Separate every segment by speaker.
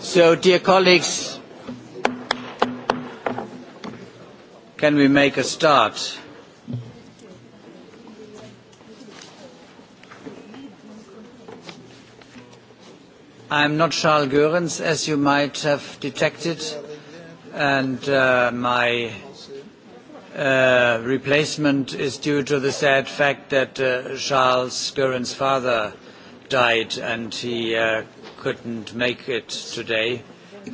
Speaker 1: So, dear colleagues, can we make a start? I'm not Charles Goerens, as you might have detected, and uh, my uh, replacement is due to the sad fact that uh, Charles Goerens' father died and he uh, couldn't make it today,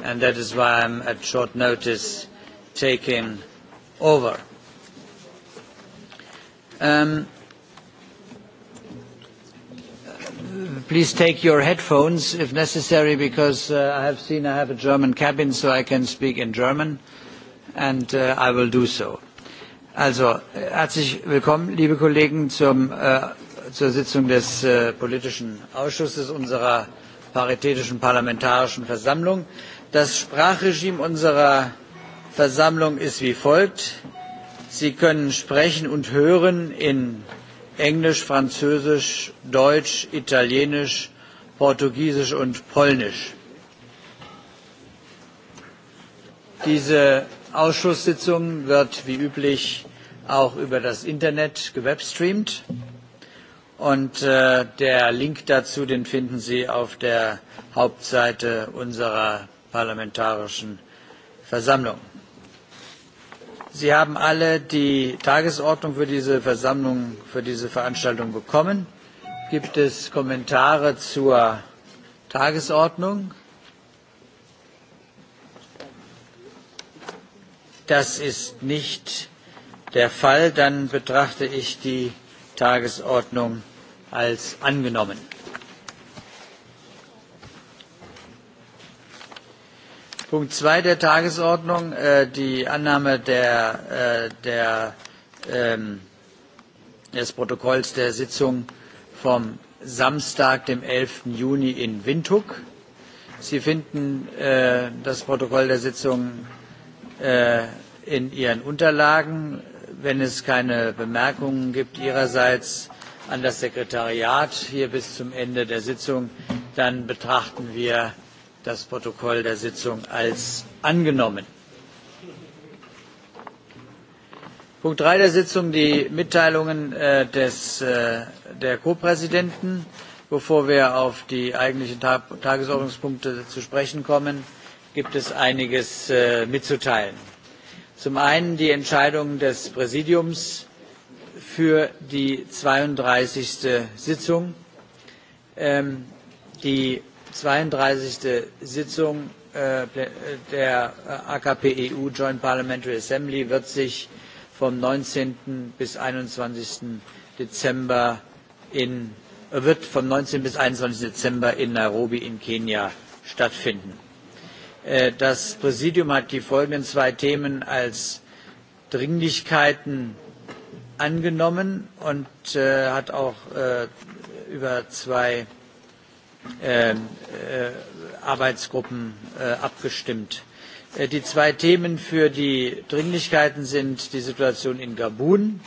Speaker 1: and that is why I'm at short notice taking over. Um, please take your headphones if necessary, because uh, I have seen I have a German cabin, so I can speak in German, and uh, I will do so. Also, herzlich willkommen, liebe Kollegen, zum äh, zur Sitzung des äh, Politischen Ausschusses unserer Paritätischen Parlamentarischen Versammlung. Das Sprachregime unserer Versammlung ist wie folgt. Sie können sprechen und hören in Englisch, Französisch, Deutsch, Italienisch, Portugiesisch und Polnisch. Diese Ausschusssitzung wird wie üblich auch über das Internet gewebstreamt. Und äh, der Link dazu, den finden Sie auf der Hauptseite unserer parlamentarischen Versammlung. Sie haben alle die Tagesordnung für diese Versammlung, für diese Veranstaltung bekommen. Gibt es Kommentare zur Tagesordnung? Das ist nicht der Fall. Dann betrachte ich die Tagesordnung als angenommen. Punkt 2 der Tagesordnung, äh, die Annahme der, äh, der, ähm, des Protokolls der Sitzung vom Samstag, dem 11. Juni in Windhoek. Sie finden äh, das Protokoll der Sitzung äh, in Ihren Unterlagen. Wenn es keine Bemerkungen gibt Ihrerseits, an das Sekretariat hier bis zum Ende der Sitzung. Dann betrachten wir das Protokoll der Sitzung als angenommen. Punkt 3 der Sitzung, die Mitteilungen äh, des, äh, der Co-Präsidenten. Bevor wir auf die eigentlichen Tag Tagesordnungspunkte zu sprechen kommen, gibt es einiges äh, mitzuteilen. Zum einen die Entscheidung des Präsidiums, für die 32. Sitzung. Ähm, die 32. Sitzung äh, der äh, AKP EU Joint Parliamentary Assembly wird sich vom 19. bis 21. Dezember in äh, wird vom 19. bis 21. Dezember in Nairobi in Kenia stattfinden. Äh, das Präsidium hat die folgenden zwei Themen als Dringlichkeiten angenommen und äh, hat auch äh, über zwei äh, äh, Arbeitsgruppen äh, abgestimmt. Äh, die zwei Themen für die Dringlichkeiten sind die Situation in Gabun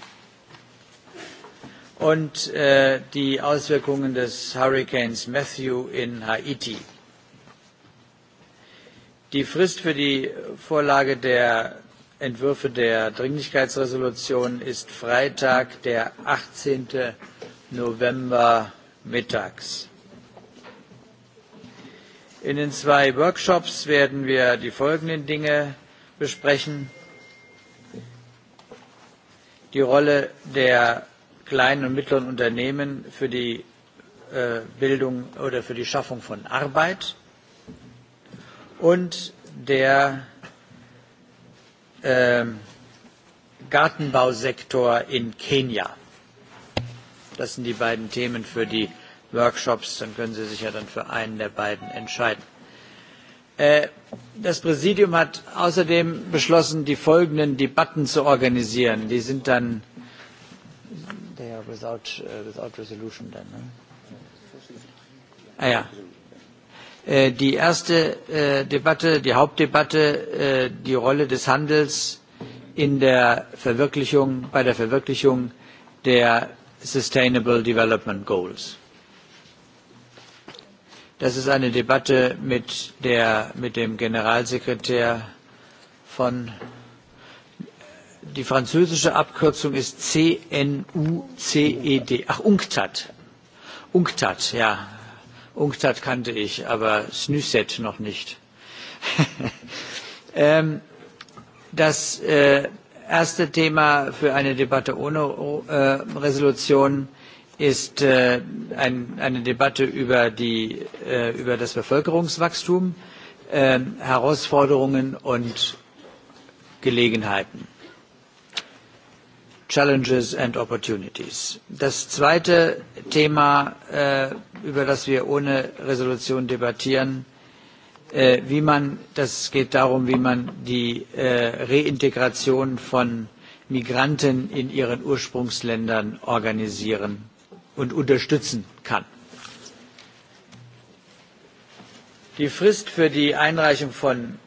Speaker 1: und äh, die Auswirkungen des Hurricanes Matthew in Haiti. Die Frist für die Vorlage der Entwürfe der Dringlichkeitsresolution ist Freitag, der 18. November mittags. In den zwei Workshops werden wir die folgenden Dinge besprechen. Die Rolle der kleinen und mittleren Unternehmen für die äh, Bildung oder für die Schaffung von Arbeit und der ähm, Gartenbausektor in Kenia. Das sind die beiden Themen für die Workshops. Dann können Sie sich ja dann für einen der beiden entscheiden. Äh, das Präsidium hat außerdem beschlossen, die folgenden Debatten zu organisieren. Die sind dann they are without, uh, äh, without resolution then. Ne? Ah ja. Äh, die erste äh, Debatte, die Hauptdebatte, äh, die Rolle des Handels bei der Verwirklichung der Sustainable Development Goals. Das ist eine Debatte mit dem Generalsekretär von die französische Abkürzung ist CNUCED. Ach, UNCTAD. UNCTAD, ja, UNCTAD kannte ich, aber SNÜSET noch nicht. ähm, das äh, erste Thema für eine Debatte ohne äh, Resolution ist äh, ein, eine Debatte über, die, äh, über das Bevölkerungswachstum, äh, Herausforderungen und Gelegenheiten. Challenges and Opportunities. Das zweite Thema, äh, über das wir ohne Resolution debattieren, äh, wie man, das geht darum, wie man die äh, Reintegration von Migranten in ihren Ursprungsländern organisieren und unterstützen kann. Die Frist für die Einreichung von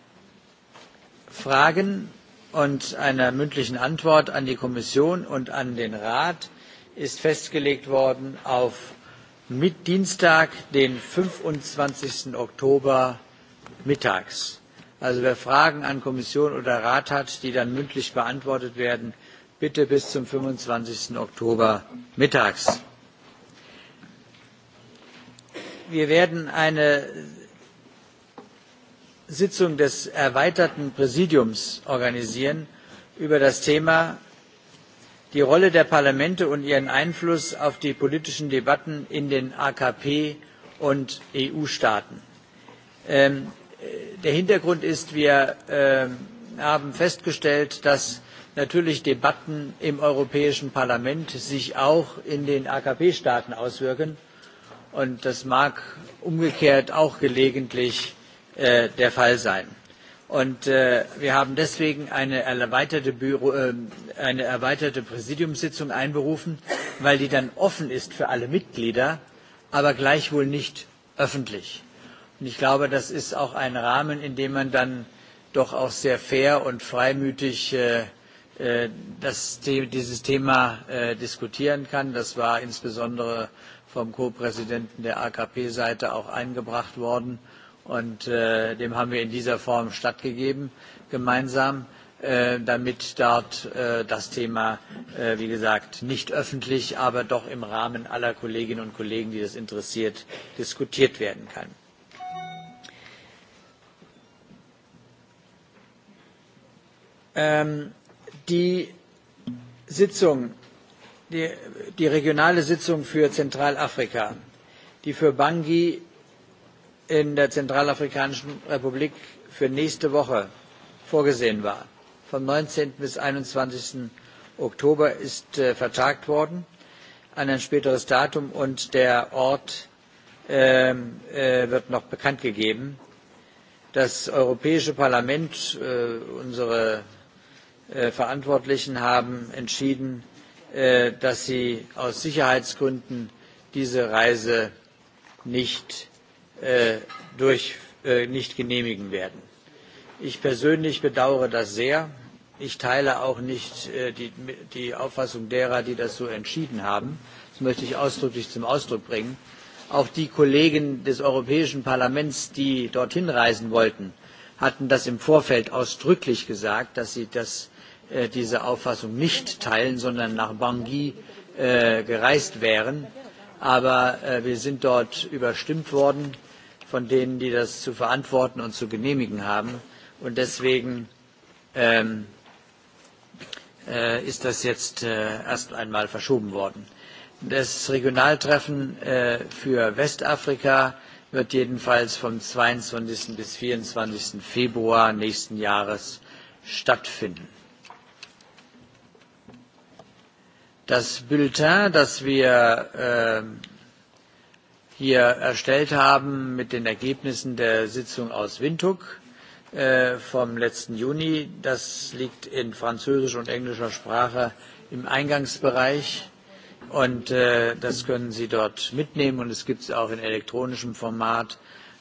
Speaker 1: Fragen und einer mündlichen Antwort an die Kommission und an den Rat ist festgelegt worden auf Dienstag, den 25. Oktober mittags. Also wer Fragen an Kommission oder Rat hat, die dann mündlich beantwortet werden, bitte bis zum 25. Oktober mittags. Wir werden eine sitzung des erweiterten präsidiums organisieren über das thema die rolle der parlamente und ihren einfluss auf die politischen debatten in den akp und eu staaten. Ähm, der hintergrund ist wir ähm, haben festgestellt dass natürlich debatten im europäischen parlament sich auch in den akp staaten auswirken und das mag umgekehrt auch gelegentlich Äh, der Fall sein. Und äh, wir haben deswegen eine erweiterte, Büro, äh, eine erweiterte Präsidiumssitzung einberufen, weil die dann offen ist für alle Mitglieder, aber gleichwohl nicht öffentlich. Und ich glaube, das ist auch ein Rahmen, in dem man dann doch auch sehr fair und freimütig äh, äh das, dieses Thema äh, diskutieren kann. Das war insbesondere vom Co-Präsidenten der AKP-Seite auch eingebracht worden. Und äh, dem haben wir in dieser Form stattgegeben, gemeinsam, äh, damit dort äh, das Thema, äh, wie gesagt, nicht öffentlich, aber doch im Rahmen aller Kolleginnen und Kollegen, die das interessiert, diskutiert werden kann. Ähm, die Sitzung, die, die regionale Sitzung für Zentralafrika, die für Bangui in der Zentralafrikanischen Republik für nächste Woche vorgesehen war. Vom 19. bis 21. Oktober ist äh, vertagt worden an ein späteres Datum und der Ort äh, äh, wird noch bekannt gegeben. Das Europäische Parlament, äh, unsere äh, Verantwortlichen haben entschieden, äh, dass sie aus Sicherheitsgründen diese Reise nicht Äh, durch äh, nicht genehmigen werden. Ich persönlich bedauere das sehr. Ich teile auch nicht äh, die, die Auffassung derer, die das so entschieden haben. Das möchte ich ausdrücklich zum Ausdruck bringen. Auch die Kollegen des Europäischen Parlaments, die dorthin reisen wollten, hatten das im Vorfeld ausdrücklich gesagt, dass sie das, äh, diese Auffassung nicht teilen, sondern nach Bangui äh, gereist wären. Aber äh, wir sind dort überstimmt worden von denen, die das zu verantworten und zu genehmigen haben. Und deswegen ähm, äh, ist das jetzt äh, erst einmal verschoben worden. Das Regionaltreffen äh, für Westafrika wird jedenfalls vom 22. bis 24. Februar nächsten Jahres stattfinden. Das Bulletin, das wir äh, hier erstellt haben mit den Ergebnissen der Sitzung aus Windhoek äh, vom letzten Juni. Das liegt in französischer und englischer Sprache im Eingangsbereich und äh, das können Sie dort mitnehmen und es gibt es auch in elektronischem Format.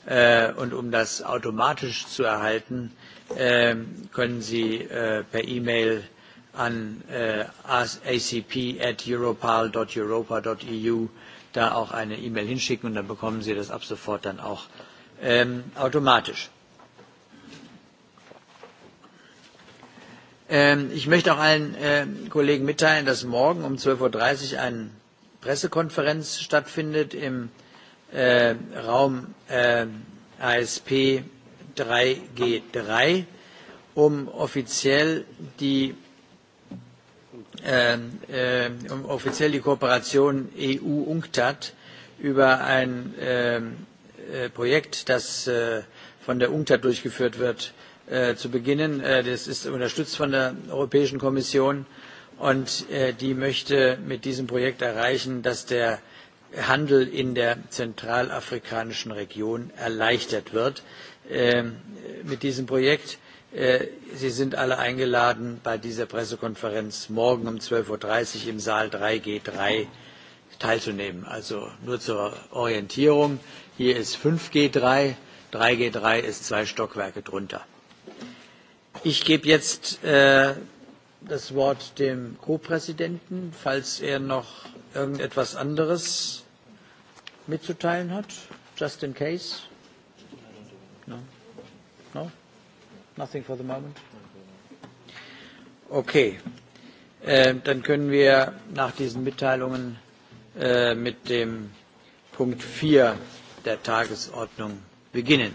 Speaker 1: Äh, und um das automatisch zu erhalten, äh, können Sie äh, per E-Mail an äh, acp@europal.europa.eu da auch eine E-Mail hinschicken und dann bekommen Sie das ab sofort dann auch ähm, automatisch. Ähm, ich möchte auch allen äh, Kollegen mitteilen, dass morgen um 12.30 Uhr eine Pressekonferenz stattfindet im äh, Raum äh, ASP 3G3, um offiziell die äh, um offiziell die Kooperation EU-UNCTAD über ein ähm, äh, Projekt, das äh, von der UNCTAD durchgeführt wird, äh, zu beginnen. Äh, das ist unterstützt von der Europäischen Kommission und äh, die möchte mit diesem Projekt erreichen, dass der Handel in der zentralafrikanischen Region erleichtert wird. Äh, mit diesem Projekt Äh, Sie sind alle eingeladen, bei dieser Pressekonferenz morgen um 12.30 Uhr im Saal 3G3 teilzunehmen. Also nur zur Orientierung. Hier ist 5G3, 3G3 ist zwei Stockwerke drunter. Ich gebe jetzt äh, das Wort dem Co-Präsidenten, falls er noch irgendetwas anderes mitzuteilen hat, just in case. No? No? Nothing for the moment? Okay. Ähm, dann können wir nach diesen Mitteilungen äh, mit dem Punkt 4 der Tagesordnung beginnen.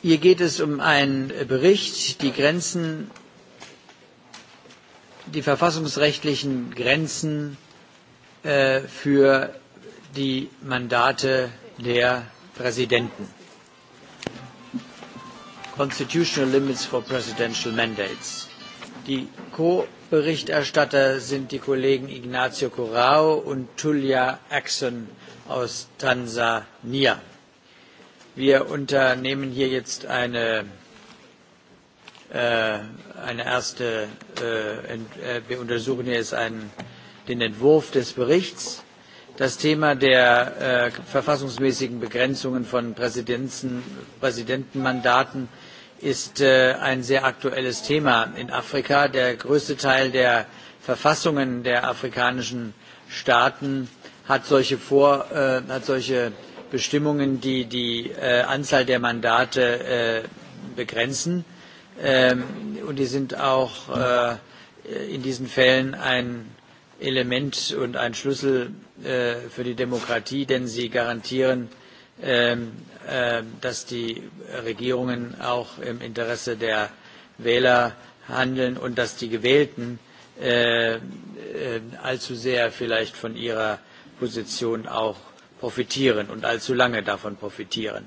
Speaker 1: Hier geht es um einen Bericht, die Grenzen, die verfassungsrechtlichen Grenzen äh, für die Mandate der Präsidenten constitutional limits for presidential mandates. Die Co-Berichterstatter sind die Kollegen Ignacio Corrao und Tulia Axon aus Tansania. Wir unternehmen hier jetzt eine, äh, eine erste, äh, ent, äh, wir untersuchen hier jetzt einen, den Entwurf des Berichts. Das Thema der äh, verfassungsmäßigen Begrenzungen von Präsidentenmandaten ist äh, ein sehr aktuelles Thema in Afrika. Der größte Teil der Verfassungen der afrikanischen Staaten hat solche, Vor, äh, hat solche Bestimmungen, die die äh, Anzahl der Mandate äh, begrenzen. Ähm, und die sind auch äh, in diesen Fällen ein Element und ein Schlüssel äh, für die Demokratie, denn sie garantieren ähm, Ähm, dass die Regierungen auch im Interesse der Wähler handeln und dass die Gewählten äh, äh, allzu sehr vielleicht von ihrer Position auch profitieren und allzu lange davon profitieren.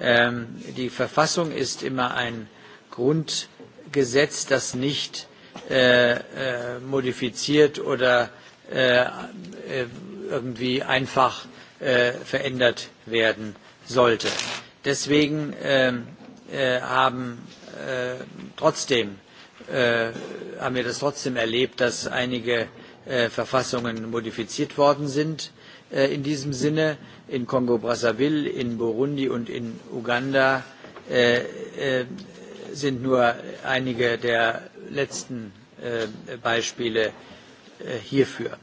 Speaker 1: Ähm, die Verfassung ist immer ein Grundgesetz, das nicht äh, modifiziert oder irgendwie einfach verändert werden sollte. Deswegen ähm, äh, haben äh, trotzdem äh, haben wir das trotzdem erlebt, dass einige Verfassungen modifiziert worden sind in diesem Sinne in Kongo Brazzaville, in Burundi und in Uganda äh, äh, sind nur einige der letzten äh, Beispiele hierfür.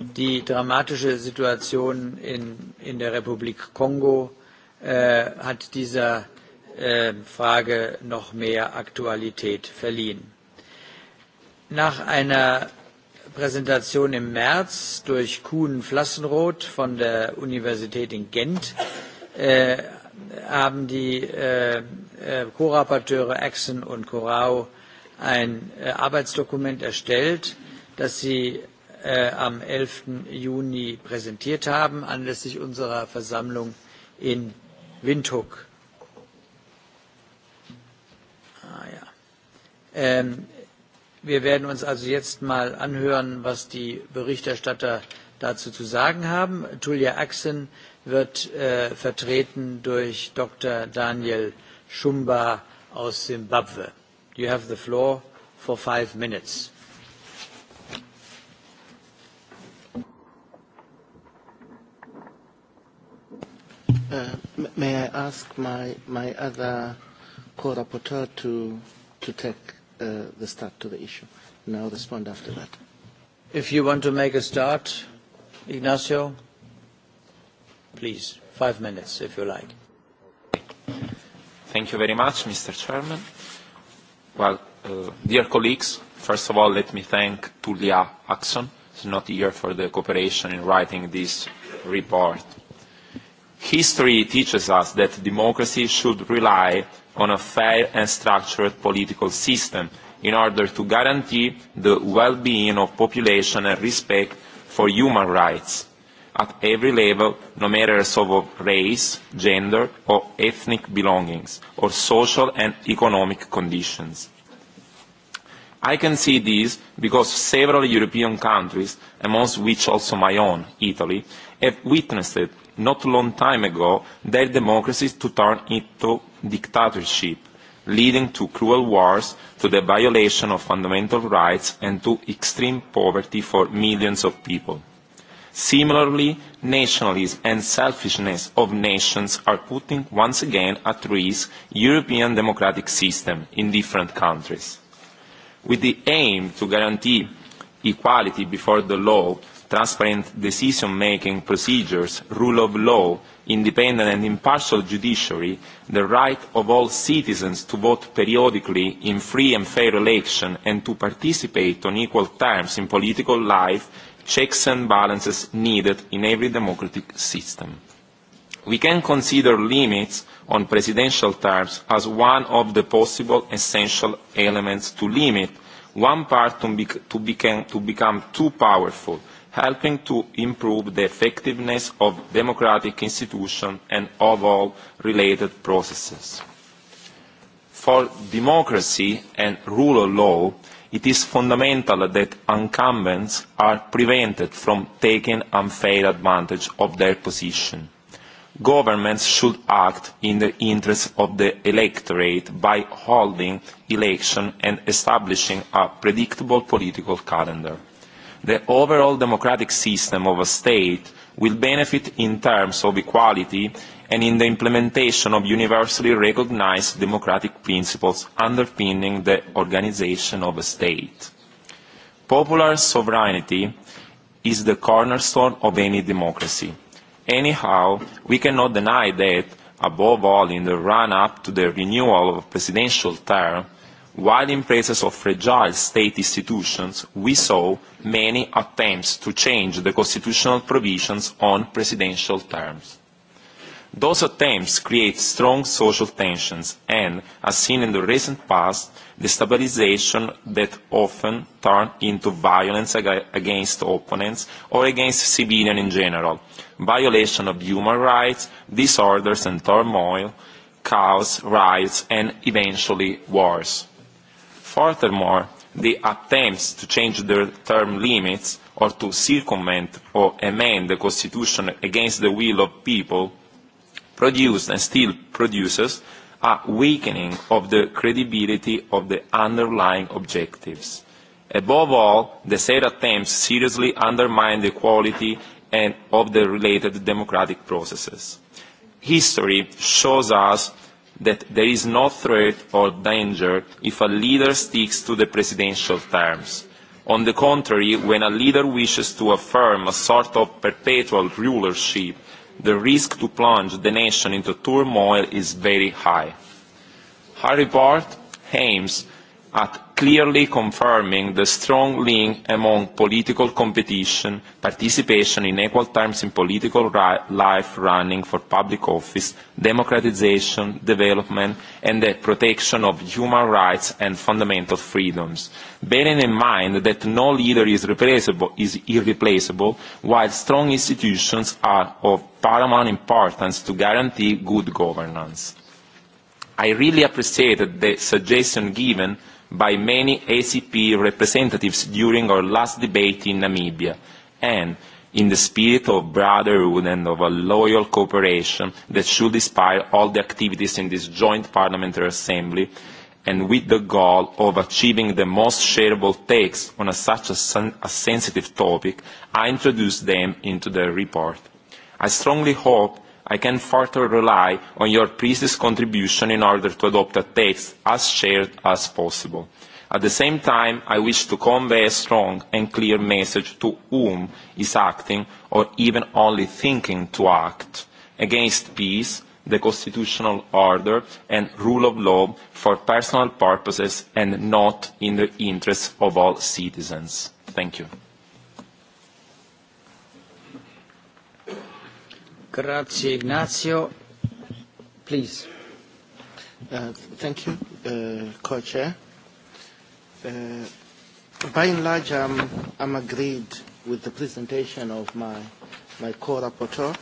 Speaker 1: Die dramatische Situation in, in der Republik Kongo Äh, hat dieser äh, Frage noch mehr Aktualität verliehen. Nach einer Präsentation im März durch Kuhn Flassenroth von der Universität in Gent äh, haben die äh, äh Co-Rapporteure Axon und Corau ein äh, Arbeitsdokument erstellt, das sie äh, am 11. Juni präsentiert haben, anlässlich unserer Versammlung in Windhoek. Ah, ja. ähm, wir werden uns also jetzt mal anhören, was die Berichterstatter dazu zu sagen haben. Tulia Axen wird äh, vertreten durch Dr. Daniel Schumba aus Simbabwe. You have the floor for five minutes.
Speaker 2: Uh, may I ask my, my other co-rapporteur to, to take uh, the start to the issue? And I'll respond after that.
Speaker 1: If you want to make a start, Ignacio, please,
Speaker 3: five minutes if you like. Thank you very much, Mr. Chairman. Well, uh, dear colleagues, first of all, let me thank Tulia Axon. It's not here for the cooperation in writing this report History teaches us that democracy should rely on a fair and structured political system in order to guarantee the well-being of population and respect for human rights at every level, no matter of race, gender or ethnic belongings, or social and economic conditions. I can see this because several European countries, amongst which also my own, Italy, have witnessed not long time ago their democracies to turn into dictatorship, leading to cruel wars, to the violation of fundamental rights and to extreme poverty for millions of people. Similarly, nationalism and selfishness of nations are putting once again at risk European democratic system in different countries. With the aim to guarantee equality before the law transparent decision-making procedures, rule of law, independent and impartial judiciary, the right of all citizens to vote periodically in free and fair election and to participate on equal terms in political life, checks and balances needed in every democratic system. We can consider limits on presidential terms as one of the possible essential elements to limit one part to, be, to, become, to become too powerful helping to improve the effectiveness of democratic institutions and of all related processes. For democracy and rule of law, it is fundamental that incumbents are prevented from taking unfair advantage of their position. Governments should act in the interest of the electorate by holding elections and establishing a predictable political calendar the overall democratic system of a state will benefit in terms of equality and in the implementation of universally recognized democratic principles underpinning the organization of a state. Popular sovereignty is the cornerstone of any democracy. Anyhow, we cannot deny that, above all in the run-up to the renewal of a presidential term, While in places of fragile state institutions, we saw many attempts to change the constitutional provisions on presidential terms. Those attempts create strong social tensions and, as seen in the recent past, destabilization that often turn into violence ag against opponents or against civilians in general, violation of human rights, disorders and turmoil, chaos, riots and eventually wars. Furthermore, the attempts to change their term limits or to circumvent or amend the constitution against the will of people produced and still produces a weakening of the credibility of the underlying objectives. Above all, the said attempts seriously undermine the quality and of the related democratic processes. History shows us that there is no threat or danger if a leader sticks to the presidential terms. On the contrary, when a leader wishes to affirm a sort of perpetual rulership, the risk to plunge the nation into turmoil is very high. Her report aims at clearly confirming the strong link among political competition, participation in equal terms in political life running for public office, democratization, development, and the protection of human rights and fundamental freedoms. Bearing in mind that no leader is, replaceable, is irreplaceable, while strong institutions are of paramount importance to guarantee good governance. I really appreciated the suggestion given by many ACP representatives during our last debate in Namibia, and in the spirit of brotherhood and of a loyal cooperation that should inspire all the activities in this joint parliamentary assembly, and with the goal of achieving the most shareable takes on a, such a, sen a sensitive topic, I introduced them into the report. I strongly hope I can further rely on your precise contribution in order to adopt a text as shared as possible. At the same time, I wish to convey a strong and clear message to whom is acting or even only thinking to act against peace, the constitutional order and rule of law for personal purposes and not in the interests of all citizens. Thank you.
Speaker 1: Please. Uh, thank you, uh,
Speaker 2: Co-Chair. Uh, by and large, I'm, I'm agreed with the presentation of my, my co-rapporteur.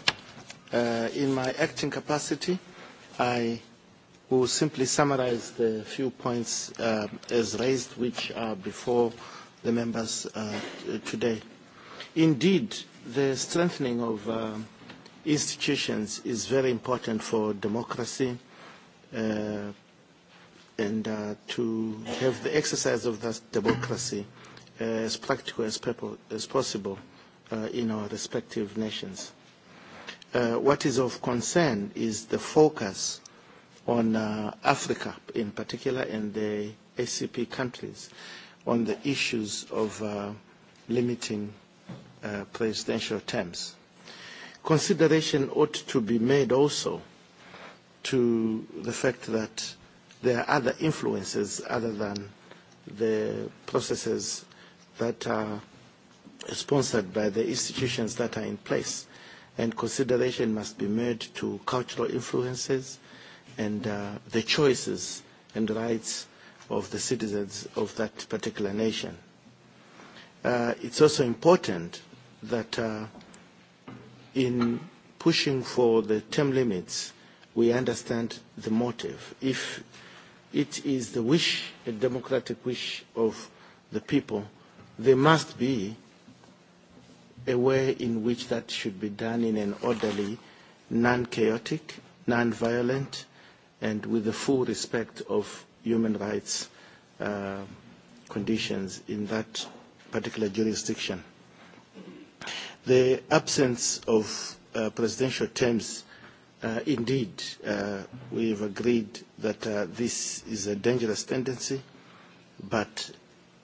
Speaker 2: Uh, in my acting capacity, I will simply summarize the few points uh, as raised, which are before the members uh, today. Indeed, the strengthening of uh, institutions is very important for democracy uh, and uh, to have the exercise of that democracy uh, as practical as, people, as possible uh, in our respective nations. Uh, what is of concern is the focus on uh, Africa in particular and the ACP countries on the issues of uh, limiting uh, presidential terms Consideration ought to be made also to the fact that there are other influences other than the processes that are sponsored by the institutions that are in place. And consideration must be made to cultural influences and uh, the choices and rights of the citizens of that particular nation. Uh, it's also important that uh, in pushing for the term limits, we understand the motive. If it is the wish, a democratic wish of the people, there must be a way in which that should be done in an orderly, non-chaotic, non-violent, and with the full respect of human rights uh, conditions in that particular jurisdiction the absence of uh, presidential terms, uh, indeed, uh, we have agreed that uh, this is a dangerous tendency, but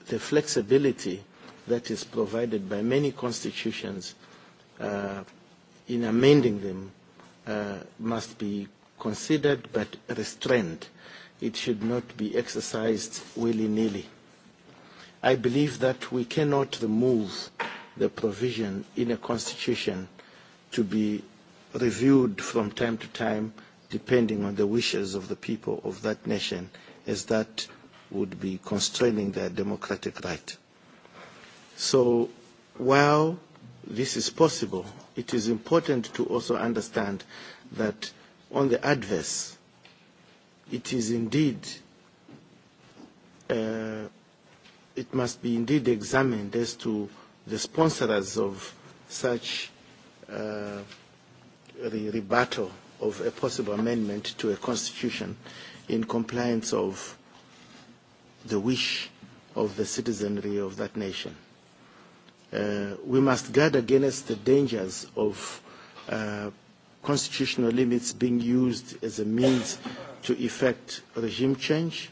Speaker 2: the flexibility that is provided by many constitutions uh, in amending them uh, must be considered but restrained. It should not be exercised willy-nilly. I believe that we cannot remove uh, the provision in a constitution to be reviewed from time to time depending on the wishes of the people of that nation as that would be constraining their democratic right. So while this is possible, it is important to also understand that on the adverse, it is indeed, uh, it must be indeed examined as to the sponsors of such uh, re rebuttal of a possible amendment to a constitution in compliance of the wish of the citizenry of that nation. Uh, we must guard against the dangers of uh, constitutional limits being used as a means to effect regime change,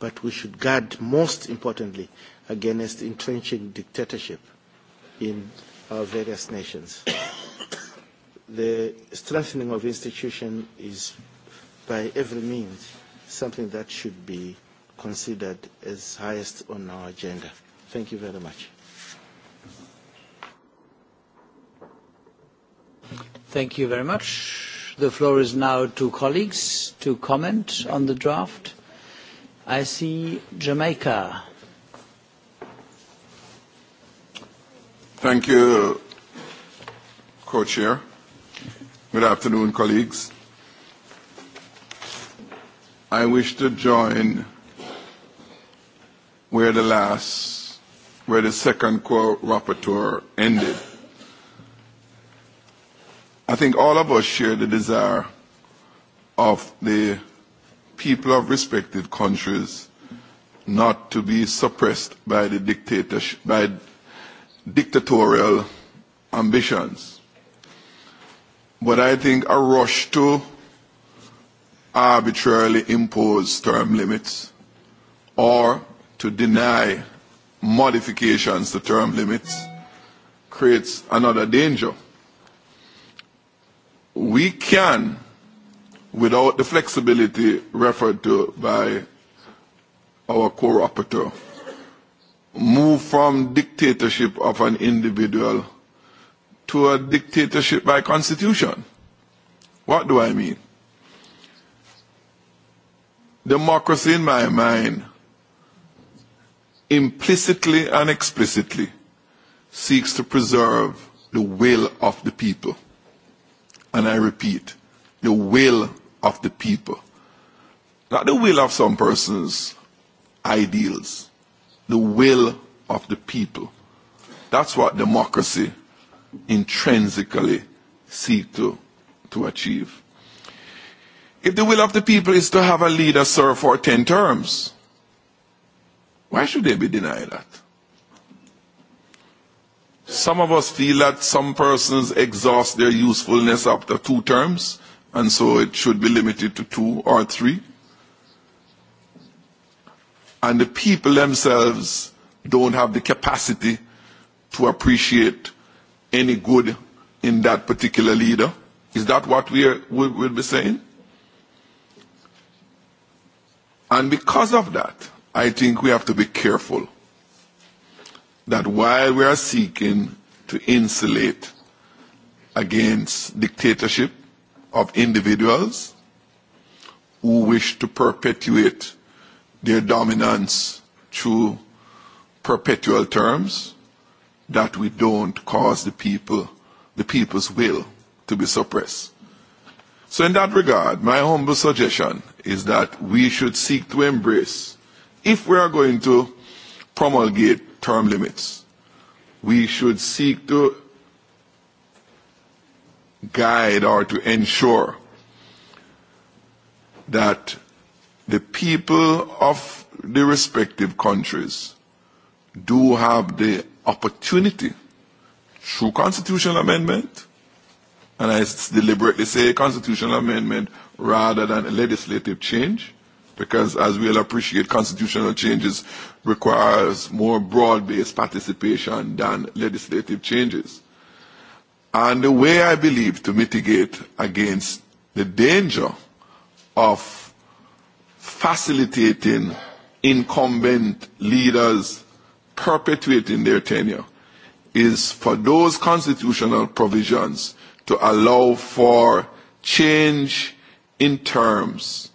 Speaker 2: but we should guard most importantly against entrenching dictatorship in our various nations. the strengthening of institutions is by every means something that should be considered as highest on our agenda. Thank you very much.
Speaker 1: Thank you very much. The floor is now to colleagues to comment on the draft. I see Jamaica
Speaker 4: Thank you, Co-Chair. Good afternoon, colleagues. I wish to join where the last, where the second co-rapporteur ended. I think all of us share the desire of the people of respective countries not to be suppressed by the dictatorship, by dictatorial ambitions. But I think a rush to arbitrarily impose term limits or to deny modifications to term limits creates another danger. We can, without the flexibility referred to by our co-rapporteur, move from dictatorship of an individual to a dictatorship by constitution. What do I mean? Democracy, in my mind, implicitly and explicitly seeks to preserve the will of the people. And I repeat, the will of the people. Not the will of some person's ideals the will of the people. That's what democracy intrinsically seeks to, to achieve. If the will of the people is to have a leader serve for 10 terms, why should they be denied that? Some of us feel that some persons exhaust their usefulness after two terms, and so it should be limited to two or three and the people themselves don't have the capacity to appreciate any good in that particular leader. Is that what we will we, we'll be saying? And because of that, I think we have to be careful that while we are seeking to insulate against dictatorship of individuals who wish to perpetuate their dominance through perpetual terms, that we don't cause the people, the people's will to be suppressed. So in that regard, my humble suggestion is that we should seek to embrace, if we are going to promulgate term limits, we should seek to guide or to ensure that the people of the respective countries do have the opportunity through constitutional amendment, and I deliberately say constitutional amendment rather than legislative change, because as we'll appreciate, constitutional changes requires more broad-based participation than legislative changes. And the way I believe to mitigate against the danger of facilitating incumbent leaders perpetuating their tenure is for those constitutional provisions to allow for change in terms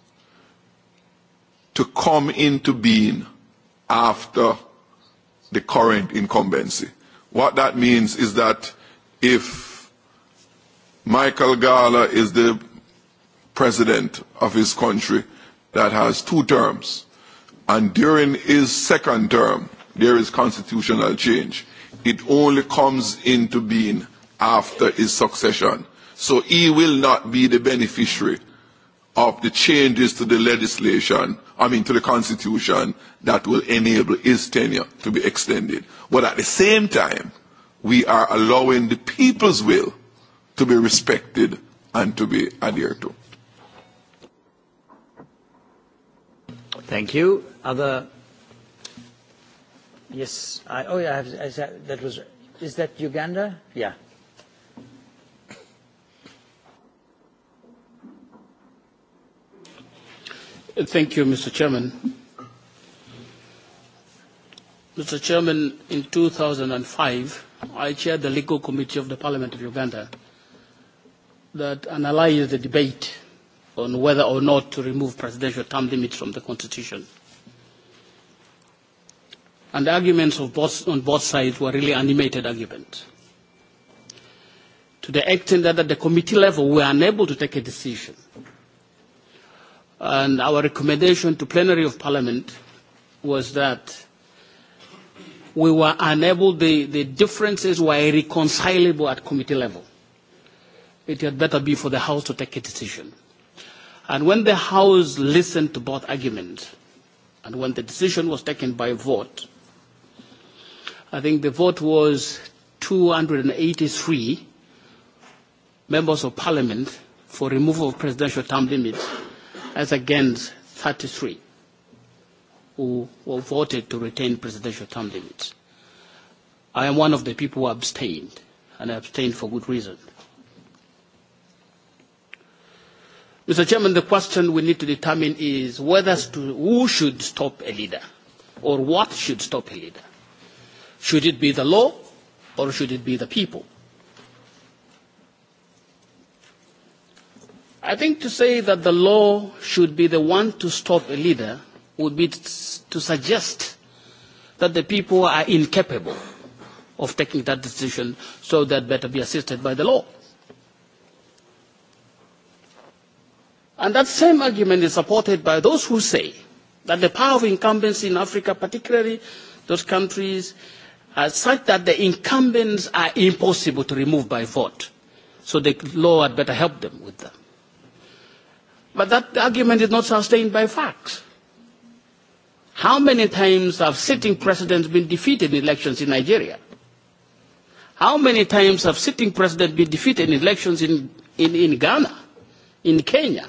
Speaker 4: to come into being after the current incumbency. What that means is that if Michael Gala is the president of his country that has two terms, and during his second term, there is constitutional change. It only comes into being after his succession. So he will not be the beneficiary of the changes to the legislation, I mean to the constitution, that will enable his tenure to be extended. But at the same time, we are allowing the people's will to be respected and to be adhered
Speaker 1: to. Thank you. Other? Yes. oh, yeah. that, was. Is that Uganda? Yeah.
Speaker 5: Thank you, Mr. Chairman. Mr. Chairman, in 2005, I chaired the Legal Committee of the Parliament of Uganda that analyzed the debate on whether or not to remove presidential term limits from the constitution. And the arguments of both, on both sides were really animated arguments. To the extent that at the committee level we are unable to take a decision. And our recommendation to plenary of parliament was that we were unable, the, the differences were irreconcilable at committee level. It had better be for the House to take a decision. And when the House listened to both arguments, and when the decision was taken by vote, I think the vote was 283 members of parliament for removal of presidential term limits as against 33 who, were voted to retain presidential term limits. I am one of the people who abstained, and I abstained for good reason. Mr. Chairman, the question we need to determine is whether to, who should stop a leader or what should stop a leader. Should it be the law or should it be the people? I think to say that the law should be the one to stop a leader would be to suggest that the people are incapable of taking that decision so that better be assisted by the law. And that same argument is supported by those who say that the power of incumbents in Africa, particularly those countries, are such that the incumbents are impossible to remove by vote. So the law had better help them with that. But that argument is not sustained by facts. How many times have sitting presidents been defeated in elections in Nigeria? How many times have sitting presidents been defeated in elections in, in, in Ghana, in Kenya?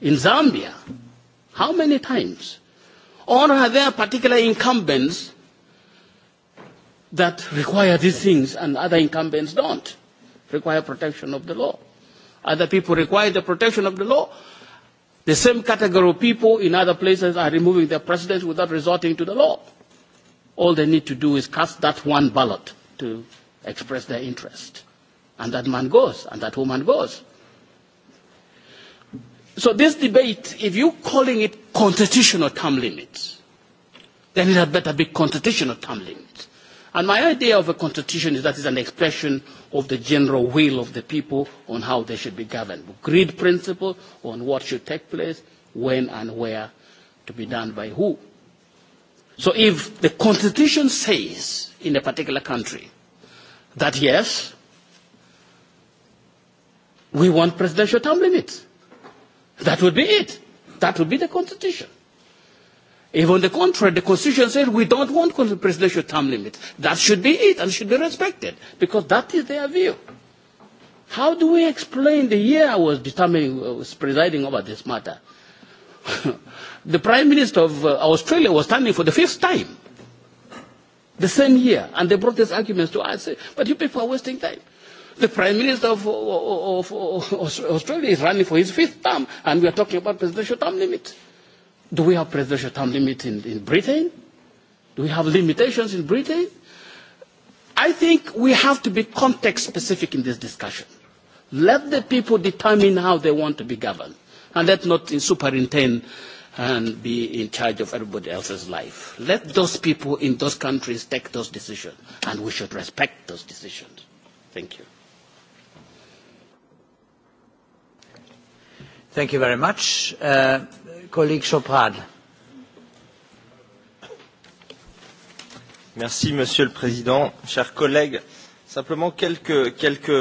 Speaker 5: in Zambia. How many times? Or are there particular incumbents that require these things and other incumbents don't require protection of the law? Other people require the protection of the law. The same category of people in other places are removing their presidents without resorting to the law. All they need to do is cast that one ballot to express their interest. And that man goes, and that woman goes. So this debate, if you're calling it constitutional term limits, then it had better be constitutional term limits. And my idea of a constitution is that it's an expression of the general will of the people on how they should be governed. Agreed principle on what should take place, when and where, to be done by who. So if the constitution says in a particular country that yes, we want presidential term limits, That would be it. That would be the constitution. If on the contrary, the constitution says we don't want presidential term limit, that should be it and should be respected because that is their view. How do we explain the year I was determining, I uh, was presiding over this matter? the Prime Minister of uh, Australia was standing for the fifth time, the same year, and they brought these arguments to us, but you people are wasting time. The Prime Minister of, of, of Australia is running for his fifth term, and we are talking about presidential term limit. Do we have presidential term limit in, in Britain? Do we have limitations in Britain? I think we have to be context specific in this discussion. Let the people determine how they want to be governed, and let not superintend and be in charge of everybody else's life. Let those people in those countries take those decisions, and we should respect
Speaker 1: those decisions. Thank you. Thank you very much. Uh, colleague Choprade.
Speaker 6: Merci, Monsieur le Président. Chers collègues, simplement quelques, quelques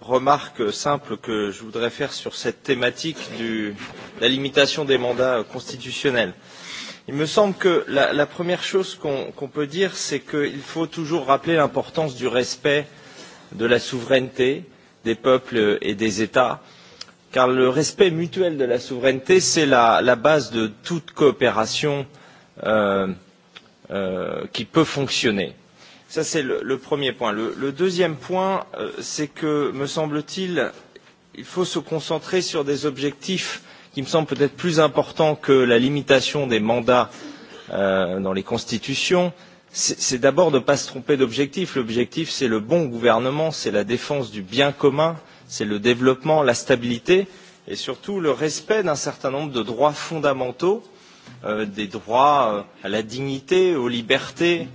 Speaker 6: remarques simples que je voudrais faire sur cette thématique de la limitation des mandats constitutionnels. Il me semble que la, la première chose qu'on qu peut dire, c'est qu'il faut toujours rappeler l'importance du respect de la souveraineté des peuples et des États car le respect mutuel de la souveraineté c'est la, la base de toute coopération euh, euh, qui peut fonctionner. Ça, c'est le, le premier point. Le, le deuxième point, euh, c'est que, me semble-t-il, il faut se concentrer sur des objectifs qui me semblent peut-être plus importants que la limitation des mandats euh, dans les constitutions. C'est d'abord de ne pas se tromper d'objectif. L'objectif, c'est le bon gouvernement, c'est la défense du bien commun, euh, c'est le développement, la stabilité et surtout le respect d'un certain nombre de droits fondamentaux, euh, des droits euh, à la dignité, aux libertés,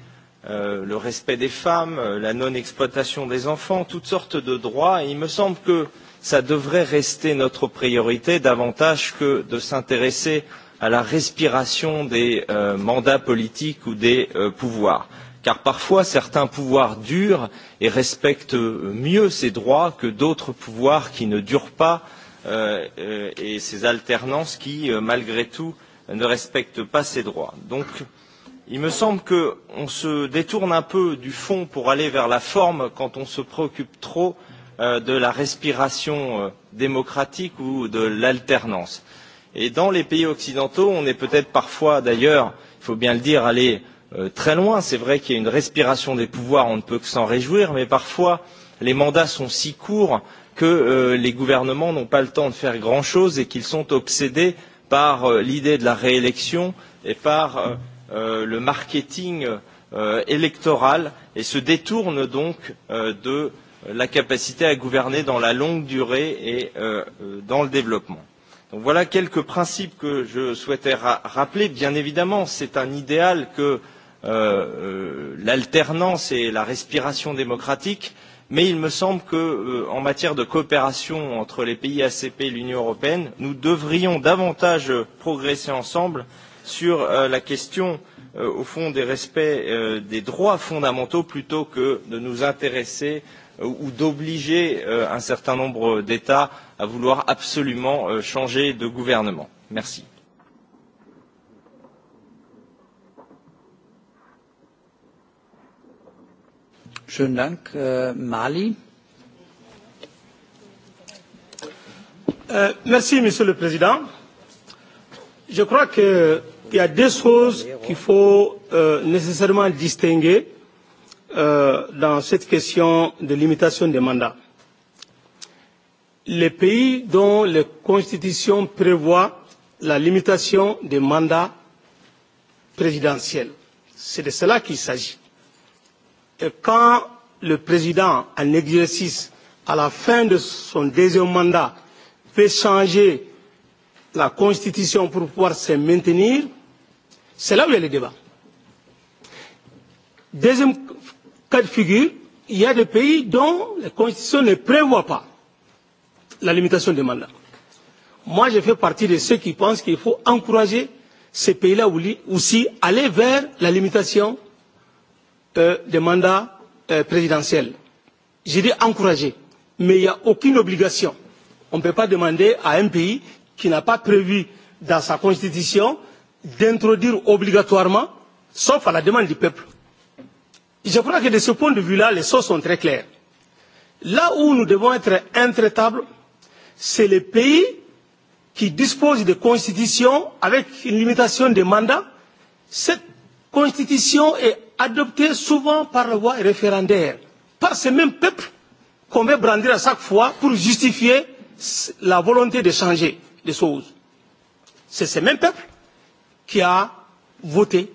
Speaker 6: euh, le respect des femmes, euh, la non-exploitation des enfants, toutes sortes de droits. Et il me semble que ça devrait rester notre priorité davantage que de s'intéresser à la respiration des euh, mandats politiques ou des euh, pouvoirs car parfois certains pouvoirs durent et respectent mieux ces droits que d'autres pouvoirs qui ne durent pas euh, euh et ces alternances qui, euh, malgré tout, ne respectent pas ces droits. Donc, il me semble qu'on se détourne un peu du fond pour aller vers la forme quand on se préoccupe trop euh, de la respiration démocratique ou de l'alternance. Et dans les pays occidentaux, on est peut-être parfois d'ailleurs, il faut bien le dire, allé Euh, très loin. C'est vrai qu'il y a une respiration des pouvoirs, on ne peut que s'en réjouir, mais parfois les mandats sont si courts que euh, les gouvernements n'ont pas le temps de faire grand chose et qu'ils sont obsédés par euh, l'idée de la réélection et par euh, euh le marketing euh, électoral et se détournent donc de la capacité à gouverner dans la longue durée et dans le développement. Donc voilà quelques principes que je souhaitais ra rappeler. Bien évidemment, c'est un idéal que Euh, euh, l'alternance et la respiration démocratique, mais il me semble que, euh, en matière de coopération entre les pays ACP et l'Union européenne, nous devrions davantage progresser ensemble sur euh, la question, euh, au fond, des respects euh, des droits fondamentaux plutôt que de nous intéresser euh, ou d'obliger un certain nombre d'États à vouloir absolument changer de gouvernement. Merci. Äh,
Speaker 1: äh,
Speaker 7: Monsieur le Président. Je crois qu'il y a deux choses qu'il faut euh, nécessairement distinguer euh, dans cette question de limitation des mandats. Les pays dont les constitutions prévoient la limitation des mandats présidentiels, c'est de cela qu'il s'agit quand le président en exercice, à la fin de son deuxième mandat, peut changer la constitution pour pouvoir se maintenir, c'est là où il y a le débat. Deuxième cas de figure, il y a des pays dont la constitution ne prévoit pas la limitation des mandats. Moi, je fais partie de ceux qui pensent qu'il faut encourager ces pays-là aussi à aller vers la limitation euh, des mandats euh, présidentiels. J'ai dit encourager, mais il n'y a aucune obligation. On ne peut pas demander à un pays qui n'a pas prévu dans sa constitution d'introduire obligatoirement, sauf à la demande du peuple. Je crois que de ce point de vue-là, les choses sont très claires. Là où nous devons être intraitables, c'est les pays qui disposent de constitutions avec une limitation des mandats. Cette constitution est adoptée souvent par la voie référendaire, par ce même peuple qu'on veut brandir à chaque fois pour justifier la volonté de changer les choses. C'est ce même peuple qui a voté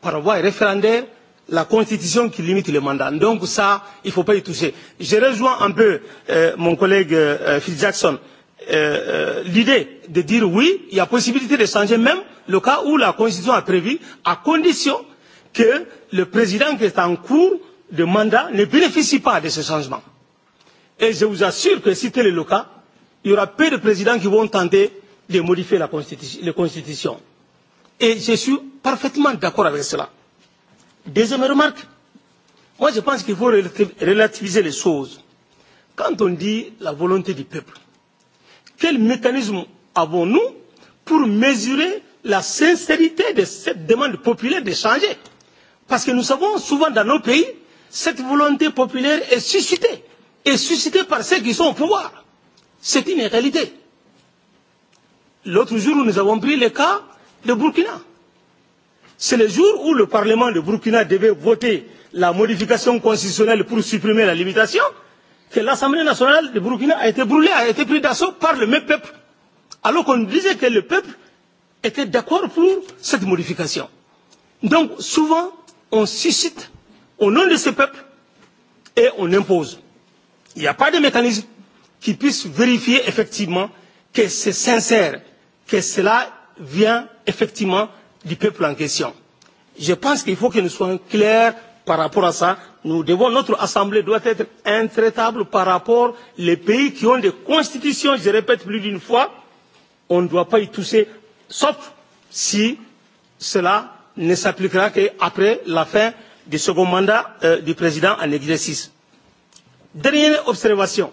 Speaker 7: par voie référendaire la constitution qui limite le mandat. Donc ça, il ne faut pas y toucher. Je rejoins un peu euh, mon collègue euh, euh, Phil Jackson. Euh, euh, L'idée de dire oui, il y a possibilité de changer même le cas où la constitution a prévu, à condition que le président qui est en cours de mandat ne bénéficie pas de ce changement. Et je vous assure que si tel est le cas, il y aura peu de présidents qui vont tenter de modifier la constitution. La constitution. Et je suis parfaitement d'accord avec cela. Deuxième remarque, moi je pense qu'il faut relativiser les choses. Quand on dit la volonté du peuple, quel mécanisme avons-nous pour mesurer la sincérité de cette demande populaire de changer Parce que nous savons souvent dans nos pays, cette volonté populaire est suscitée, est suscitée par ceux qui sont au pouvoir. C'est une réalité. L'autre jour, nous avons pris le cas de Burkina. C'est le jour où le Parlement de Burkina devait voter la modification constitutionnelle pour supprimer la limitation, que l'Assemblée nationale de Burkina a été brûlée, a été prise d'assaut par le même peuple. Alors qu'on disait que le peuple était d'accord pour cette modification. Donc souvent, on suscite au nom de ce peuple et on impose. Il n'y a pas de mécanisme qui puisse vérifier effectivement que c'est sincère, que cela vient effectivement du peuple en question. Je pense qu'il faut que nous soyons clairs par rapport à ça. Nous devons, notre Assemblée doit être intraitable par rapport aux pays qui ont des constitutions, je répète plus d'une fois, on ne doit pas y toucher, sauf si cela ne s'appliquera qu'après la fin du second mandat euh, du président en exercice. Dernière observation.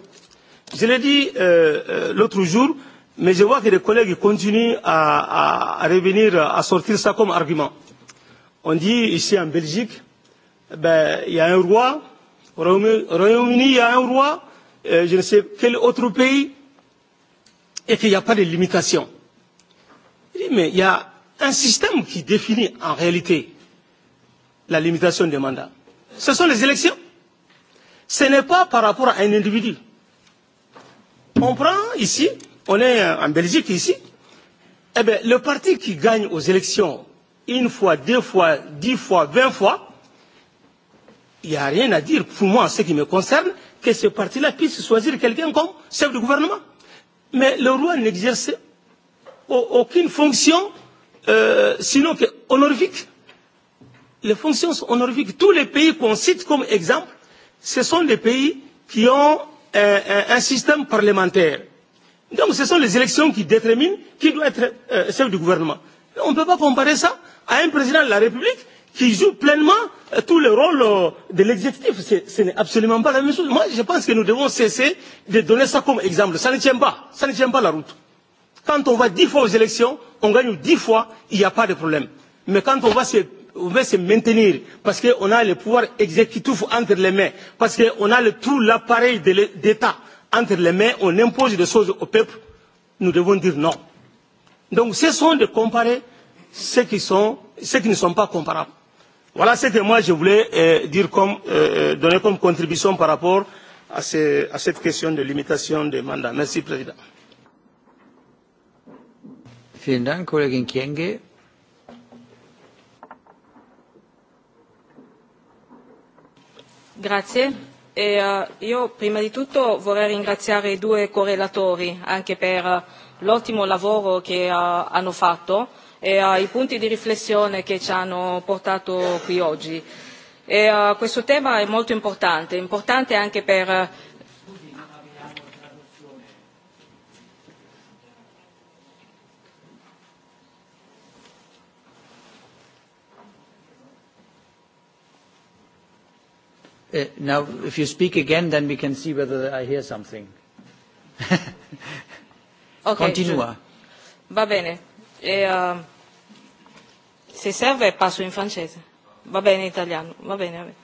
Speaker 7: Je l'ai dit euh, euh, l'autre jour, mais je vois que les collègues continuent à, à, à revenir, à sortir ça comme argument. On dit ici en Belgique, il ben, y a un roi, au Royaume-Uni, il y a un roi, euh, je ne sais quel autre pays, et qu'il n'y a pas de limitation. Mais il y a un système qui définit en réalité la limitation des mandats. Ce sont les élections. Ce n'est pas par rapport à un individu. On prend ici, on est en Belgique ici, eh bien, le parti qui gagne aux élections une fois, deux fois, dix fois, vingt fois, il n'y a rien à dire pour moi en ce qui me concerne que ce parti-là puisse choisir quelqu'un comme chef du gouvernement. Mais le roi n'exerce aucune fonction Euh, sinon que honorifique. Les fonctions sont honorifiques. Tous les pays qu'on cite comme exemple, ce sont des pays qui ont un, un, un système parlementaire. Donc ce sont les élections qui déterminent qui doit être euh, chef du gouvernement. Mais on ne peut pas comparer ça à un président de la République qui joue pleinement euh, tous les rôles euh, de l'exécutif. Ce n'est absolument pas la même chose. Moi, je pense que nous devons cesser de donner ça comme exemple. Ça ne tient pas. Ça ne tient pas la route. Quand on va dix fois aux élections, on gagne dix fois, il n'y a pas de problème. Mais quand on va se on veut se maintenir parce qu'on a le pouvoir exécutif entre les mains, parce qu'on a le, tout l'appareil d'État entre les mains, on impose des choses au peuple, nous devons dire non. Donc cessons de comparer ceux qui, sont, ceux qui ne sont pas comparables. Voilà ce que moi je voulais euh, dire comme, euh, euh donner comme contribution par rapport à, ce, à cette question de limitation des mandats. Merci Président.
Speaker 1: Vielen Dank, Kollegin Kienge.
Speaker 8: Grazie. E, uh, io prima di tutto vorrei ringraziare i due correlatori anche per eh, l'ottimo lavoro che uh, hanno fatto e uh, i punti di riflessione che ci hanno portato qui oggi. E, uh, questo tema è molto importante, importante anche per uh,
Speaker 1: Uh, now, if you speak again, then we can see whether I hear something.
Speaker 8: okay, Continua.
Speaker 1: Je...
Speaker 8: Va bene. E, uh, se serve passo in francese. Va bene italiano. Va bene. Va bene.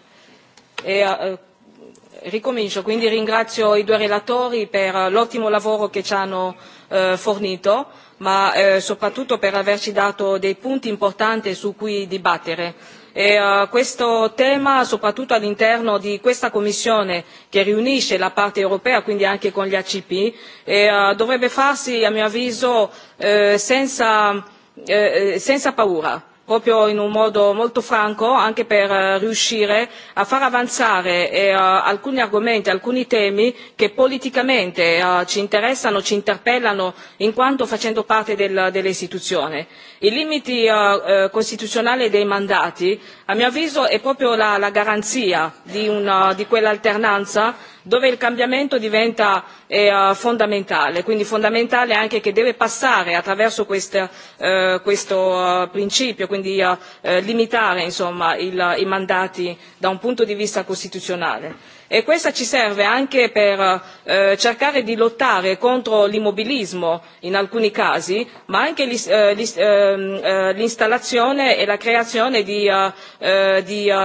Speaker 8: E, uh, uh, ricomincio, quindi ringrazio i due relatori per uh, l'ottimo lavoro che ci hanno uh, fornito, ma uh, soprattutto per averci dato dei punti importanti su cui dibattere e eh, questo tema soprattutto all'interno di questa commissione che riunisce la parte europea quindi anche con gli acp eh, dovrebbe farsi a mio avviso eh, senza paura proprio in un modo molto franco anche per eh, riuscire a far avanzare eh, alcuni argomenti alcuni temi che politicamente eh, ci interessano ci interpellano in quanto facendo parte delle dell'istituzione. i limiti costituzionale costituzionali dei mandati a mio avviso è proprio la, garanzia di, di quell'alternanza dove il cambiamento diventa eh, fondamentale quindi fondamentale anche che deve passare attraverso eh, questo eh, principio quindi limitare insomma i mandati da un punto di vista costituzionale e questa ci serve anche per cercare di lottare contro l'immobilismo in alcuni casi ma anche ehm, l'installazione e la creazione di,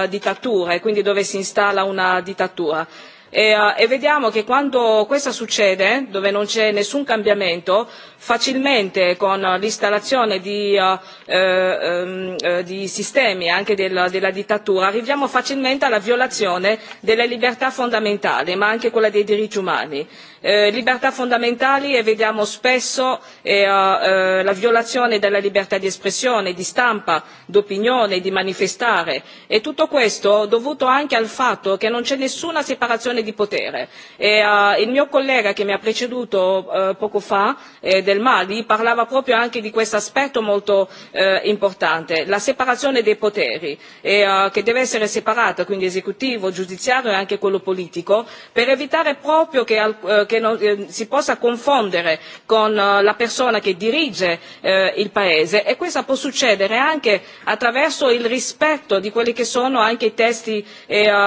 Speaker 8: dittature quindi dove si installa una dittatura E, e, vediamo che quando questo succede dove non c'è nessun cambiamento facilmente con l'installazione di, eh, eh, ehm, eh, sistemi anche della dittatura arriviamo facilmente alla violazione delle libertà fondamentali ma anche quella dei diritti umani. Eh, libertà fondamentali e vediamo spesso eh, eh, la violazione della libertà di espressione, di stampa, d'opinione, di manifestare e tutto questo dovuto anche al fatto che non c'è nessuna separazione di potere. E, eh, il mio collega che mi ha preceduto eh, poco fa eh, del Mali parlava proprio anche di questo aspetto molto eh, importante, la separazione dei poteri e, eh, che deve essere separata, quindi esecutivo, giudiziario e anche quello politico, per evitare proprio che, eh, che non eh, si possa confondere con eh, la persona che dirige eh, il paese e questo può succedere anche attraverso il rispetto di quelli che sono anche i testi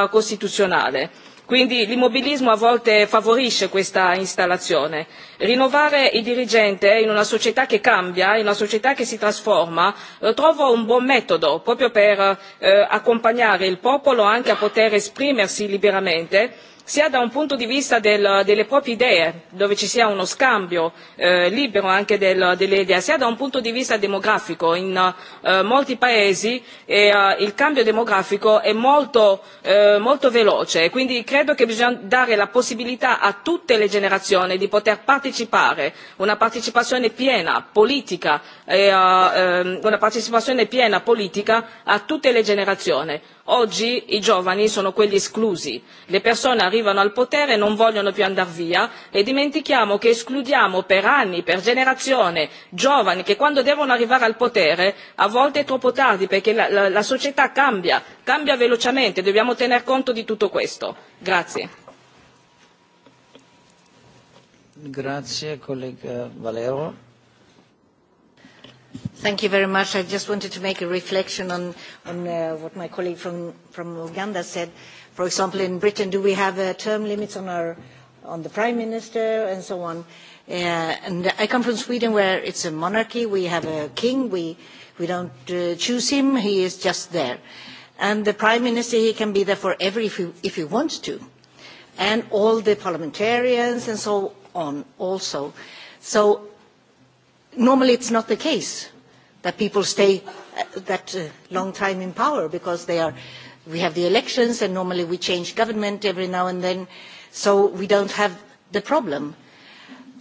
Speaker 8: costituzionali quindi l'immobilismo a volte favorisce questa installazione. rinnovare il dirigente in una società che cambia in una società che si trasforma lo trovo un buon metodo proprio per accompagnare il popolo anche a poter esprimersi liberamente sia da un punto di vista del, delle proprie idee, dove ci sia uno scambio eh, libero anche del, delle idee, sia da un punto di vista demografico. In eh, molti paesi eh, il cambio demografico è molto, eh, molto veloce e quindi credo che bisogna dare la possibilità a tutte le generazioni di poter partecipare, una partecipazione piena politica, eh, eh, ehm, una partecipazione piena politica a tutte le generazioni oggi i giovani sono quelli esclusi le persone arrivano al potere e non vogliono più andar via e dimentichiamo che escludiamo per anni per generazioni giovani che quando devono arrivare al potere a volte è troppo tardi perché la, società cambia cambia velocemente dobbiamo tener conto di tutto questo.
Speaker 9: Thank you very much. I just wanted to make a reflection on, on uh, what my colleague from, from Uganda said. For example, in Britain, do we have uh, term limits on, our, on the Prime Minister and so on? Uh, and I come from Sweden where it's a monarchy. We have a king. We, we don't uh, choose him. He is just there. And the Prime Minister, he can be there forever if he, if he wants to. And all the parliamentarians and so on also. So normally it's not the case that people stay uh, that uh, long time in power because they are, we have the elections and normally we change government every now and then, so we don't have the problem.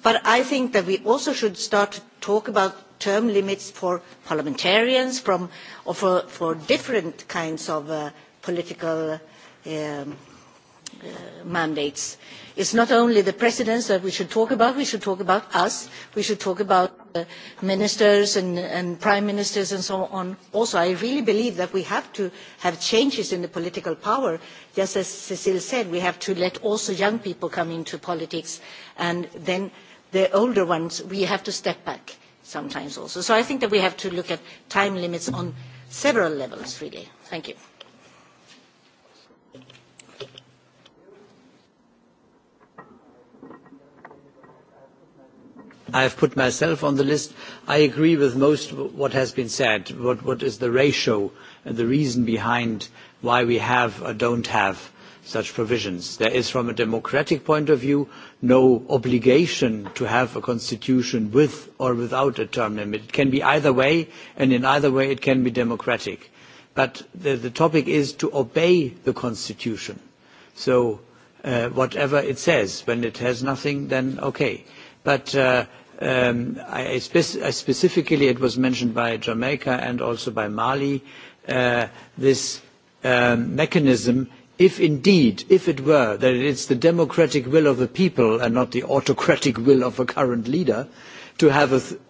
Speaker 9: But I think that we also should start to talk about term limits for parliamentarians from, or for, for different kinds of uh, political um, uh, mandates it is not only the presidents that we should talk about, we should talk about us, we should talk about ministers and, and prime ministers and so on. Also, I really believe that we have to have changes in the political power. Just as Cecile said, we have to let also young people come into politics and then the older ones, we have to step back sometimes also. So I think that we have to look at time limits on several levels, really. Thank you.
Speaker 1: I have put myself on the list. I agree with most of what has been said. What, what is the ratio and the reason behind why we have or don't have such provisions? There is, from a democratic point of view, no obligation to have a constitution with or without a term limit. It can be either way, and in either way it can be democratic. But the, the topic is to obey the constitution. So uh, whatever it says, when it has nothing, then okay. But uh, Um, I, I spec specifically, it was mentioned by Jamaica and also by Mali, uh, this um, mechanism, if indeed, if it were, that it's the democratic will of the people and not the autocratic will of a current leader to have a th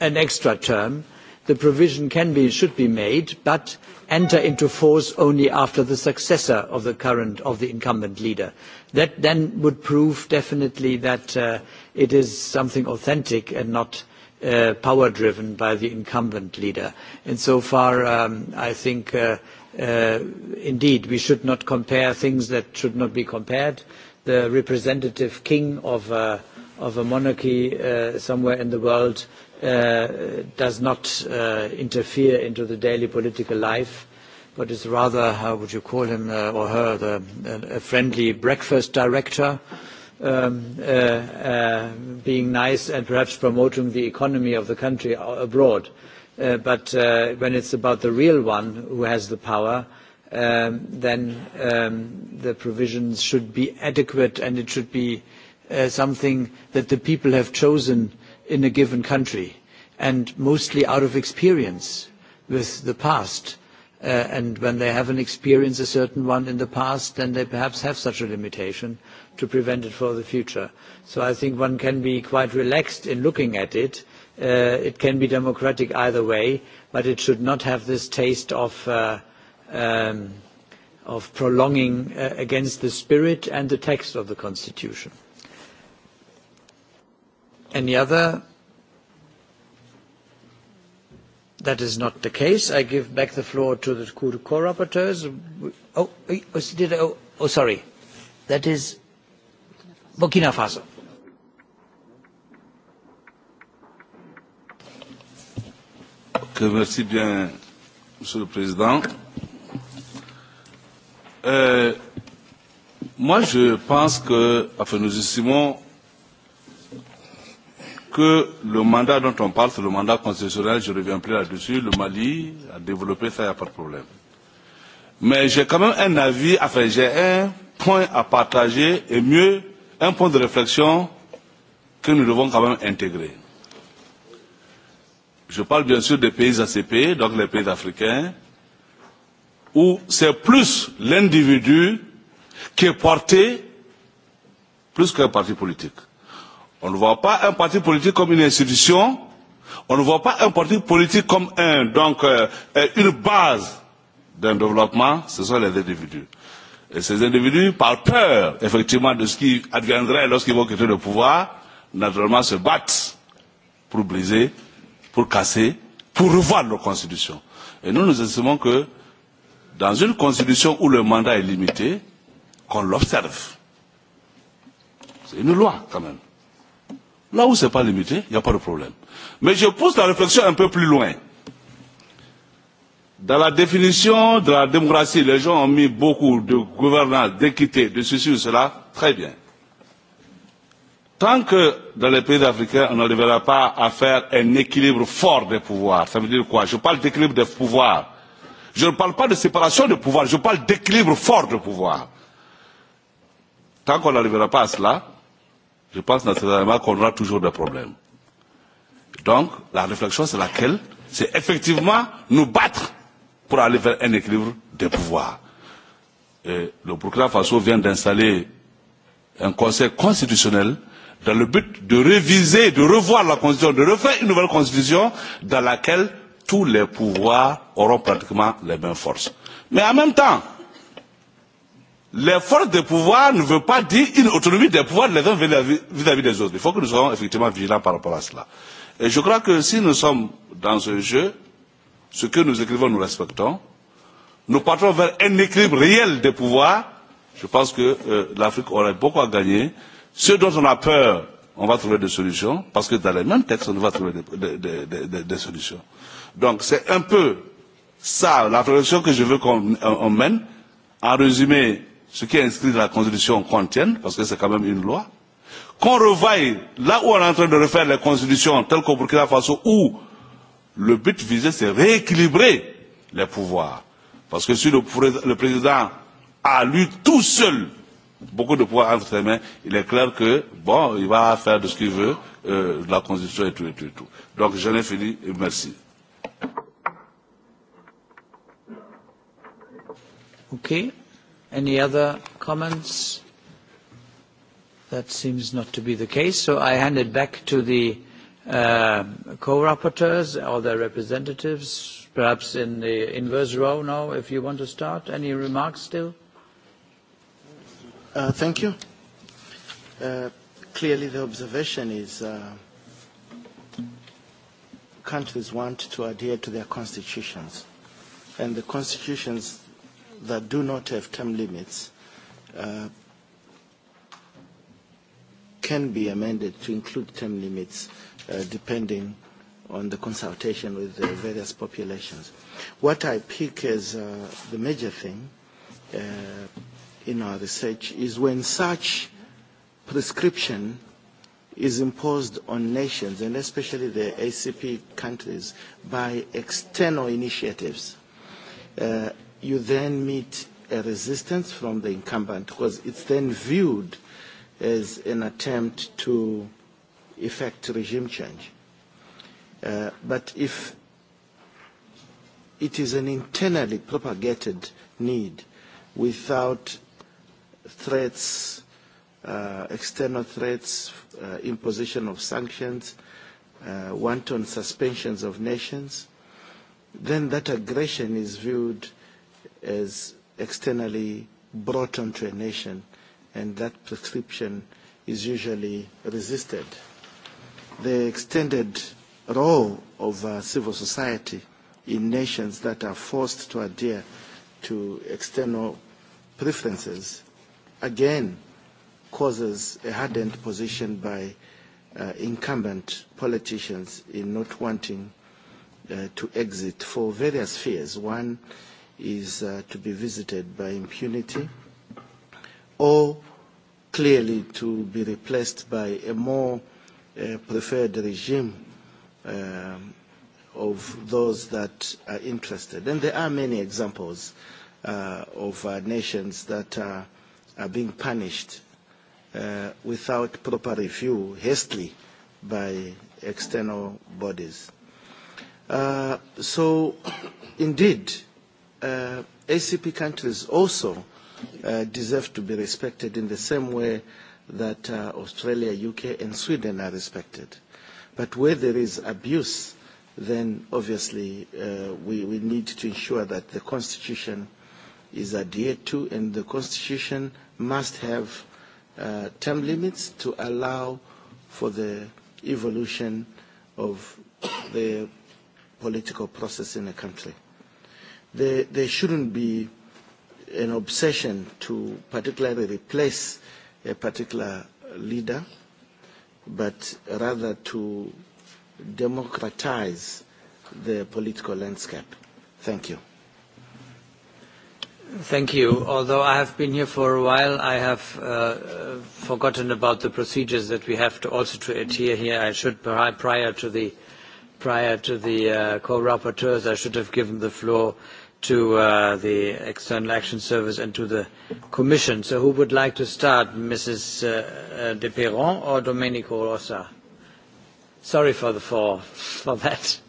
Speaker 1: an extra term, the provision can be, should be made, but enter into force only after the successor of the current, of the incumbent leader. That then would prove definitely that uh, it is something authentic and not uh, power driven by the incumbent leader. And so far, um, I think uh, uh, indeed we should not compare things that should not be compared. The representative king of, a, uh, of a monarchy uh, somewhere in the world uh, does not uh, interfere into the daily political life but is rather, how would you call him uh, or her, the, uh, a friendly breakfast director um, uh, uh, being nice and perhaps promoting the economy of the country abroad. Uh, but uh, when it's about the real one who has the power, um, then um, the provisions should be adequate and it should be uh, something that the people have chosen in a given country and mostly out of experience with the past. Uh, and when they have an experience, a certain one in the past, then they perhaps have such a limitation. Uh, to prevent it for the future. So I think one can be quite relaxed in looking at it. Uh, it can be democratic either way, but it should not have this taste of, uh, um, of prolonging uh, against the spirit and the text of the Constitution. Any other? That is not the case. I give back the floor to the co-rapporteurs. Oh, oh, did, oh, oh, sorry. That is Burkina Faso.
Speaker 10: Que merci bien, Monsieur le Président. Euh, moi, je pense que, enfin, nous estimons que le mandat dont on parle, c'est le mandat constitutionnel, je reviens plus là-dessus, le Mali a développé ça, il n'y a pas de problème. Mais j'ai quand même un avis, enfin j'ai un point à partager et mieux un point de réflexion que nous devons quand même intégrer. Je parle bien sûr des pays ACP, donc les pays africains, où c'est plus l'individu qui est porté plus qu'un parti politique. On ne voit pas un parti politique comme une institution, on ne voit pas un parti politique comme un, donc euh, euh une base d'un développement, ce sont les individus ces individus, par peur effectivement de ce qui adviendrait lorsqu'ils vont quitter le pouvoir, naturellement se battent pour briser, pour casser, pour revoir leur constitution. Et nous, nous estimons que dans une constitution où le mandat est limité, qu'on l'observe. C'est une loi quand même. Là où ce n'est pas limité, il n'y a pas de problème. Mais je pousse la réflexion un peu plus loin. Dans la définition de la démocratie, les gens ont mis beaucoup de gouvernance, d'équité, de ceci ou cela. Très bien. Tant que dans les pays africains, on n'arrivera pas à faire un équilibre fort des pouvoirs, ça veut dire quoi Je parle d'équilibre des pouvoirs. Je ne parle pas de séparation de pouvoirs, je parle d'équilibre fort de pouvoirs. Tant qu'on n'arrivera pas à cela, je pense naturellement qu'on aura toujours des problèmes. Donc, la réflexion, c'est laquelle C'est effectivement nous battre pour aller vers un équilibre des pouvoirs. Et le Burkina Faso vient d'installer un conseil constitutionnel dans le but de réviser, de revoir la constitution, de refaire une nouvelle constitution dans laquelle tous les pouvoirs auront pratiquement les mêmes forces. Mais en même temps, les forces des pouvoirs ne veulent pas dire une autonomie des pouvoirs de les uns vis-à-vis -vis des autres. Il faut que nous soyons effectivement vigilants par rapport à cela. Et je crois que si nous sommes dans ce jeu, ce que nous écrivons, nous respectons. Nous partons vers un équilibre réel des pouvoirs. Je pense que euh, l'Afrique aurait beaucoup à gagner. Ce dont on a peur, on va trouver des solutions, parce que dans les mêmes textes, on va trouver des, des, des, des, des solutions. Donc c'est un peu ça, la réflexion que je veux qu'on mène, en résumé, ce qui est inscrit dans la Constitution qu'on tienne, parce que c'est quand même une loi, qu'on revoie là où on est en train de refaire les constitutions, telles qu'au Burkina Faso, où le but visé, c'est rééquilibrer les pouvoirs. Parce que si le, le président a lui tout seul beaucoup de pouvoirs entre ses mains, il est clair que, bon, il va faire de ce qu'il veut, euh, de la Constitution et tout, et tout, et tout. Donc j'en ai fini et merci.
Speaker 1: Ok. Any other comments? That seems not to be the case. So I hand it back to the um, co-rapporteurs, or their representatives, perhaps in the inverse row now, if you want to start. Any remarks still? Uh, thank you. Uh, clearly the observation is uh,
Speaker 2: countries want to adhere to their constitutions, and the constitutions that do not have term limits uh, can be amended to include term limits uh, depending on the consultation with the various populations. What I pick as uh, the major thing uh, in our research is when such prescription is imposed on nations, and especially the ACP countries, by external initiatives, uh, you then meet a resistance from the incumbent because it's then viewed as an attempt to uh, effect regime change. Uh, but if it is an internally propagated need without threats, uh, external threats, uh, imposition of sanctions, uh, wanton suspensions of nations, then that aggression is viewed as externally brought onto a nation, and that prescription is usually resisted the extended role of uh, civil society in nations that are forced to adhere to external preferences, again, causes a hardened position by uh, incumbent politicians in not wanting uh, to exit for various fears. One is uh, to be visited by impunity or clearly to be replaced by a more preferred uh, prefer the regime um, of those that are interested. And there are many examples uh, of uh, nations that are, are being punished uh, without proper review, hastily, by external bodies. Uh, so, indeed, uh, ACP countries also uh, deserve to be respected in the same way that uh, Australia, UK and Sweden are respected. But where there is abuse, then obviously uh, we, we need to ensure that the Constitution is adhered to and the Constitution must have uh, term limits to allow for the evolution of the political process in a country. There, there shouldn't be an obsession to particularly replace uh, a particular leader, but rather to democratize the political landscape. Thank you.
Speaker 1: Thank you. Although I have been here for a while, I have uh, forgotten about the procedures that we have to also to adhere here. I should, prior to the, prior to the uh, co-rapporteurs, I should have given the floor to uh, the External Action Service and to the Commission. So who would like to start, Mrs. Uh, uh, De Perron or Domenico Rosa? Sorry for, the, for, for that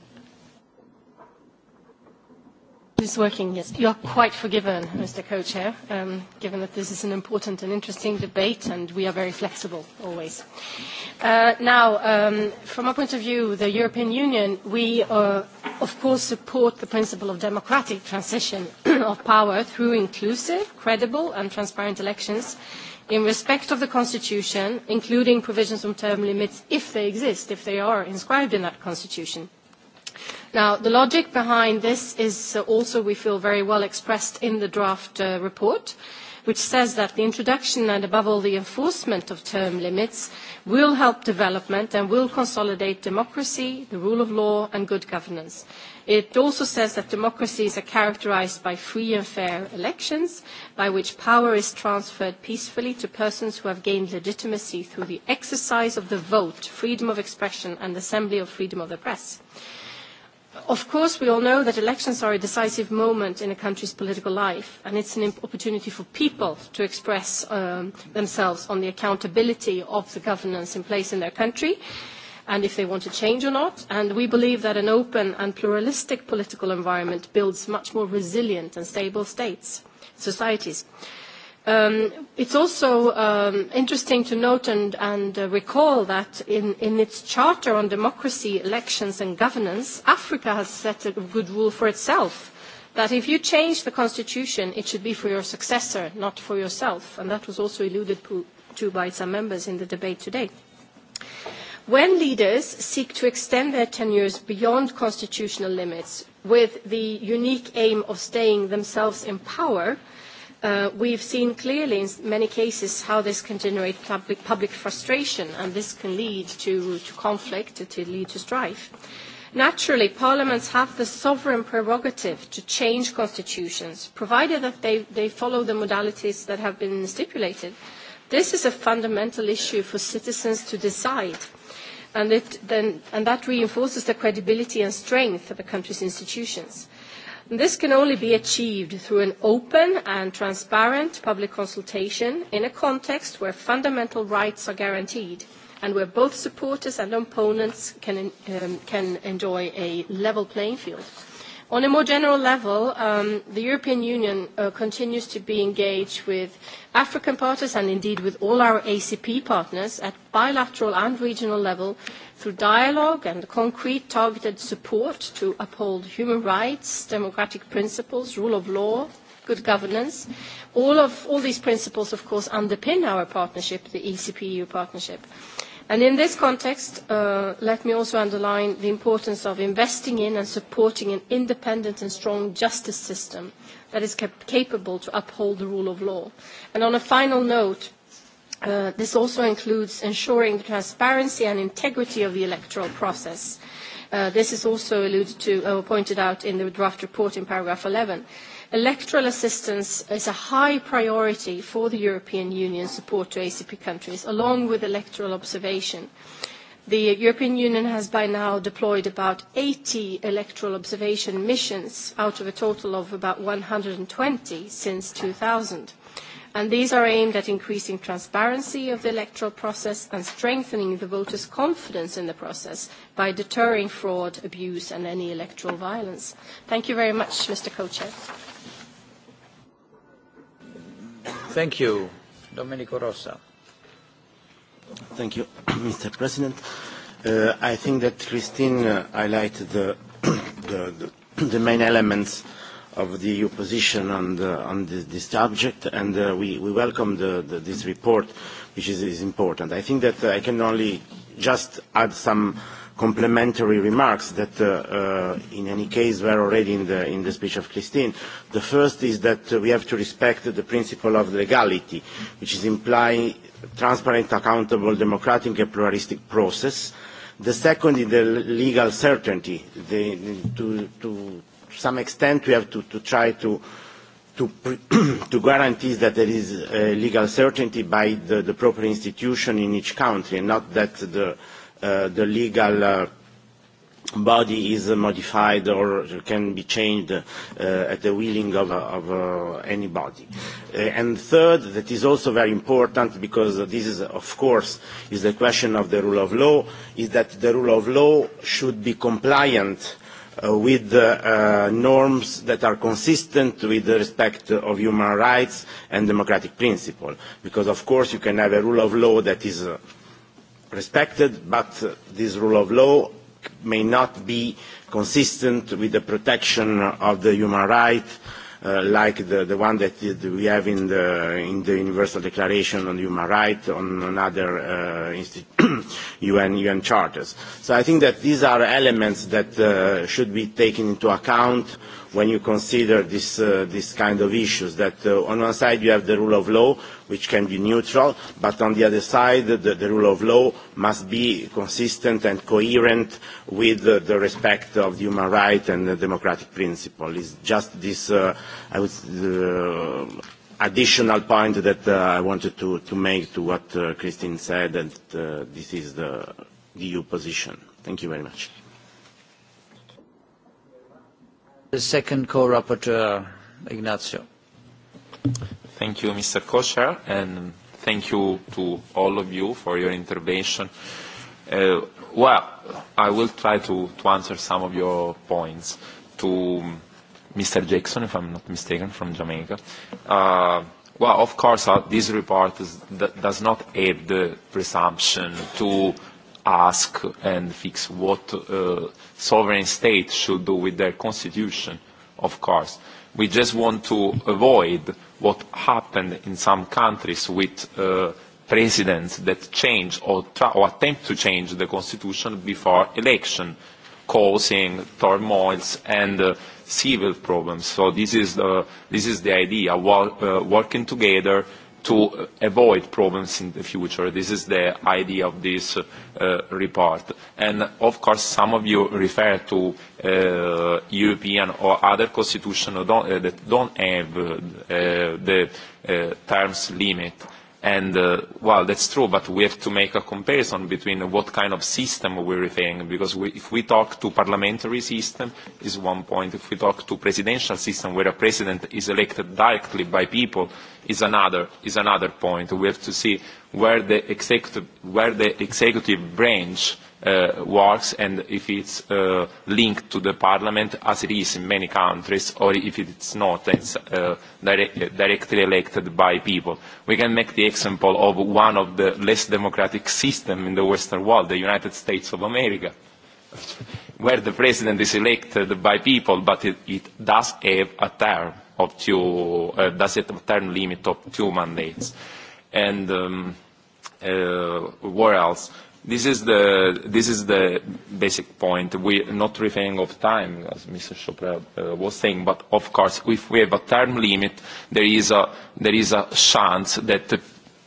Speaker 11: is working, yes. You're quite forgiven, Mr. Co-Chair, um, given that this is an important and interesting debate, and we are very flexible always. Uh, now, um, from our point of view, the European Union, we uh, of course support the principle of democratic transition of power through inclusive, credible, and transparent elections in respect of the Constitution, including provisions on term limits if they exist, if they are inscribed in that Constitution. Now, the logic behind this is uh, also, we feel, very well expressed in the draft uh, report, which says that the introduction and, above all, the enforcement of term limits will help development and will consolidate democracy, the rule of law, and good governance. It also says that democracies are characterized by free and fair elections, by which power is transferred peacefully to persons who have gained legitimacy through the exercise of the vote, freedom of expression, and assembly of freedom of the press. Of course, we all know that elections are a decisive moment in a country's political life, and it's an opportunity for people to express um, themselves on the accountability of the governance in place in their country and if they want to change or not. And we believe that an open and pluralistic political environment builds much more resilient and stable states, societies. Uh, Um, it's also um, interesting to note and, and uh, recall that in, in its Charter on Democracy, Elections and Governance, Africa has set a good rule for itself that if you change the constitution, it should be for your successor, not for yourself. And that was also alluded to by some members in the debate today. When leaders seek to extend their tenures beyond constitutional limits with the unique aim of staying themselves in power, Uh, we've seen clearly in many cases how this can generate public, public frustration and this can lead to, to conflict, to lead to strife. Naturally, parliaments have the sovereign prerogative to change constitutions, provided that they, they follow the modalities that have been stipulated. This is a fundamental issue for citizens to decide, and, it then, and that reinforces the credibility and strength of a country's institutions this can only be achieved through an open and transparent public consultation in a context where fundamental rights are guaranteed and where both supporters and opponents can, um, can enjoy a level playing field. On a more general level, um, the European Union uh, continues to be engaged with African partners and indeed with all our ACP partners at bilateral and regional level through dialogue and concrete targeted support to uphold human rights, democratic principles, rule of law, good governance. All, of, all these principles, of course, underpin our partnership, the ECP-EU partnership. And in this context, uh, let me also underline the importance of investing in and supporting an independent and strong justice system that is cap capable to uphold the rule of law. And on a final note, Uh, this also includes ensuring the transparency and integrity of the electoral process. Uh, this is also alluded to, uh, pointed out in the draft report in paragraph 11. Electoral assistance is a high priority for the European Union support to ACP countries, along with electoral observation. The European Union has by now deployed about 80 electoral observation missions out of a total of about 120 since 2000 and these are aimed at increasing transparency of the electoral process and strengthening the voters' confidence in the process by deterring fraud, abuse and any electoral violence. Thank you very much, Mr. Co-Chair.
Speaker 1: Thank you. Domenico Rossa.
Speaker 12: Thank you, Mr. President. Uh, I think that Christine uh, highlighted the, the, the, the main elements uh, of the EU position on, the, on the, this subject, and uh, we, we welcome the, the, this report, which is, is important. I think that uh, I can only just add some complementary remarks that, uh, uh, in any case, were already in the, in the speech of Christine. The first is that uh, we have to respect the principle of legality, which is implying transparent, accountable, democratic and pluralistic process. The second is the legal certainty, the, to, to, some extent we have to, to try to to, to guarantee that there is uh, legal certainty by the, the proper institution in each country and not that the, uh, the legal uh, body is uh, modified or can be changed uh, at the willing of, of uh, anybody. Uh, and third, that is also very important because this is, of course, is the question of the rule of law, is that the rule of law should be compliant Uh, with the uh, norms that are consistent with the respect of human rights and democratic principle. Because of course you can have a rule of law that is uh, respected, but uh, this rule of law may not be consistent with the protection of the human rights Uh, like the, the one that we have in the, in the Universal Declaration on Human Rights, on, another other uh, UN, UN charters. So I think that these are elements that uh, should be taken into account when you consider this, uh, this kind of issues, that uh, on one side you have the rule of law, which can be neutral, but on the other side, the, the rule of law must be consistent and coherent with uh, the respect of the human rights and the democratic principle. It's just this, uh, I uh, additional point that uh, I wanted to, to make to what uh, Christine said, and uh, this is the, the EU position. Thank you very much.
Speaker 1: The second co-rapporteur, Ignacio.
Speaker 3: Thank you, Mr. Kocher, and thank you to all of you for your intervention. Uh, well, I will try to, to answer some of your points. To Mr. Jackson, if I'm not mistaken, from Jamaica. Uh, well, of course, uh, this report is, does not aid the presumption to ask and fix what uh, sovereign states should do with their constitution, of course. We just want to avoid what happened in some countries with uh, presidents that change or, try, or attempt to change the constitution before election, causing turmoils and uh, civil problems. So this is the, this is the idea, wo- uh, working together to avoid problems in the future. This is the idea of this uh, report. And of course, some of you refer to uh, European or other constitutions don't, uh, that don't have uh, the uh, terms limit And uh, well, that's true, but we have to make a comparison between what kind of system we're referring, because we, if we talk to parliamentary system, is one point. If we talk to presidential system, where a president is elected directly by people, is another is another point. We have to see where the executive where the executive branch Uh, works and if it's uh, linked to the parliament as it is in many countries or if it's not it's uh, direct, directly elected by people. We can make the example of one of the less democratic systems in the Western world, the United States of America, where the president is elected by people but it, it does have a term of two, uh, does it have a term limit of two mandates. And um, uh, where else? This is the this is the basic point. We not referring of time, as Mr. Chopra uh, was saying, but of course, if we have a term limit, there is a there is a chance that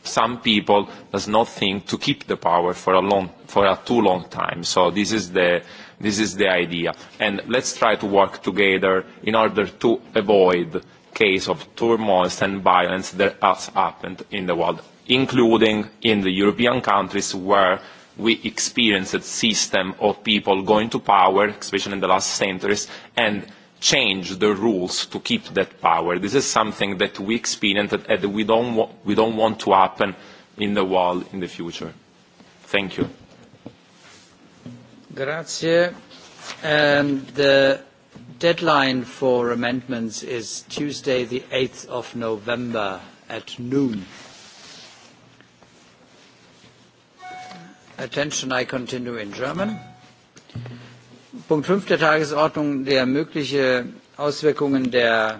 Speaker 3: some people does not think to keep the power for a long for a too long time. So this is the this is the idea, and let's try to work together in order to avoid case of turmoil and violence that has happened in the world, including in the European countries where we experienced a system of people going to power, especially in the last centuries, and change the rules to keep that power. This is something that we experienced and we don't, wa we don't want to happen in the world in the future. Thank you.
Speaker 1: Grazie. And the deadline for amendments is Tuesday, the 8th of November at noon. Attention, I continue in German. Punkt 5 der Tagesordnung, der mögliche Auswirkungen der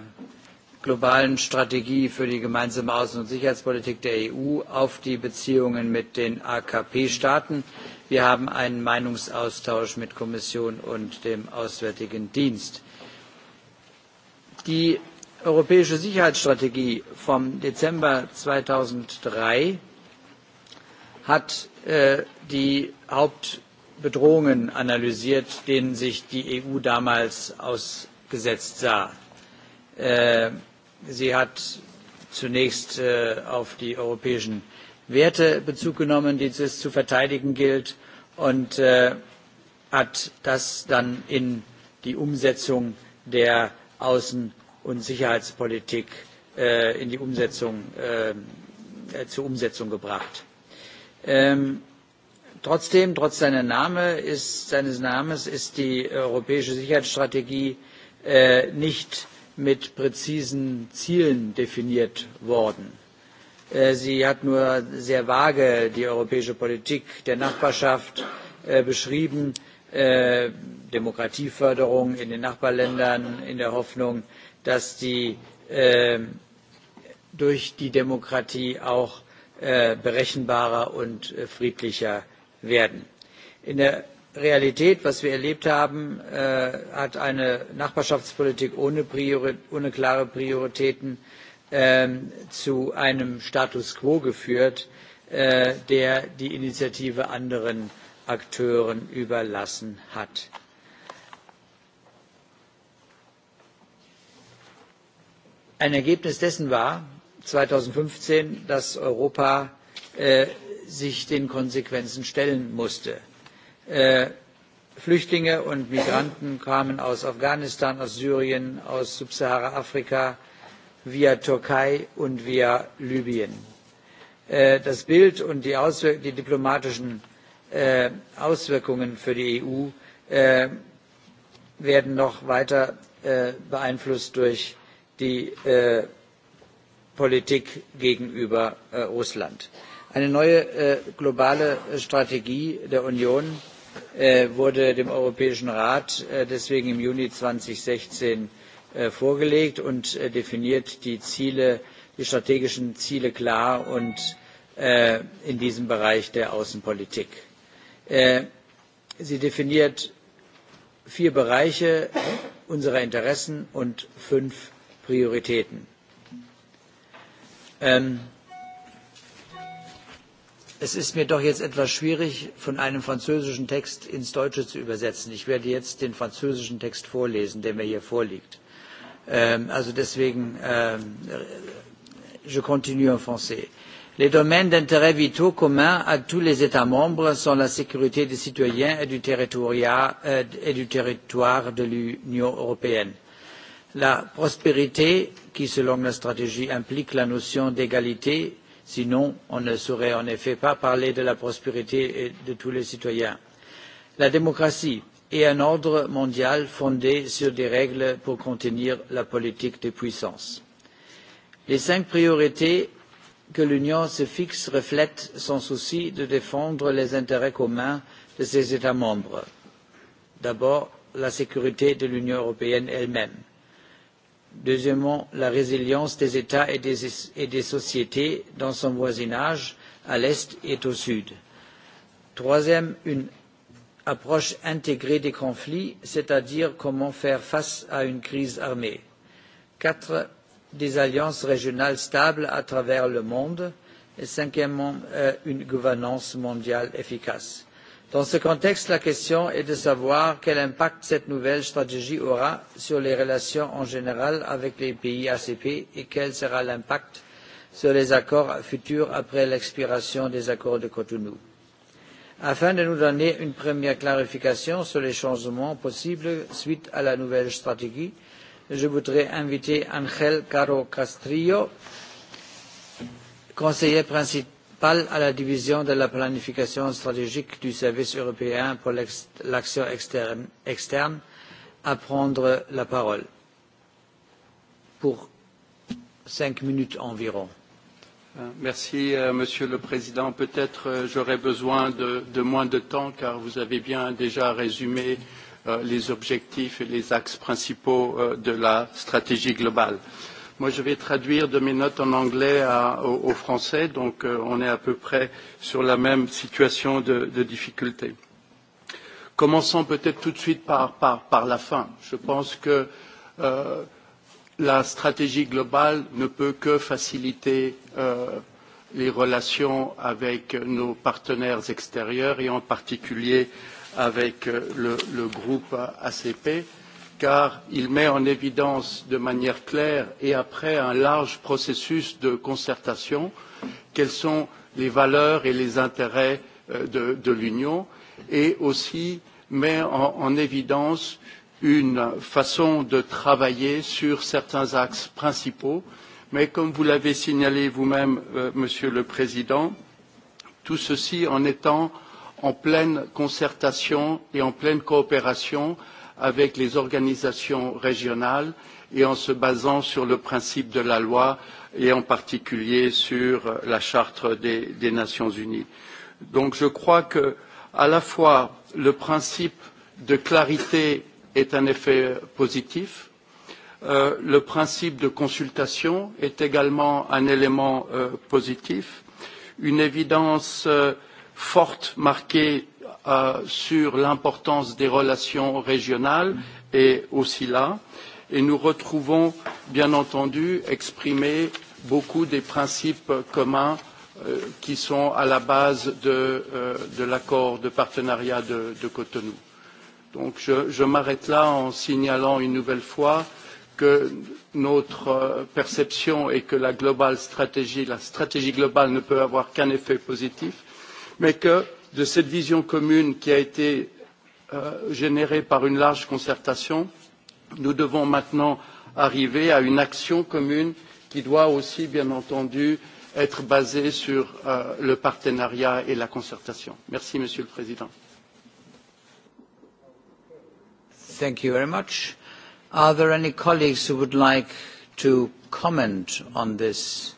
Speaker 1: globalen Strategie für die gemeinsame Außen- und Sicherheitspolitik der EU auf die Beziehungen mit den AKP-Staaten. Wir haben einen Meinungsaustausch mit Kommission und dem Auswärtigen Dienst. Die europäische Sicherheitsstrategie vom Dezember 2003 hat Äh, die Hauptbedrohungen analysiert, denen sich die EU damals ausgesetzt sah. Äh, sie hat zunächst äh, auf die europäischen Werte Bezug genommen, die es zu verteidigen gilt, und hat das dann in die Umsetzung der Außen- und Sicherheitspolitik in die Umsetzung, zur Umsetzung gebracht Ähm, trotzdem, trotz seiner Name ist, seines Namens ist die europäische Sicherheitsstrategie äh, nicht mit präzisen Zielen definiert worden. Äh, sie hat nur sehr vage die europäische Politik der Nachbarschaft äh, beschrieben, äh, Demokratieförderung in den Nachbarländern in der Hoffnung, dass die durch die Demokratie auch Äh, berechenbarer und äh, friedlicher werden. in der realität was wir erlebt haben äh, hat eine nachbarschaftspolitik ohne, Priori ohne klare prioritäten ähm, zu einem status quo geführt der die initiative anderen akteuren überlassen hat. ein ergebnis dessen war zweitausendfünfzehn dass europa äh, sich den konsequenzen stellen musste. Äh, flüchtlinge und migranten kamen aus afghanistan aus syrien aus subsahara afrika via türkei und via libyen. Äh, das bild und die, diplomatischen auswirkungen für die eu werden noch weiter beeinflusst durch die politik gegenüber äh, russland. eine neue äh, globale strategie der union äh, wurde dem europäischen rat deswegen im juni zweitausendsechzehn vorgelegt und definiert die ziele die strategischen ziele klar und in diesem bereich der außenpolitik. sie definiert vier bereiche unserer interessen und fünf prioritäten Ähm, es ist mir doch jetzt etwas schwierig, von einem französischen Text ins Deutsche zu übersetzen. Ich werde jetzt den französischen Text vorlesen, der mir hier vorliegt. Ähm, also deswegen, ähm, je continue en français. Les domaines d'intérêt vitaux communs à tous les États membres sont la sécurité des citoyens et du euh, et du territoire de l'Union européenne La prospérité, qui selon la stratégie implique la notion d'égalité, sinon on ne saurait en effet pas parler de la prospérité de tous les citoyens. La démocratie et un ordre mondial fondé sur des règles pour contenir la politique des puissances. Les cinq priorités que l'Union se fixe reflètent son souci de défendre les intérêts communs de ses États membres. D'abord, la sécurité de l'Union européenne elle-même Deuxièmement, la résilience des États et des, et des sociétés dans son voisinage, à l'Est et au Sud. Troisième, une approche intégrée des conflits, c'est-à-dire comment faire face à une crise armée. Quatre, des alliances régionales stables à travers le monde. Et cinquièmement, euh, une gouvernance mondiale efficace dans ce contexte la question est de savoir quel impact cette nouvelle stratégie aura sur les relations en général avec les pays acp et quel sera l'impact sur les accords futurs après l'expiration des accords de cotonou. afin de nous donner une première clarification sur les changements possibles suite à la nouvelle stratégie je voudrais inviter angel caro castillo conseiller principal PAL à la division de la planification stratégique du service européen pour l'action externe, externe à prendre la parole pour cinq minutes environ.
Speaker 13: Euh, merci, euh, Monsieur le Président. Peut-être euh, j'aurais besoin de, de moins de temps car vous avez bien déjà résumé euh, les objectifs et les axes principaux euh, de la stratégie globale. Euh, Moi, je vais traduire de mes notes en anglais à, au, au français, donc euh, on est à peu près sur la même situation de, de difficulté. Commençons peut-être tout de suite par, par, par la fin. Je pense que euh, la stratégie globale ne peut que faciliter euh, les relations avec nos partenaires extérieurs et en particulier avec euh, le, le groupe ACP car il met en évidence de manière claire et après un large processus de concertation quelles sont les valeurs et les intérêts euh, de, de l'Union et aussi met en, en évidence une façon de travailler sur certains axes principaux, mais comme vous l'avez signalé vous-même, euh, Monsieur le Président, tout ceci en étant en pleine concertation et en pleine coopération avec les organisations régionales et en se basant sur le principe de la loi et en particulier sur la charte des, des Nations Unies. Donc je crois que à la fois le principe de clarité est un effet positif, euh, le principe de consultation est également un élément euh, positif, une évidence euh, forte marquée euh, sur l'importance des relations régionales est aussi là et nous retrouvons bien entendu exprimés beaucoup des principes communs euh, qui sont à la base de, euh, de l'accord de partenariat de, de Cotonou. Donc je, je m'arrête là en signalant une nouvelle fois que notre euh, perception est que la globale stratégie, la stratégie globale ne peut avoir qu'un effet positif, mais que de cette vision commune qui a été euh, générée par une large concertation, nous devons maintenant arriver à une action commune qui doit aussi, bien entendu, être basée sur euh, le partenariat et la concertation. Merci, Monsieur le Président.
Speaker 1: Thank you very much. Are there any colleagues who would like to comment on this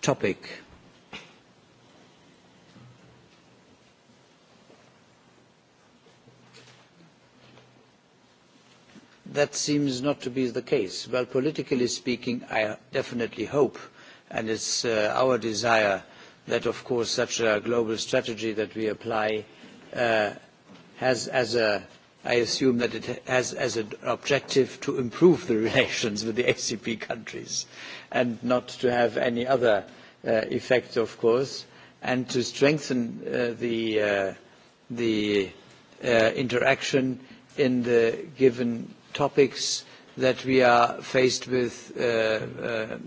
Speaker 1: topic? that seems not to be the case. Well, politically speaking, I definitely hope, and it's uh, our desire that, of course, such a global strategy that we apply uh, has as a I assume that it has as an objective to improve the relations with the ACP countries and not to have any other uh, effect, of course, and to strengthen uh, the, uh, the uh, interaction in the given topics that we are faced with uh, uh,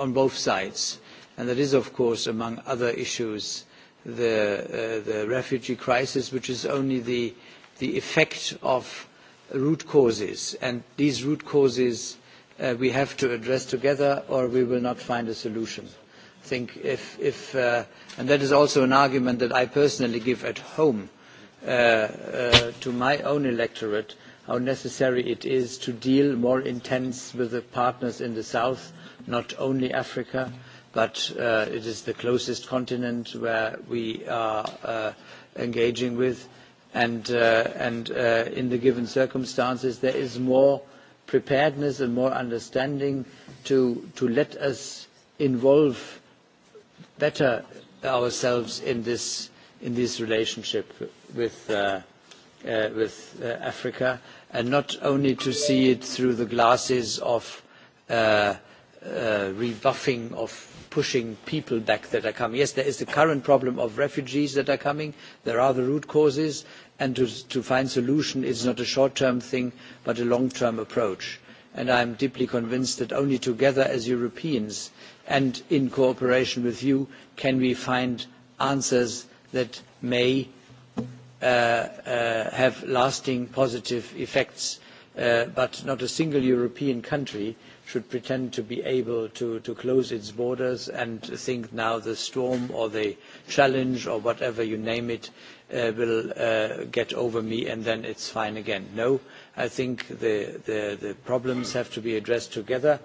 Speaker 1: on both sides. And that is, of course, among other issues, the, uh, the refugee crisis, which is only the, the effect of root causes. And these root causes uh, we have to address together or we will not find a solution. I think if, if uh, and that is also an argument that I personally give at home uh, uh, to my own electorate, how necessary it is to deal more intensely with the partners in the south, not only Africa, but uh, it is the closest continent where we are uh, engaging with. And, uh, and uh, in the given circumstances, there is more preparedness and more understanding to, to let us involve better ourselves in this, in this relationship with, uh, uh, with uh, Africa and not only to see it through the glasses of uh, uh, rebuffing, of pushing people back that are coming. Yes, there is the current problem of refugees that are coming. There are the root causes, and to, to find solution is not a short-term thing, but a long-term approach. And I deeply convinced that only together as Europeans and in cooperation with you can we find answers that may Uh, uh, have lasting positive effects uh, but not a single european country should pretend to be able to, to close its borders and think now the storm or the challenge or whatever you name it uh, will uh, get over me and then it's fine again. No, I think the, the, the problems have to be addressed together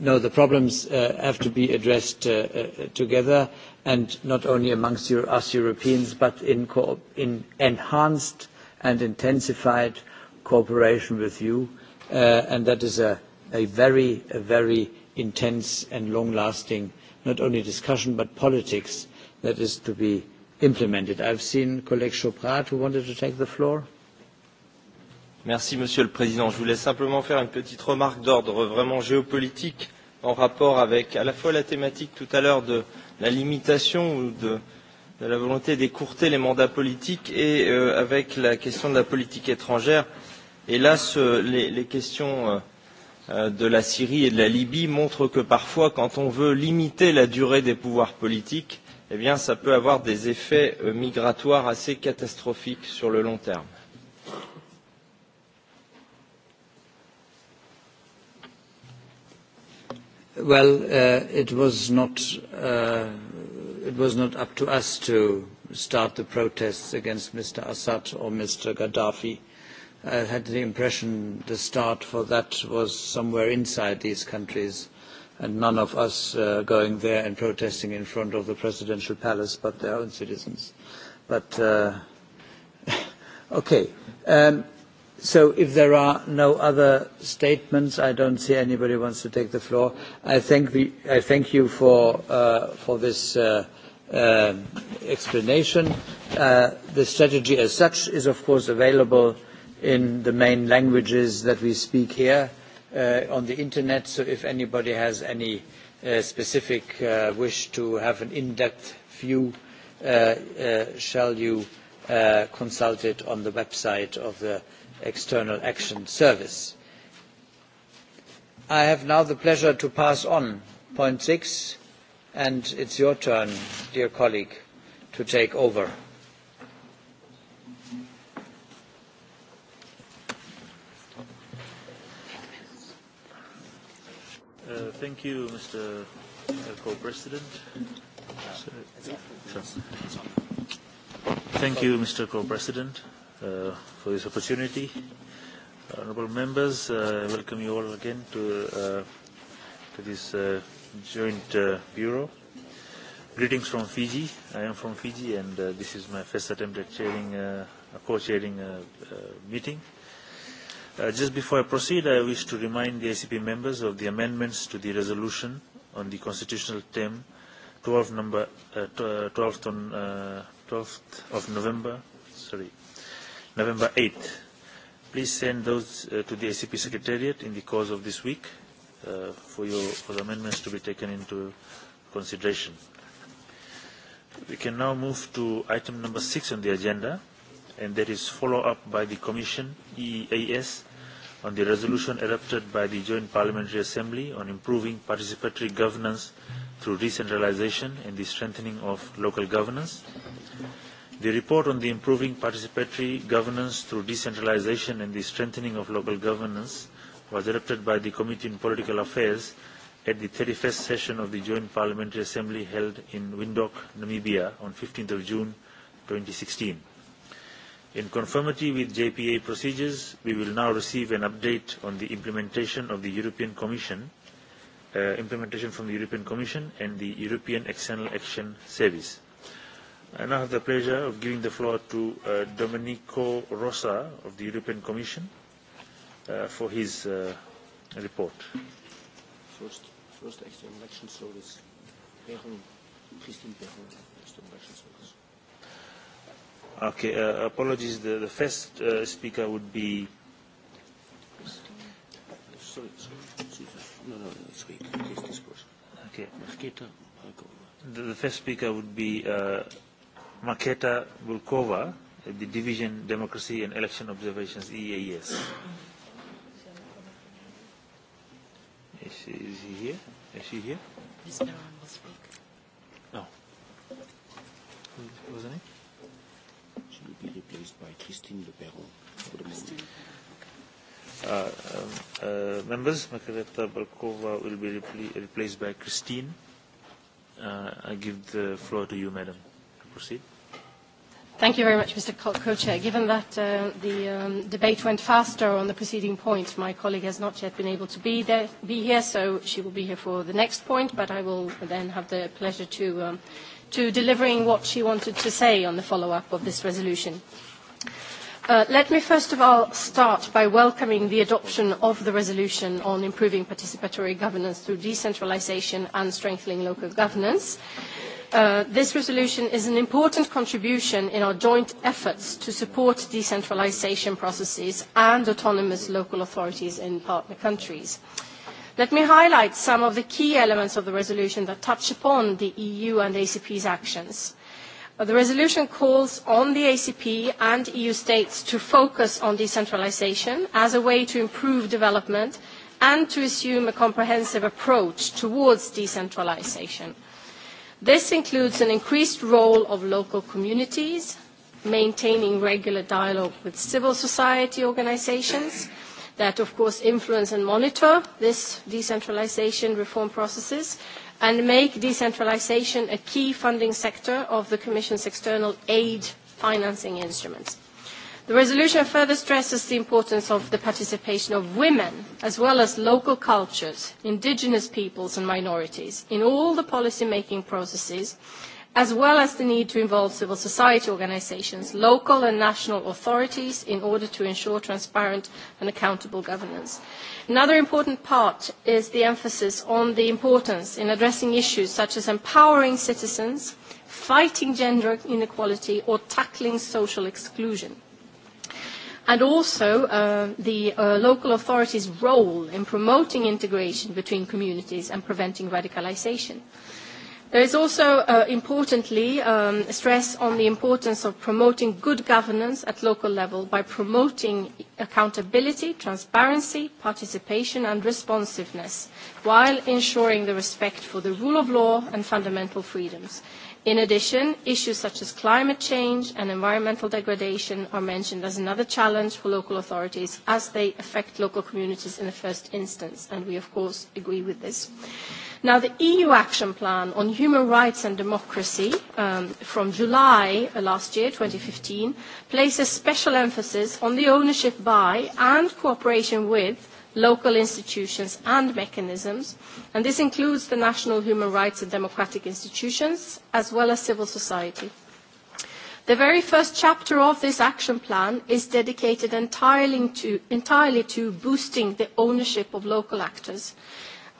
Speaker 1: no, the problems uh, have to be addressed uh, uh, together and not only amongst Euro us Europeans, but in, co in enhanced and intensified cooperation with you. Uh, and that is a, a very, a very intense and long-lasting, not only discussion, but politics that is to be implemented. I've seen colleague Choprat who wanted to take the floor.
Speaker 6: Merci, Monsieur le Président. Je voulais simplement faire une petite remarque d'ordre vraiment géopolitique en rapport avec à la fois la thématique tout à l'heure de la limitation ou de, de la volonté d'écourter les mandats politiques et euh, avec la question de la politique étrangère. Hélas, euh, les, les questions euh, euh, de la Syrie et de la Libye montrent que parfois, quand on veut limiter la durée des pouvoirs politiques, eh bien, ça peut avoir des effets euh, migratoires assez catastrophiques sur le long terme.
Speaker 1: Well, uh, it was not uh, it was not up to us to start the protests against Mr. Assad or Mr. Gaddafi. I had the impression the start for that was somewhere inside these countries, and none of us uh, going there and protesting in front of the presidential palace, but their own citizens. But uh, okay. Um, So if there are no other statements, I don't see anybody wants to take the floor. I thank, the, I thank you for, uh, for this uh, uh, explanation. Uh, the strategy as such is, of course, available in the main languages that we speak here uh, on the Internet. So if anybody has any uh, specific wish to have an in-depth view, shall you consult it on the website of the external action service. i have now the pleasure to pass on point six and it's your turn dear colleague to take over.
Speaker 14: Uh, thank you, Mr. Uh, Co-President. Thank you, Mr. Co-President uh, for this opportunity. Honourable members, uh, I uh, welcome you all again to, uh, to this uh, joint uh, bureau. Greetings from Fiji. I am from Fiji and uh, this is my first attempt at chairing, uh, co-chairing uh, uh, meeting. Uh, just before I proceed, I wish to remind the ACP members of the amendments to the resolution on the constitutional term 12 number, uh, 12th, on, uh, 12th of November sorry, November 8. Please send those uh, to the ACP Secretariat in the course of this week uh, for your for the amendments to be taken into consideration. We can now move to item number six on the agenda, and that is follow-up by the Commission, EEAS, on the resolution adopted by the Joint Parliamentary Assembly on improving participatory governance through decentralization and the strengthening of local governance. The report on the improving participatory governance through decentralization and the strengthening of local governance was adopted by the Committee on Political Affairs at the 31st session of the Joint Parliamentary Assembly held in Windhoek, Namibia on 15th of June 2016. In conformity with JPA procedures, we will now receive an update on the implementation of the European Commission, uh, implementation from the European Commission and the European External Action Service. I now have the pleasure of giving the floor to uh, Domenico Rosa of the European Commission uh, for his uh, report.
Speaker 15: First, first external election service, Perron, Christine Perron, external election service.
Speaker 14: Okay, uh, apologies, the, the first uh, speaker would be... Sorry, sorry, no, no, no, sorry, Okay. The, the first speaker would be uh, Maketa Bulkova the Division Democracy and Election Observations EAS. Is she, is she here? Is she here?
Speaker 16: Ms. Baron will speak.
Speaker 14: No.
Speaker 17: Who was her name? She will
Speaker 14: be replaced by Christine Le Perron for the moment. Uh, um, uh, members, Makareta Balkova will be repl replaced by Christine. Uh, I give the floor to you, Madam, to proceed.
Speaker 11: Thank you very much, Mr. Co-Chair. Given that uh, the um, debate went faster on the preceding point, my colleague has not yet been able to be, there, be here, so she will be here for the next point, but I will then have the pleasure to, um, to delivering what she wanted to say on the follow-up of this resolution. Uh, let me first of all start by welcoming the adoption of the resolution on improving participatory governance through decentralization and strengthening local governance. Uh, this resolution is an important contribution in our joint efforts to support decentralisation processes and autonomous local authorities in partner countries. Let me highlight some of the key elements of the resolution that touch upon the EU and ACP's actions. Uh, the resolution calls on the ACP and EU states to focus on decentralisation as a way to improve development and to assume a comprehensive approach towards decentralisation. This includes an increased role of local communities, maintaining regular dialogue with civil society organizations that, of course, influence and monitor this decentralization reform processes and make decentralization a key funding sector of the Commission's external aid financing instruments. The resolution further stresses the importance of the participation of women, as well as local cultures, indigenous peoples and minorities, in all the policy-making processes, as well as the need to involve civil society organisations, local and national authorities, in order to ensure transparent and accountable governance. Another important part is the emphasis on the importance in addressing issues such as empowering citizens, fighting gender inequality, or tackling social exclusion and also uh, the uh, local authorities' role in promoting integration between communities and preventing radicalization. There is also, uh, importantly, um, stress on the importance of promoting good governance at local level by promoting accountability, transparency, participation and responsiveness, while ensuring the respect for the rule of law and fundamental freedoms. In addition, issues such as climate change and environmental degradation are mentioned as another challenge for local authorities as they affect local communities in the first instance, and we of course agree with this. Now, the EU Action Plan on Human Rights and Democracy um, from July uh, last year, 2015, places special emphasis on the ownership by and cooperation with local institutions and mechanisms, and this includes the national human rights and democratic institutions, as well as civil society. The very first chapter of this action plan is dedicated entirely to, entirely to boosting the ownership of local actors,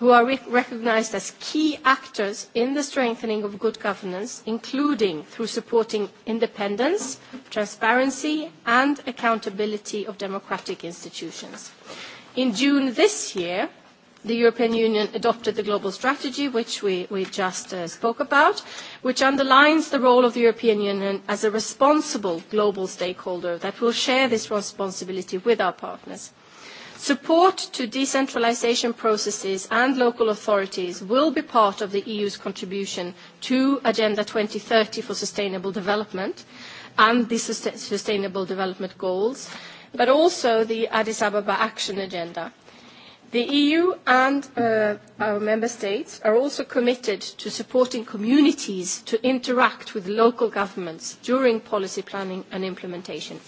Speaker 11: who are re recognised as key actors in the strengthening of good governance, including through supporting independence, transparency and accountability of democratic institutions. In June this year, the European Union adopted the global strategy, which we, we just uh, spoke about, which underlines the role of the European Union as a responsible global stakeholder that will share this responsibility with our partners. Support to decentralisation processes and local authorities will be part of the EU's contribution to Agenda 2030 for Sustainable Development and the Sustainable Development Goals, but also the Addis Ababa Action Agenda. The EU and uh, our member states are also committed to supporting communities to interact with local governments during policy planning and implementation.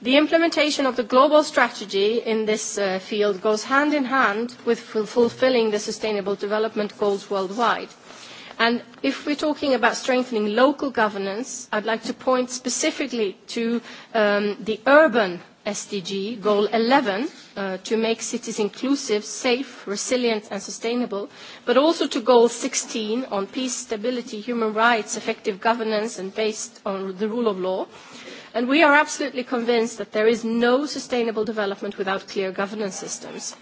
Speaker 11: The implementation of the global strategy in this uh, field goes hand in hand with fulfilling the sustainable development goals worldwide – And if we're talking about strengthening local governance, I'd like to point specifically to um, the urban SDG, Goal 11, uh, to make cities inclusive, safe, resilient and sustainable, but also to Goal 16 on peace, stability, human rights, effective governance and based on the rule of law. And we are absolutely convinced that there is no sustainable development without clear governance systems.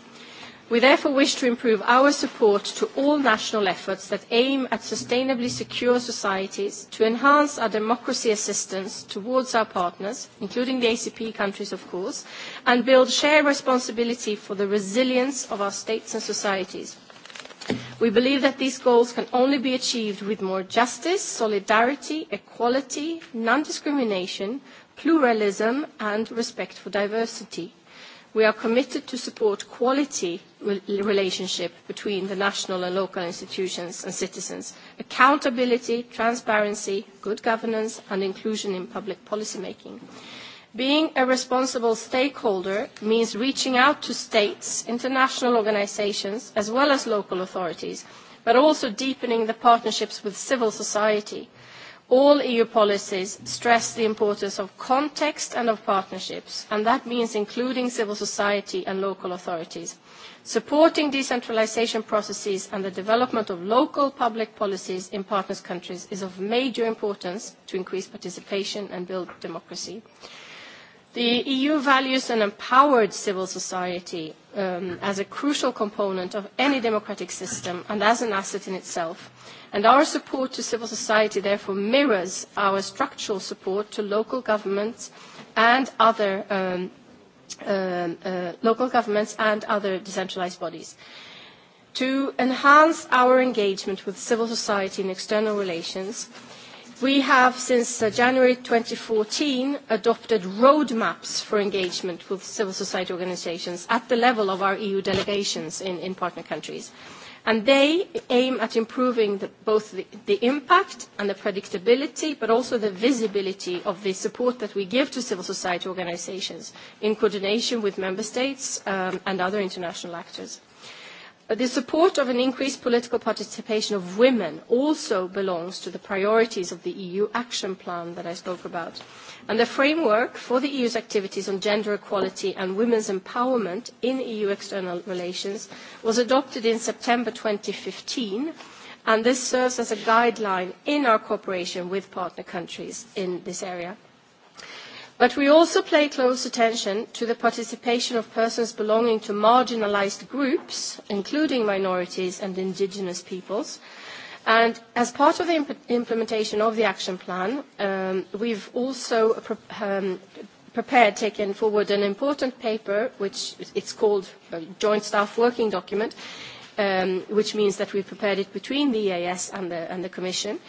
Speaker 11: We therefore wish to improve our support to all national efforts that aim at sustainably secure societies, to enhance our democracy assistance towards our partners, including the ACP countries of course, and build shared responsibility for the resilience of our states and societies. We believe that these goals can only be achieved with more justice, solidarity, equality, non-discrimination, pluralism and respect for diversity. We are committed to support quality relationship between the national and local institutions and citizens, accountability, transparency, good governance and inclusion in public policy making. Being a responsible stakeholder means reaching out to states, international organisations as well as local authorities, but also deepening the partnerships with civil society. All EU policies stress the importance of context and of partnerships, and that means including civil society and local authorities. Supporting decentralization processes and the development of local public policies in partners countries is of major importance to increase participation and build democracy. The EU values an empowered civil society um, as a crucial component of any democratic system and as an asset in itself. And our support to civil society therefore mirrors our structural support to local governments and other um, Uh, uh, local governments and other decentralized bodies. To enhance our engagement with civil society and external relations, we have since uh, January 2014 adopted roadmaps for engagement with civil society organizations at the level of our EU delegations in, in partner countries. And they aim at improving both the, impact and the predictability, but also the visibility of the support that we give to civil society organizations in coordination with member states um, and other international actors. The support of an increased political participation of women also belongs to the priorities of the EU action plan that I spoke about and the framework for the EU's activities on gender equality and women's empowerment in EU external relations was adopted in September 2015, and this serves as a guideline in our cooperation with partner countries in this area. But we also pay close attention to the participation of persons belonging to marginalized groups, including minorities and indigenous peoples, And as part of the imp implementation of the action plan, um, we've also pre um, prepared, taken forward an important paper, which it's called a joint staff working document, um, which means that we prepared it between the EAS and the, and the Commission,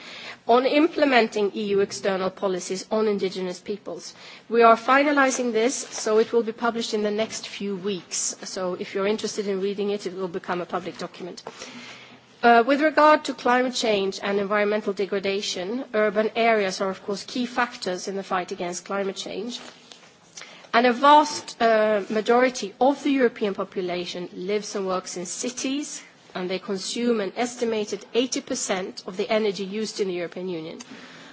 Speaker 11: on implementing EU external policies on indigenous peoples. We are finalizing this, so it will be published in the next few weeks. So if you're interested in reading it, it will become a public document. Mm -hmm. Uh, with regard to climate change and environmental degradation, urban areas are of course key factors in the fight against climate change. And a vast uh, majority of the European population lives and works in cities, and they consume an estimated 80% of the energy used in the European Union.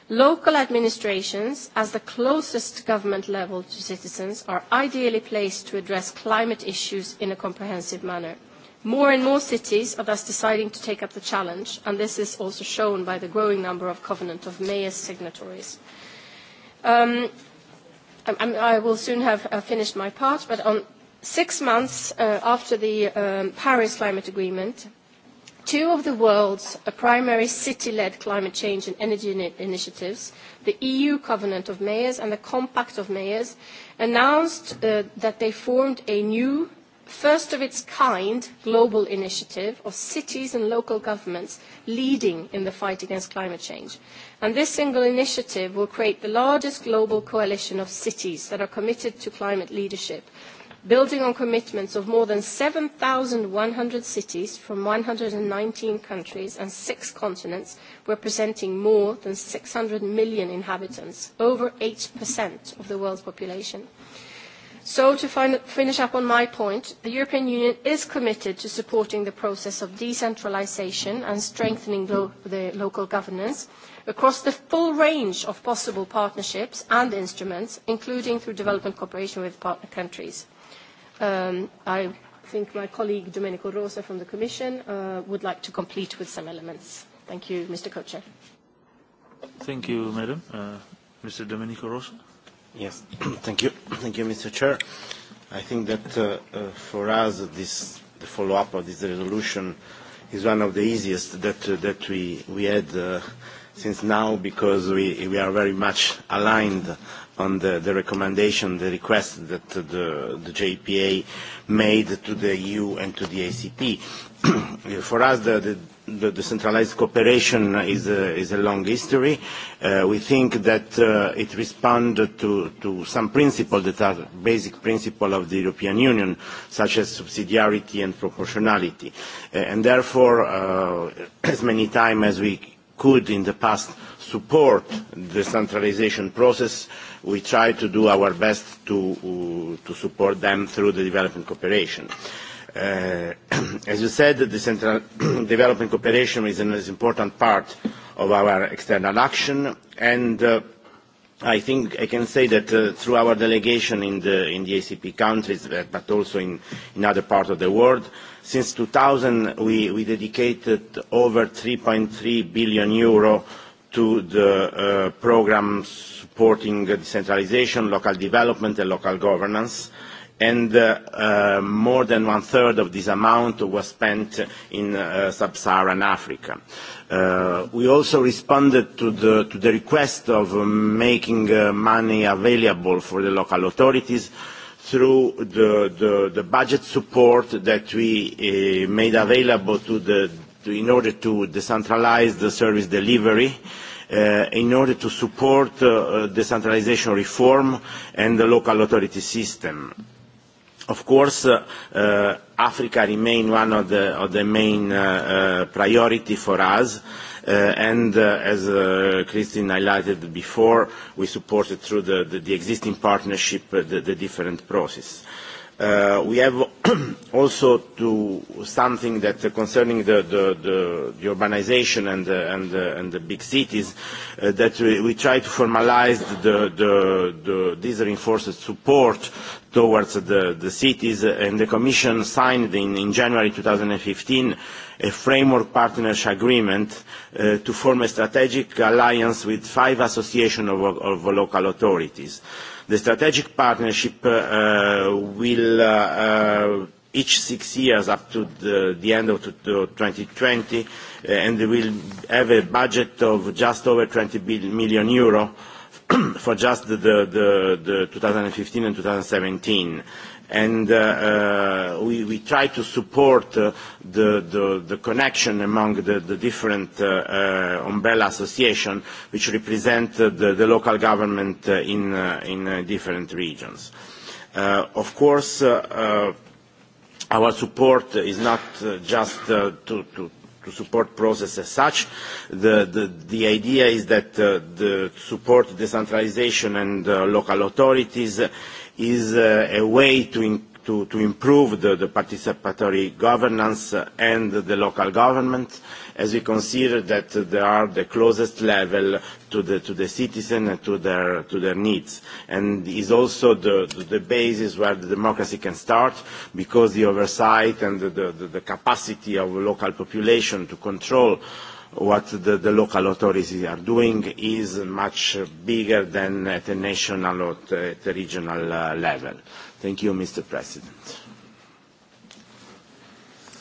Speaker 11: Local administrations, as the closest government level to citizens, are ideally placed to address climate issues in a comprehensive manner. More and more cities are thus deciding to take up the challenge, and this is also shown by the growing number of Covenant of Mayors signatories. Um, I, will soon have uh, finished my part, but on six months uh, after the um, Paris Climate Agreement, two of the world's uh, primary city-led climate change and energy initiatives, the EU Covenant of Mayors and the Compact of Mayors, announced that they formed a new first of its kind global initiative of cities and local governments leading in the fight against climate change. And this single initiative will create the largest global coalition of cities that are committed to climate leadership, building on commitments of more than 7,100 cities from 119 countries and six continents, representing more than 600 million inhabitants, over 8% of the world's population. So to fin finish up on my point, the European Union is committed to supporting the process of decentralization and strengthening lo the local governance across the full range of possible partnerships and instruments, including through development cooperation with partner countries. Um, I think my colleague Domenico Rosa from the Commission uh, would like to complete with some elements. Thank you, Mr. Co-Chair.
Speaker 14: Thank you, Madam. Uh, Mr. Domenico Rosa.
Speaker 12: Yes, thank you. Thank you, Mr. Chair. I think that uh, uh, for us, this, the follow-up of this resolution is one of the easiest that, uh, that we, we had uh, since now because we, we are very much aligned on the, the recommendation, the request that the, the JPA made to the EU and to the ACP. for us, the, the, the decentralized cooperation is a, is a long history. Uh, we think that uh, it responds to, to some principles that are basic principles of the European Union, such as subsidiarity and proportionality. Uh, and therefore, uh, as many times as we could in the past support the centralization process, we try to do our best to, uh, to support them through the development cooperation. Uh, Uh, as you said, the central development cooperation is an is important part of our external action, and uh, I think I can say that uh, through our delegation in the, in the ACP countries, uh, but also in, in other parts of the world, since 2000 we, we dedicated over 3.3 billion euro to the uh, programs supporting decentralization, local development and local governance. Uh, and uh, uh, more than one-third of this amount was spent in uh, sub-Saharan Africa. Uh, we also responded to the, to the request of making uh, money available for the local authorities through the, the, the budget support that we uh, made available to the, to, in order to decentralize the service delivery uh, in order to support uh, uh decentralization reform and the local authority system Of course, uh, uh, Africa remains one of the, of the main uh, uh, priority for us. Uh, and uh, as uh, Christine highlighted before, we supported through the, the, the existing partnership uh, the, the different processes. Uh, Uh, we have also to something that uh, concerning the, the, the, the urbanization and the, uh, and the, uh, and the big cities uh, that we, we try to formalize the, the, the, this reinforced support towards the, the cities and the Commission signed in, in January 2015 a framework partnership agreement uh, to form a strategic alliance with five associations of, of local authorities. Uh, The strategic partnership uh, uh, will, uh, uh, each six years up to the, the end of 2020, uh, and will have a budget of just over 20 million euro for just the, the, the 2015 and 2017 and uh, uh, we, we try to support uh, the, the, the connection among the, the different uh, uh, umbrella associations which represent uh, the, the local government uh, in, uh, in uh, different regions. Uh, of course, uh, uh, our support is not uh, just uh, to, to, to support process as such. The, the, the idea is that uh, the support decentralization and uh, local authorities uh, is uh, a way to, in, to, to improve the, the participatory governance and the local government, as we consider that they are the closest level to the, to the citizen and to their, to their needs. And is also the, the the basis where the democracy can start, because the oversight and the, the, the capacity of local population to control uh, what the, the local authorities are doing is much bigger than at the national or at the regional uh, level. Thank you, Mr. President.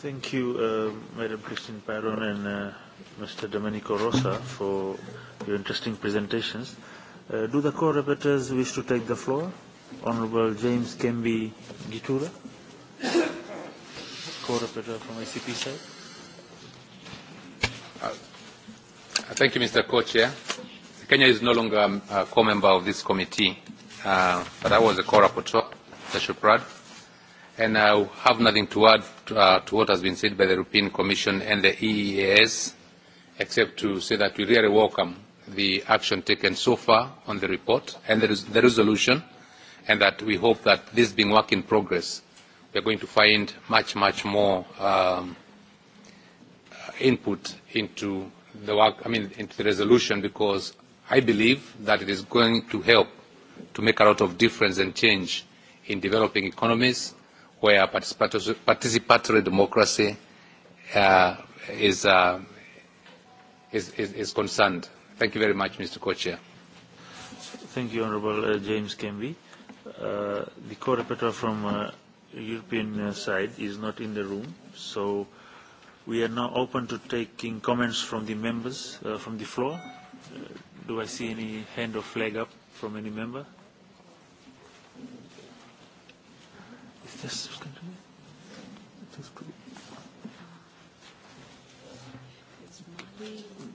Speaker 14: Thank you, uh, Madam Christine Paron and uh, Mr. Domenico Rosa for your interesting presentations. Uh, do the co-rapporteurs wish to take the floor? Honorable James Kemby Gitura, co-rapporteur from ICP side.
Speaker 18: Uh, thank you, Mr. Co-Chair. Kenya is no longer a co member of this committee, uh, but I was a co-rapporteur, Mr. Shuprad, and I have nothing to add to, uh, to what has been said by the European Commission and the EEAS, except to say that we really welcome the action taken so far on the report and the, res the resolution, and that we hope that this being work in progress, we are going to find much, much more um, input into the work, I mean, into the resolution because I believe that it is going to help to make a lot of difference and change in developing economies where participatory, participatory democracy uh, is, uh, is, is, is concerned.
Speaker 14: Thank you very much, Mr. Co-Chair. Thank you, Honourable uh, James Kemby. Uh, the co reporter from uh, European uh, side is not in the room, so We are now open to taking comments from the members uh, from the floor. Uh, do I see any hand or flag up from any member? Is this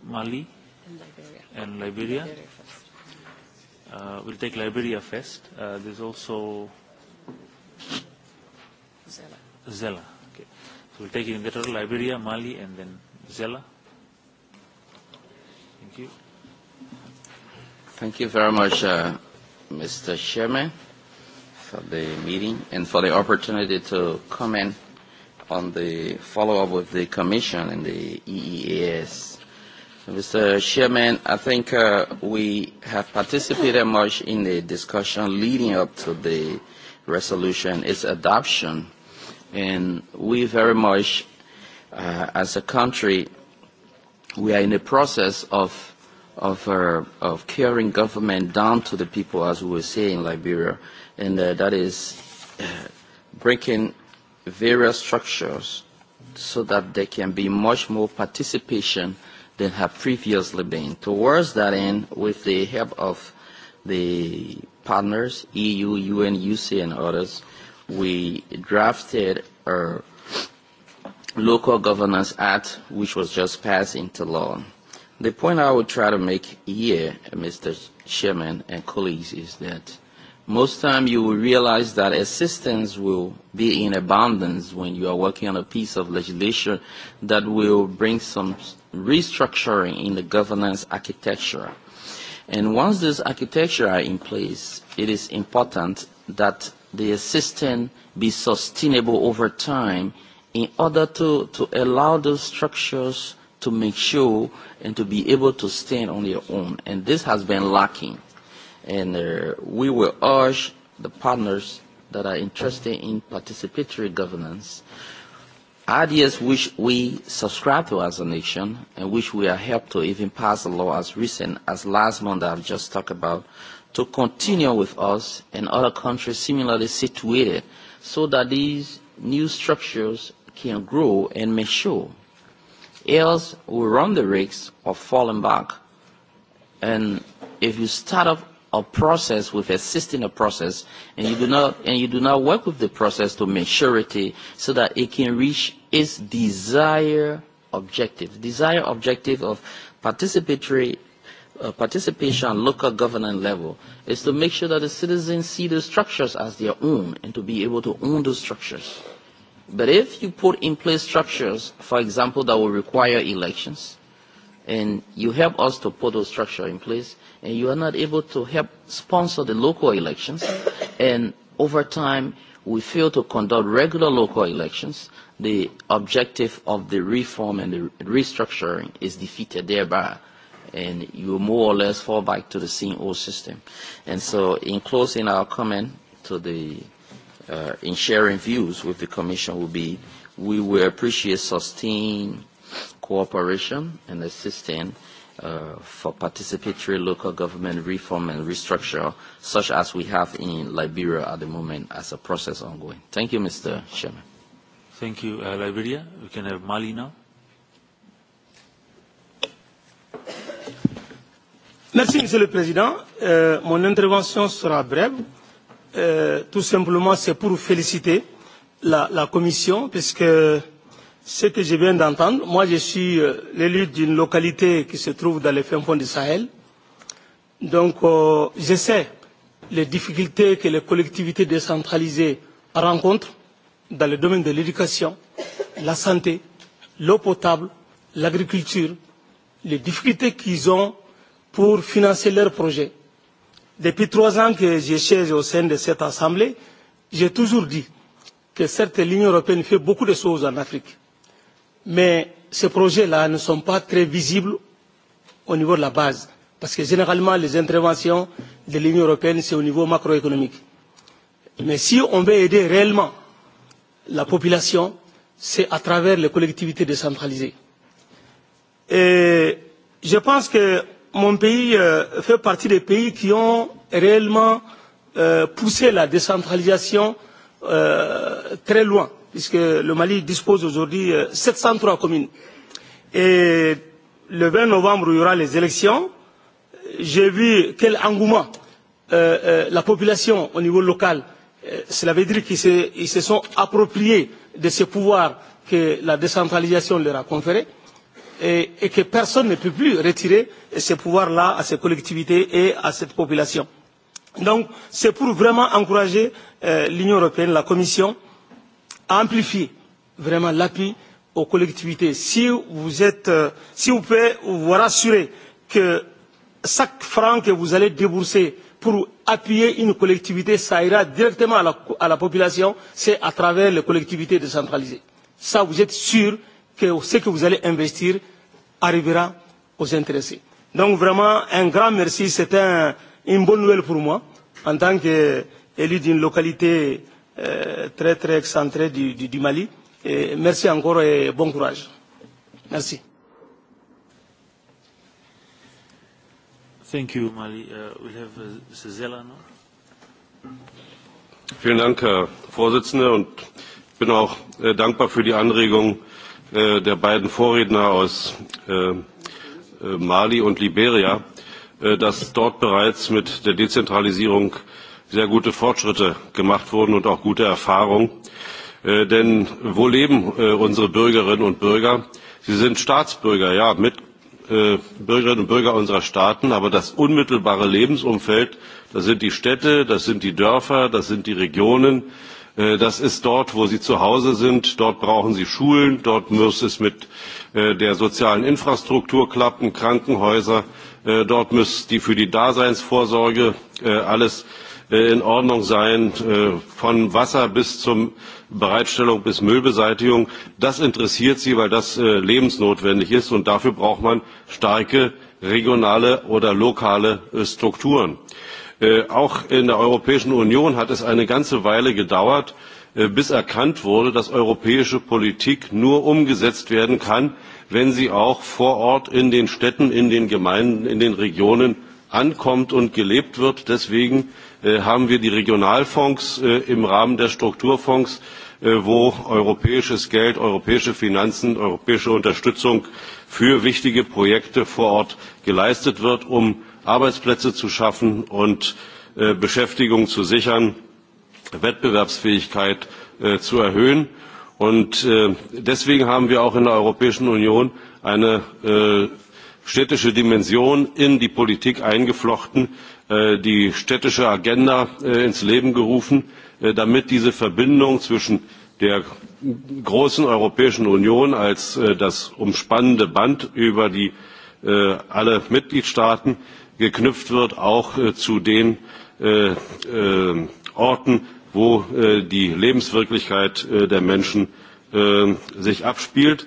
Speaker 14: Mali
Speaker 8: and Liberia. And Liberia. Liberia
Speaker 14: uh, we'll take Liberia first. Uh, there's also Zella. Zella. So we'll take it in the total Liberia, Mali, and then Zella. Thank you.
Speaker 17: Thank you very much, uh, Mr. Chairman, for the meeting and for the opportunity to comment on the follow-up with the Commission and the EEAS. Mr. Chairman, I think uh, we have participated much in the discussion leading up to the resolution, its adoption And we very much, uh, as a country, we are in the process of of, uh, of carrying government down to the people, as we were saying in Liberia, and uh, that is uh, breaking various structures so that there can be much more participation than have previously been. Towards that end, with the help of the partners, EU, UN, UC, and others, we drafted a local governance act which was just passed into law. The point I would try to make here, Mr. Chairman and colleagues, is that most time you will realize that assistance will be in abundance when you are working on a piece of legislation that will bring some restructuring in the governance architecture. And once this architecture are in place, it is important that the assistance be sustainable over time in order to, to allow those structures to make sure and to be able to stand on their own. And this has been lacking. And uh, we will urge the partners that are interested in participatory governance, ideas which we subscribe to as a nation and which we are helped to even pass a law as recent as last month I've just talked about, to continue with us and other countries similarly situated so that these new structures can grow and mature. Else, we run the risk of falling back. And if you start up a process with assisting a process and you do not and you do not work with the process to maturity so that it can reach its desired objective desired objective of participatory uh, participation at local government level is to make sure that the citizens see the structures as their own and to be able to own those structures. But if you put in place structures, for example, that will require elections, and you help us to put those structures in place, and you are not able to help sponsor the local elections, and over time we fail to conduct regular local elections, the objective of the reform and the restructuring is defeated thereby and you more or less fall back to the same old system. And so in closing, our comment to the, uh, in sharing views with the Commission will be we will appreciate sustained cooperation and assistance uh, for participatory local government reform and restructure, such as we have in Liberia at the moment as a process ongoing. Thank you, Mr. Chairman.
Speaker 14: Thank you, uh, Liberia. We
Speaker 7: can have Mali now. Monsieur le Président. Euh, mon intervention sera brève. Euh, tout simplement, c'est pour féliciter la, la Commission, puisque ce que je viens d'entendre, moi je suis euh, l'élu d'une localité qui se trouve dans les fins fonds du Sahel. Donc, euh, je sais les difficultés que les collectivités décentralisées rencontrent dans le domaine de l'éducation, la santé, l'eau potable, l'agriculture, les difficultés qu'ils ont pour financer leurs projets. Depuis trois ans que je siège au sein de cette Assemblée, j'ai toujours dit que certes l'Union européenne fait beaucoup de choses en Afrique, mais ces projets-là ne sont pas très visibles au niveau de la base, parce que généralement les interventions de l'Union européenne, c'est au niveau macroéconomique. Mais si on veut aider réellement la population, c'est à travers les collectivités décentralisées. Et je pense que mon pays euh, fait partie des pays qui ont réellement euh, poussé la décentralisation euh, très loin, puisque le Mali dispose aujourd'hui euh, 703 communes. Et le 20 novembre, il y aura les élections. J'ai vu quel engouement euh, euh, la population au niveau local, euh, cela veut dire qu'ils se, se sont appropriés de ce pouvoir que la décentralisation leur a conférés et, et que personne ne peut plus retirer ces pouvoirs-là à ces collectivités et à cette population. Donc, c'est pour vraiment encourager euh, l'Union européenne, la Commission, à amplifier vraiment l'appui aux collectivités. Si vous êtes, euh, si vous pouvez vous rassurer que chaque franc que vous allez débourser pour appuyer une collectivité, ça ira directement à la, à la population, c'est à travers les collectivités décentralisées. Ça, vous êtes sûr que ce que vous allez investir arrivera aux intéressés. Donc vraiment, un grand merci. C'est un, une bonne nouvelle pour moi, en tant qu'élu d'une localité euh, très très excentrée du, du, du Mali. Et merci encore et bon courage. Merci.
Speaker 14: Thank you, Mali. Uh, we'll have uh, Mr. Zeller now.
Speaker 19: Vielen Dank, Herr Vorsitzender, und ich bin auch äh, dankbar für die Anregung Äh, der beiden Vorredner aus äh, äh, Mali und Liberia, dass dort bereits mit der Dezentralisierung sehr gute Fortschritte gemacht wurden und auch gute Erfahrungen. Denn wo leben unsere Bürgerinnen und Bürger? Sie sind Staatsbürger, ja, mit Bürgerinnen und Bürger unserer Staaten, aber das unmittelbare Lebensumfeld, das sind die Städte, das sind die Dörfer, das sind die Regionen, Äh, das ist dort, wo sie zu Hause sind. Dort brauchen sie Schulen. Dort muss es mit äh, der sozialen Infrastruktur klappen, Krankenhäuser. Äh, dort muss die für die Daseinsvorsorge alles in Ordnung sein, von Wasser bis zur Bereitstellung bis Müllbeseitigung. Das interessiert sie, weil das lebensnotwendig ist und dafür braucht man starke regionale oder lokale Strukturen. Äh, auch in der Europäischen Union hat es eine ganze Weile gedauert, äh, bis erkannt wurde, dass europäische Politik nur umgesetzt werden kann, wenn sie auch vor Ort in den Städten, in den Gemeinden, in den Regionen ankommt und gelebt wird. Deswegen äh, haben wir die Regionalfonds im Rahmen der Strukturfonds, wo europäisches Geld, europäische Finanzen, europäische Unterstützung für wichtige Projekte vor Ort geleistet wird, um Arbeitsplätze zu schaffen und äh, Beschäftigung zu sichern, Wettbewerbsfähigkeit äh, zu erhöhen. Äh, deswegen haben wir auch in der Europäischen Union eine städtische Dimension in die Politik eingeflochten, die städtische Agenda ins Leben gerufen, damit diese Verbindung zwischen der großen Europäischen Union als das umspannende Band über alle Mitgliedstaaten geknüpft wird, auch äh, zu den äh, äh, Orten, wo die Lebenswirklichkeit der Menschen sich abspielt.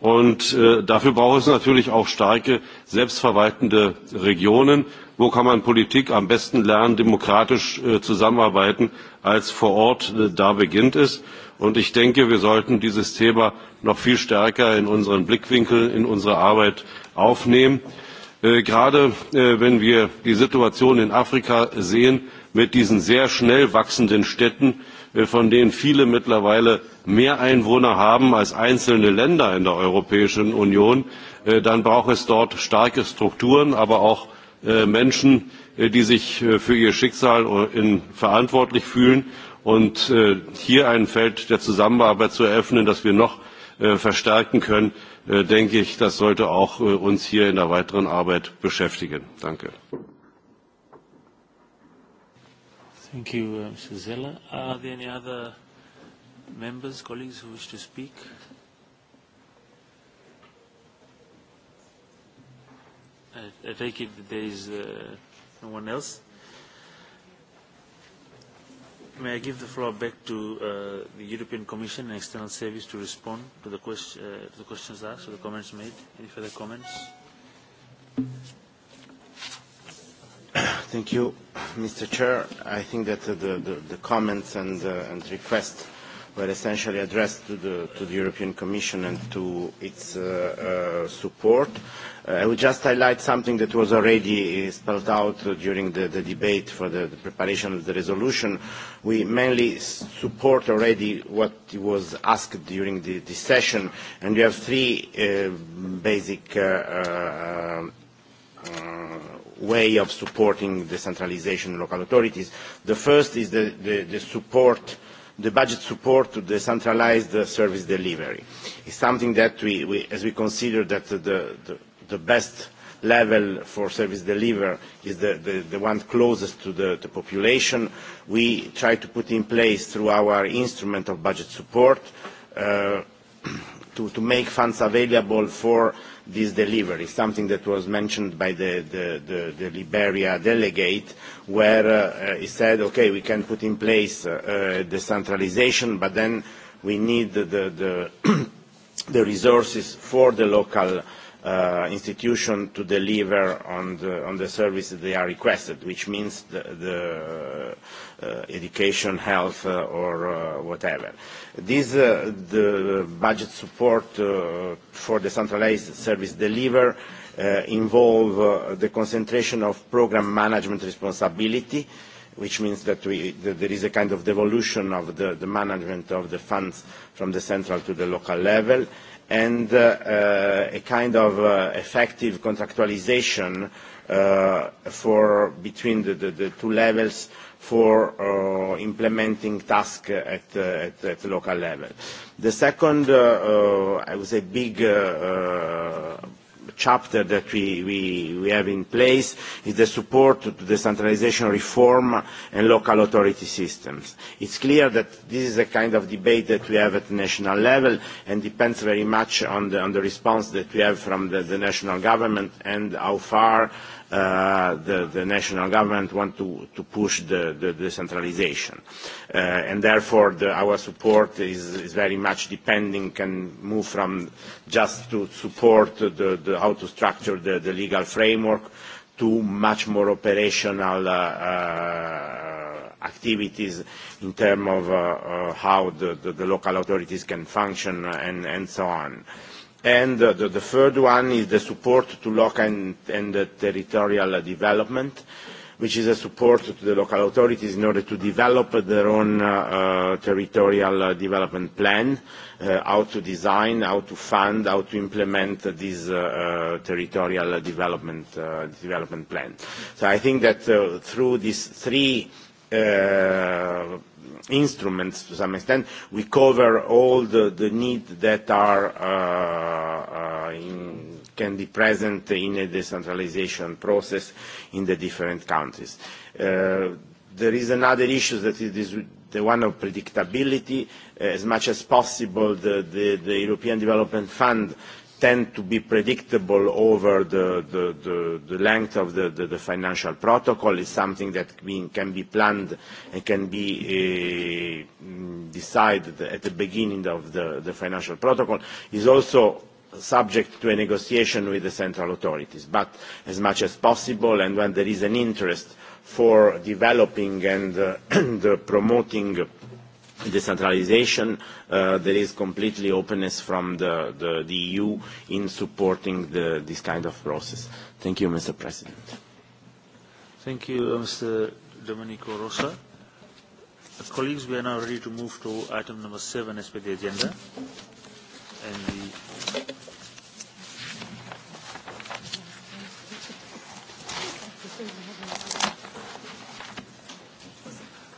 Speaker 19: Und dafür braucht es natürlich auch starke, selbstverwaltende Regionen. Wo kann man Politik am besten lernen, demokratisch zusammenarbeiten, als vor Ort? Da beginnt es. Und ich denke, wir sollten dieses Thema noch viel stärker in unseren Blickwinkel, in unsere Arbeit aufnehmen. Äh, gerade äh, wenn wir die situation in afrika sehen mit diesen sehr schnell wachsenden städten äh, von denen viele mittlerweile mehr einwohner haben als einzelne länder in der europäischen union dann braucht es dort starke strukturen aber auch menschen die sich für ihr schicksal verantwortlich fühlen und hier ein feld der zusammenarbeit zu eröffnen das wir noch verstärken können Äh, denke ich, das sollte auch äh, uns hier in der weiteren Arbeit beschäftigen. Danke.
Speaker 14: Thank you, uh, Mr. Zeller. Are there any other members, colleagues who wish to speak? I, I take it that there is uh, no one else. May I give the floor back to uh, the European Commission and External Service to respond to the, quest uh, to the questions asked or the comments made? Any further comments?
Speaker 12: Thank you, Mr. Chair. I think that uh, the, the, the comments and, uh, and requests were essentially addressed to the, to the European Commission and to its uh, uh, support. Uh, I would just highlight something that was already spelled out uh, during the, the debate for the, the preparation of the resolution. We mainly support already what was asked during the, the session, and we have three uh, basic uh, uh, uh, way of supporting decentralization in local authorities. The first is the, the, the support uh, the budget support to the centralized uh, service delivery. It's something that we, we as we consider that the, the, the best level for service delivery is the, the, the one closest to the, the population. We try to put in place through our instrument of budget support uh, to, to make funds available for uh, this delivery, something that was mentioned by the, the, the, the Liberia delegate, where uh, uh, he said, okay, we can put in place uh, uh, decentralization, but then we need the, the, the, the resources for the local uh, uh, institution to deliver on the, on the services they are requested, which means the, the uh, education, health, uh, or uh, whatever. This, uh, the budget support uh, for the centralized service deliver uh, involve uh, the concentration of program management responsibility, which means that, we, that there is a kind of devolution of the, the management of the funds from the central to the local level, uh, and uh, uh, a kind of uh, effective contractualization for between the, the, the two levels for uh, implementing tasks at, uh, at, at local level. The second, uh, uh, I would say, big uh, uh, chapter that we, we, we have in place is the support to the centralization reform and local authority systems. It's clear that this is a kind of debate that we have at the national level and depends very much on the, on the response that we have from the, the national government and how far uh, uh, the, the national government want to, to push the, the decentralization. Uh, and therefore, the, our support is, is very much depending, can move from just to support the, the, how to structure the, the legal framework to much more operational uh, uh, activities in terms of uh, uh, how the, the, the local authorities can function and, and so on. Uh, And the, the third one is the support to local and, and the territorial development, which is a support to the local authorities in order to develop their own uh, uh, territorial uh, development plan, uh, how to design, how to fund, how to implement uh, this uh, uh, territorial development, uh, development plan. So I think that uh, through these three uh, instruments to some extent. We cover all the, the needs that are, uh, uh, in, can be present in a decentralization process in the different countries. Uh, there is another issue that is the one of predictability. As much as possible, the, the, the European Development Fund uh, tend to be predictable over the, the, the, the length of the, the, the financial protocol is something that being, can be planned and can be uh, decided at the beginning of the, the financial protocol is also subject to a negotiation with the central authorities but as much as possible and when there is an interest for developing and uh, the promoting decentralization, uh, there is completely openness from the, the, the EU in supporting the, this kind of process. Thank you, Mr. President.
Speaker 14: Thank you, uh, Mr. Domenico Rosa. Uh, colleagues, we are now ready to move to item number seven as per the agenda. And the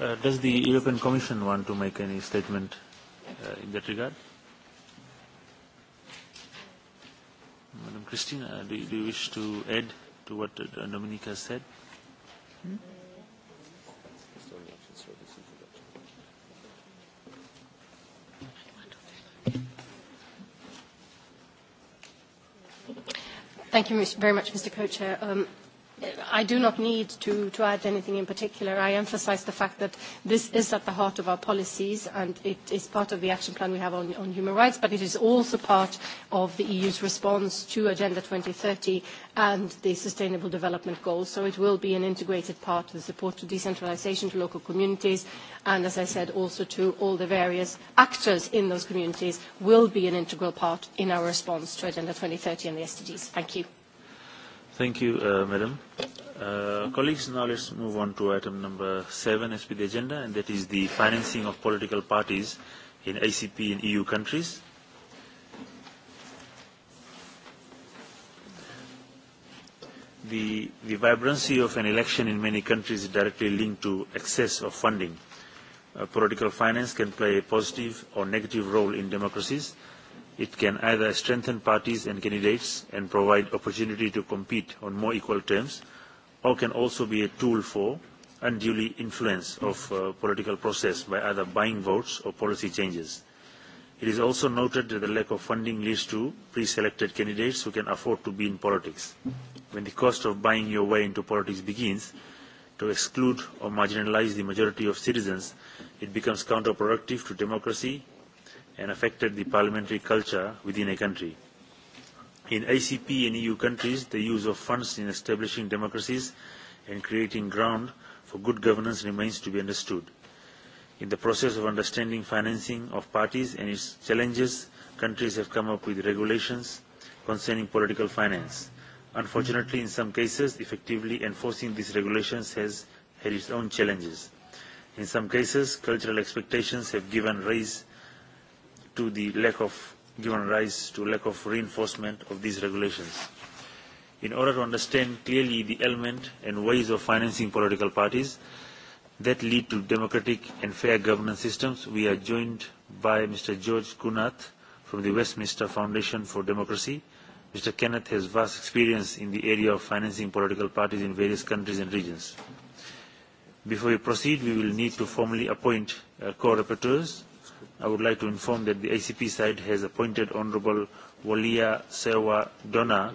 Speaker 14: Uh, does the European Commission want to make any statement uh, in that regard? Madam Christine, uh, do do you wish to add to what uh, Dominique has said? Hmm?
Speaker 11: Thank you very much, Mr. Co-Chair. Um, I do not need to, to add anything in particular. I emphasize the fact that this is at the heart of our policies and it is part of the action plan we have on, on human rights, but it is also part of the EU's response to Agenda 2030 and the Sustainable Development Goals. So it will be an integrated part of the support to decentralization to local communities and, as I said, also to all the various actors in those communities will be an integral part in our response to Agenda 2030 and the SDGs. Thank you.
Speaker 14: Thank you, uh, Madam. Uh, colleagues, now let's move on to item number seven as the agenda, and that is the financing of political parties in ACP and EU countries. The, the vibrancy of an election in many countries is directly linked to excess of funding. Uh, political finance can play a positive or negative role in democracies, It can either strengthen parties and candidates and provide opportunity to compete on more equal terms, or can also be a tool for unduly influence of uh, political process by either buying votes or policy changes. It is also noted that the lack of funding leads to pre-selected candidates who can afford to be in politics. When the cost of buying your way into politics begins, to exclude or marginalize the majority of citizens, it becomes counterproductive to democracy and affected the parliamentary culture within a country. In ACP and EU countries, the use of funds in establishing democracies and creating ground for good governance remains to be understood. In the process of understanding financing of parties and its challenges, countries have come up with regulations concerning political finance. Unfortunately, in some cases, effectively enforcing these regulations has had its own challenges. In some cases, cultural expectations have given rise to the lack of given rise to lack of reinforcement of these regulations. In order to understand clearly the element and ways of financing political parties that lead to democratic and fair governance systems, we are joined by Mr. George Kunath from the Westminster Foundation for Democracy. Mr. Kenneth has vast experience in the area of financing political parties in various countries and regions. Before we proceed, we will need to formally appoint uh, co-rapporteurs I would like to inform that the ICP side has appointed Honorable Walia Sewa Donna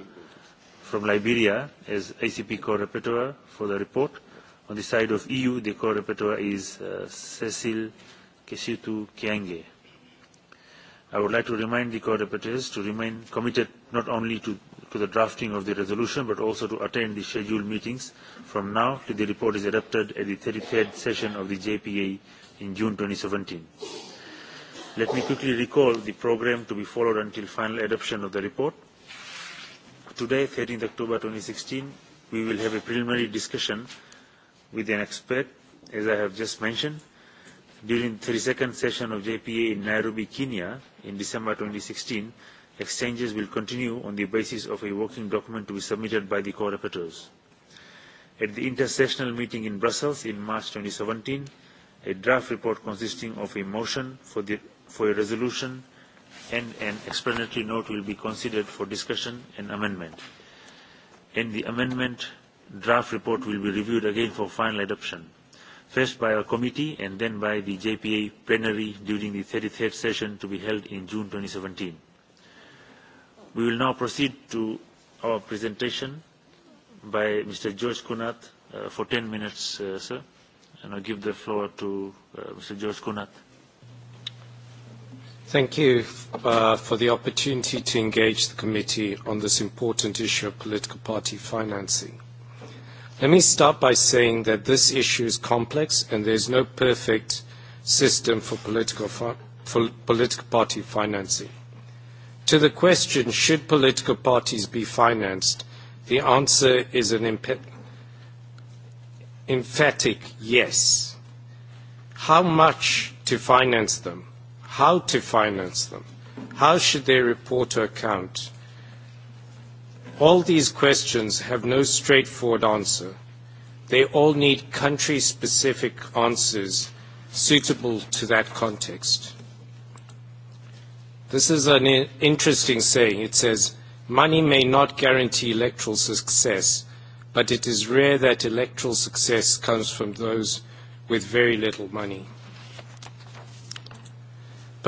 Speaker 14: from Liberia as ICP co-rapporteur for the report. On the side of EU, the co-rapporteur is uh, Cecil Kesitu Kiange. I would like to remind the co-rapporteurs to remain committed not only to, to the drafting of the resolution but also to attend the scheduled meetings from now till the report is adopted at the 33rd session of the JPA in June 2017. Let me quickly recall the programme to be followed until final adoption of the report. Today, 13 October 2016, we will have a preliminary discussion with an expert, as I have just mentioned, during the 32nd session of JPA in Nairobi, Kenya, in December 2016, exchanges will continue on the basis of a working document to be submitted by the co-rapporteurs. At the intersessional meeting in Brussels in March 2017, a draft report consisting of a motion for the for a resolution and an explanatory note will be considered for discussion and amendment. In the amendment, draft report will be reviewed again for final adoption, first by our committee and then by the JPA plenary during the 33rd session to be held in June 2017. We will now proceed to our presentation by Mr. George Kunath uh, for 10 minutes, uh, sir. And I'll give the floor to uh, Mr. George
Speaker 18: Kunath. Thank you uh, for the opportunity to engage the committee on this important issue of political party financing. Let me start by saying that this issue is complex and there is no perfect system for political, for political party financing. To the question, should political parties be financed, the answer is an emphatic yes. How much to finance them how to finance them, how should they report to account. All these questions have no straightforward answer. They all need country-specific answers suitable to that context. This is an interesting saying. It says, money may not guarantee electoral success, but it is rare that electoral success comes from those with very little money.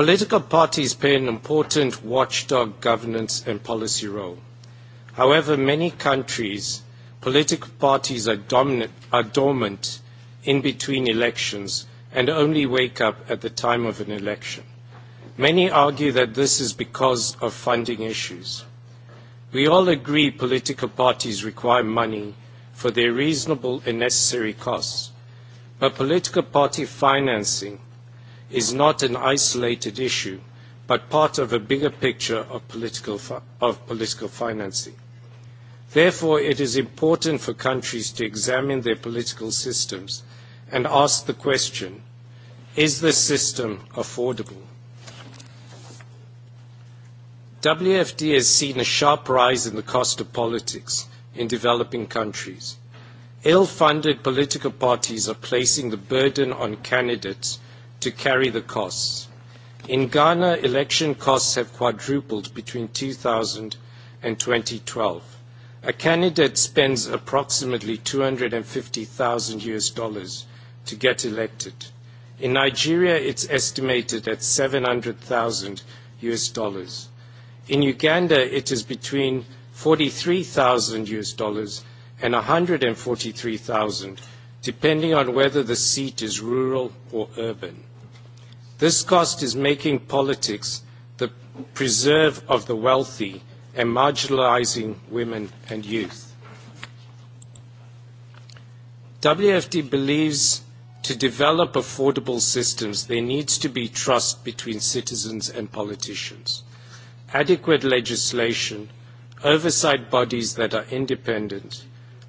Speaker 18: Political parties play an important watchdog governance and policy role. However, many countries, political parties are, dominant, are dormant in between elections and only wake up at the time of an election. Many argue that this is because of funding issues. We all agree political parties require money for their reasonable and necessary costs, but political party financing is not an isolated issue, but part of a bigger picture of political, of political financing. Therefore, it is important for countries to examine their political systems and ask the question, is this system affordable? WFD has seen a sharp rise in the cost of politics in developing countries. Ill-funded political parties are placing the burden on candidates to carry the costs. In Ghana, election costs have quadrupled between 2000 and 2012. A candidate spends approximately 250,000 US dollars to get elected. In Nigeria, it's estimated at 700,000 US dollars. In Uganda, it is between 43,000 US dollars and 143,000, depending on whether the seat is rural or urban. This cost is making politics the preserve of the wealthy and marginalising women and youth. WFD believes to develop affordable systems, there needs to be trust between citizens and politicians, adequate legislation, oversight bodies that are independent,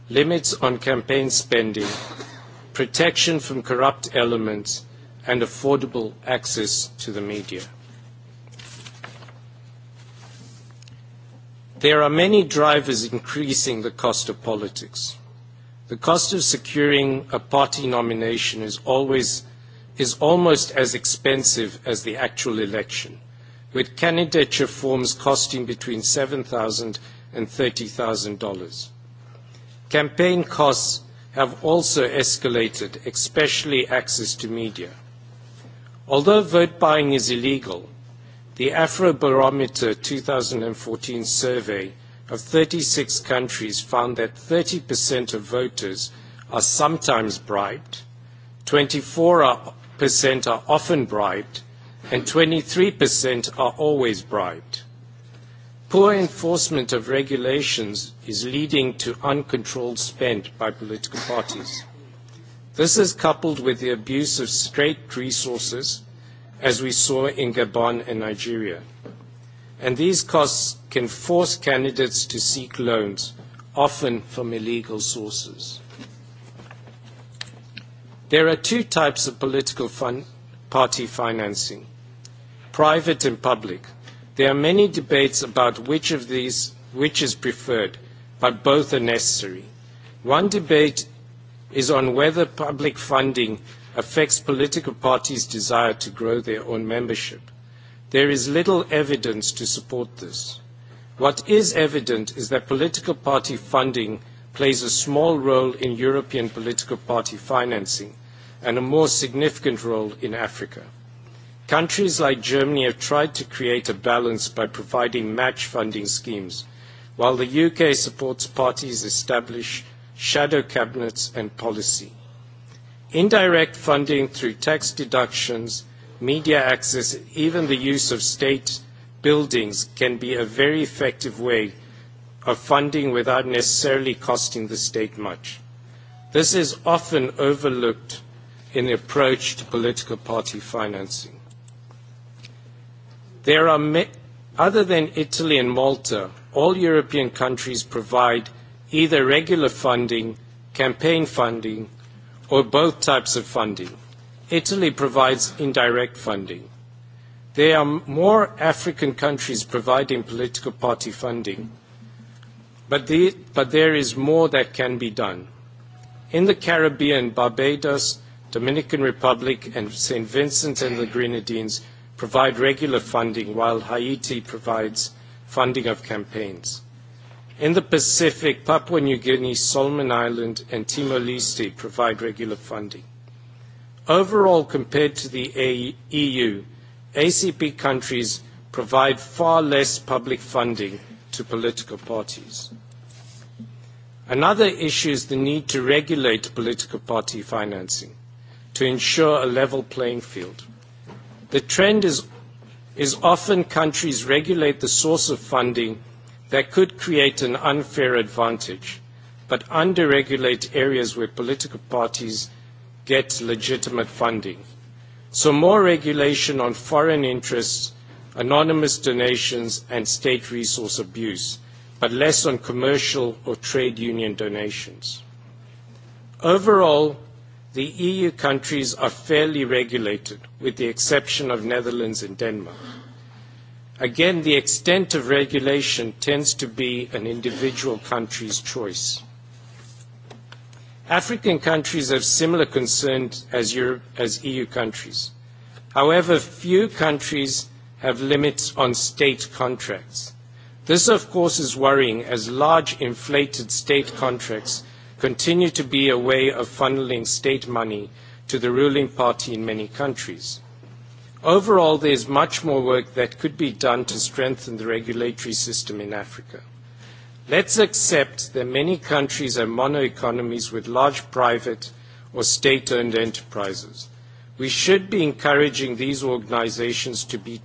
Speaker 18: limits on campaign spending, protection from corrupt elements, and affordable access to the media. There are many drivers increasing the cost of politics. The cost of securing a party nomination is always is almost as expensive as the actual election, with candidature forms costing between $7,000 and $30,000. Campaign costs have also escalated, especially access to media. Although vote buying is illegal, the Afrobarometer 2014 survey of 36 countries found that 30% of voters are sometimes bribed, 24% are often bribed, and 23% are always bribed. Poor enforcement of regulations is leading to uncontrolled spend by political parties. This is coupled with the abuse of straight resources, as we saw in Gabon and Nigeria. And these costs can force candidates to seek loans, often from illegal sources. There are two types of political fun party financing, private and public. There are many debates about which of these which is preferred, but both are necessary. One debate is on whether public funding affects political parties' desire to grow their own membership. There is little evidence to support this. What is evident is that political party funding plays a small role in European political party financing and a more significant role in Africa. Countries like Germany have tried to create a balance by providing match funding schemes, while the UK supports parties establish shadow cabinets and policy. Indirect funding through tax deductions, media access, even the use of state buildings can be a very effective way of funding without necessarily costing the state much. This is often overlooked in the approach to political party financing. There are, other than Italy and Malta, all European countries provide either regular funding, campaign funding, or both types of funding. Italy provides indirect funding. There are more African countries providing political party funding, but, the, but there is more that can be done. In the Caribbean, Barbados, Dominican Republic, and St. Vincent and the Grenadines provide regular funding, while Haiti provides funding of campaigns. In the Pacific, Papua New Guinea, Solomon Island, and Timor-Leste provide regular funding. Overall, compared to the EU, ACP countries provide far less public funding to political parties. Another issue is the need to regulate political party financing to ensure a level playing field. The trend is, is often countries regulate the source of funding that could create an unfair advantage, but under-regulate areas where political parties get legitimate funding. So more regulation on foreign interests, anonymous donations and state resource abuse, but less on commercial or trade union donations. Overall, the EU countries are fairly regulated, with the exception of Netherlands and Denmark. Again, the extent of regulation tends to be an individual country's choice. African countries have similar concerns as, Europe, as EU countries. However, few countries have limits on state contracts. This, of course, is worrying as large inflated state contracts continue to be a way of funneling state money to the ruling party in many countries. Overall, there is much more work that could be done to strengthen the regulatory system in Africa. Let's accept that many countries are mono-economies with large private or state-owned enterprises. We should be encouraging these organizations to, be,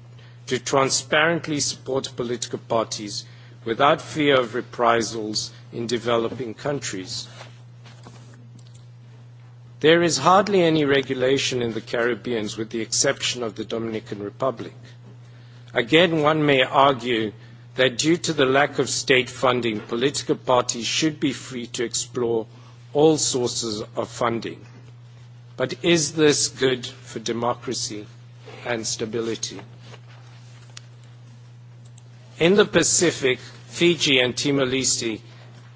Speaker 18: to transparently support political parties without fear of reprisals in developing countries. There is hardly any regulation in the Caribbean with the exception of the Dominican Republic. Again, one may argue that due to the lack of state funding, political parties should be free to explore all sources of funding. But is this good for democracy and stability? In the Pacific, Fiji and Timor-Leste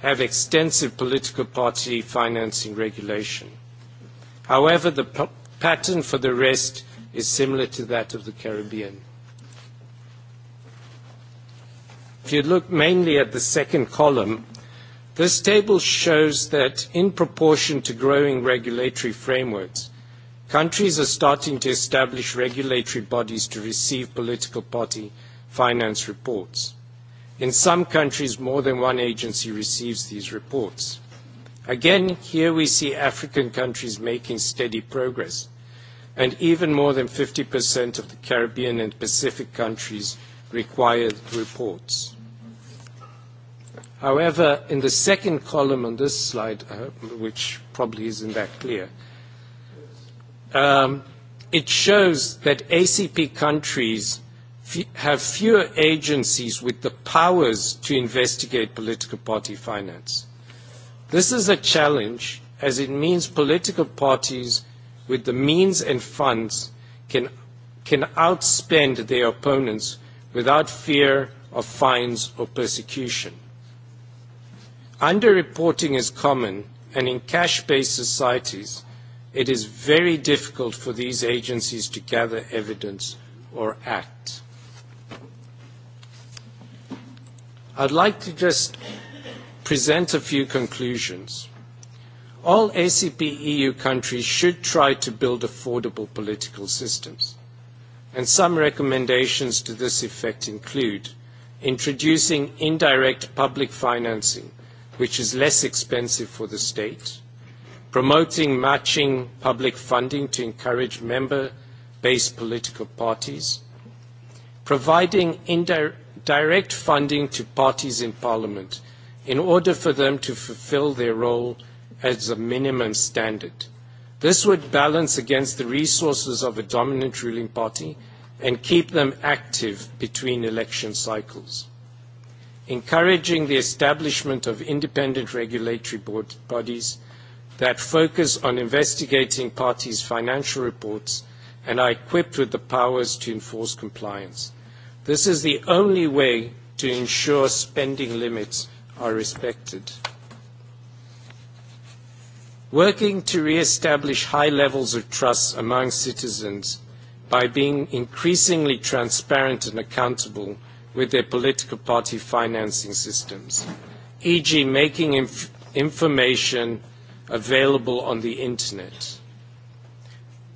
Speaker 18: have extensive political party financing regulation. However, the pattern for the rest is similar to that of the Caribbean. If you look mainly at the second column, this table shows that in proportion to growing regulatory frameworks, countries are starting to establish regulatory bodies to receive political party finance reports. In some countries, more than one agency receives these reports. Again, here we see African countries making steady progress, and even more than 50% of the Caribbean and Pacific countries require reports. However, in the second column on this slide, uh, which probably isn't that clear, um, it shows that ACP countries have fewer agencies with the powers to investigate political party finance. This is a challenge as it means political parties with the means and funds can, can outspend their opponents without fear of fines or persecution. Underreporting is common, and in cash-based societies, it is very difficult for these agencies to gather evidence or act. I'd like to just present a few conclusions. All ACP EU countries should try to build affordable political systems. And some recommendations to this effect include introducing indirect public financing, which is less expensive for the state, promoting matching public funding to encourage member-based political parties, providing indirect funding to parties in parliament in order for them to fulfill their role as a minimum standard. This would balance against the resources of a dominant ruling party and keep them active between election cycles. Encouraging the establishment of independent regulatory board bodies that focus on investigating parties' financial reports and are equipped with the powers to enforce compliance. This is the only way to ensure spending limits are respected. Working to re-establish high levels of trust among citizens by being increasingly transparent and accountable with their political party financing systems, e.g. making inf information available on the internet.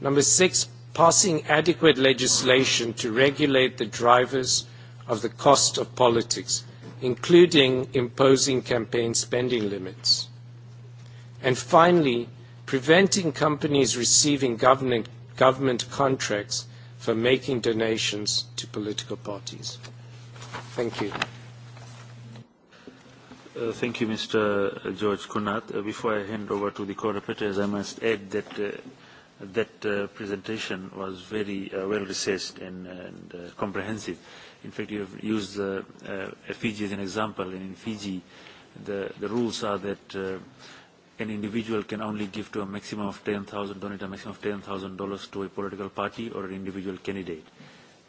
Speaker 18: Number six, passing adequate legislation to regulate the drivers of the cost of politics, including imposing campaign spending limits. And finally, preventing companies receiving government, government contracts for making donations to political parties. Thank you.
Speaker 14: Uh, thank you, Mr. George Kunat. Uh, before I hand over to the co repeaters I must add that uh, that uh, presentation was very uh, well researched and, and uh, comprehensive. Uh, In fact, you have used uh, uh, Fiji as an example, and in Fiji, the, the rules are that uh, an individual can only give to a maximum of 10,000, donate a maximum of $10,000 to a political party or an individual candidate.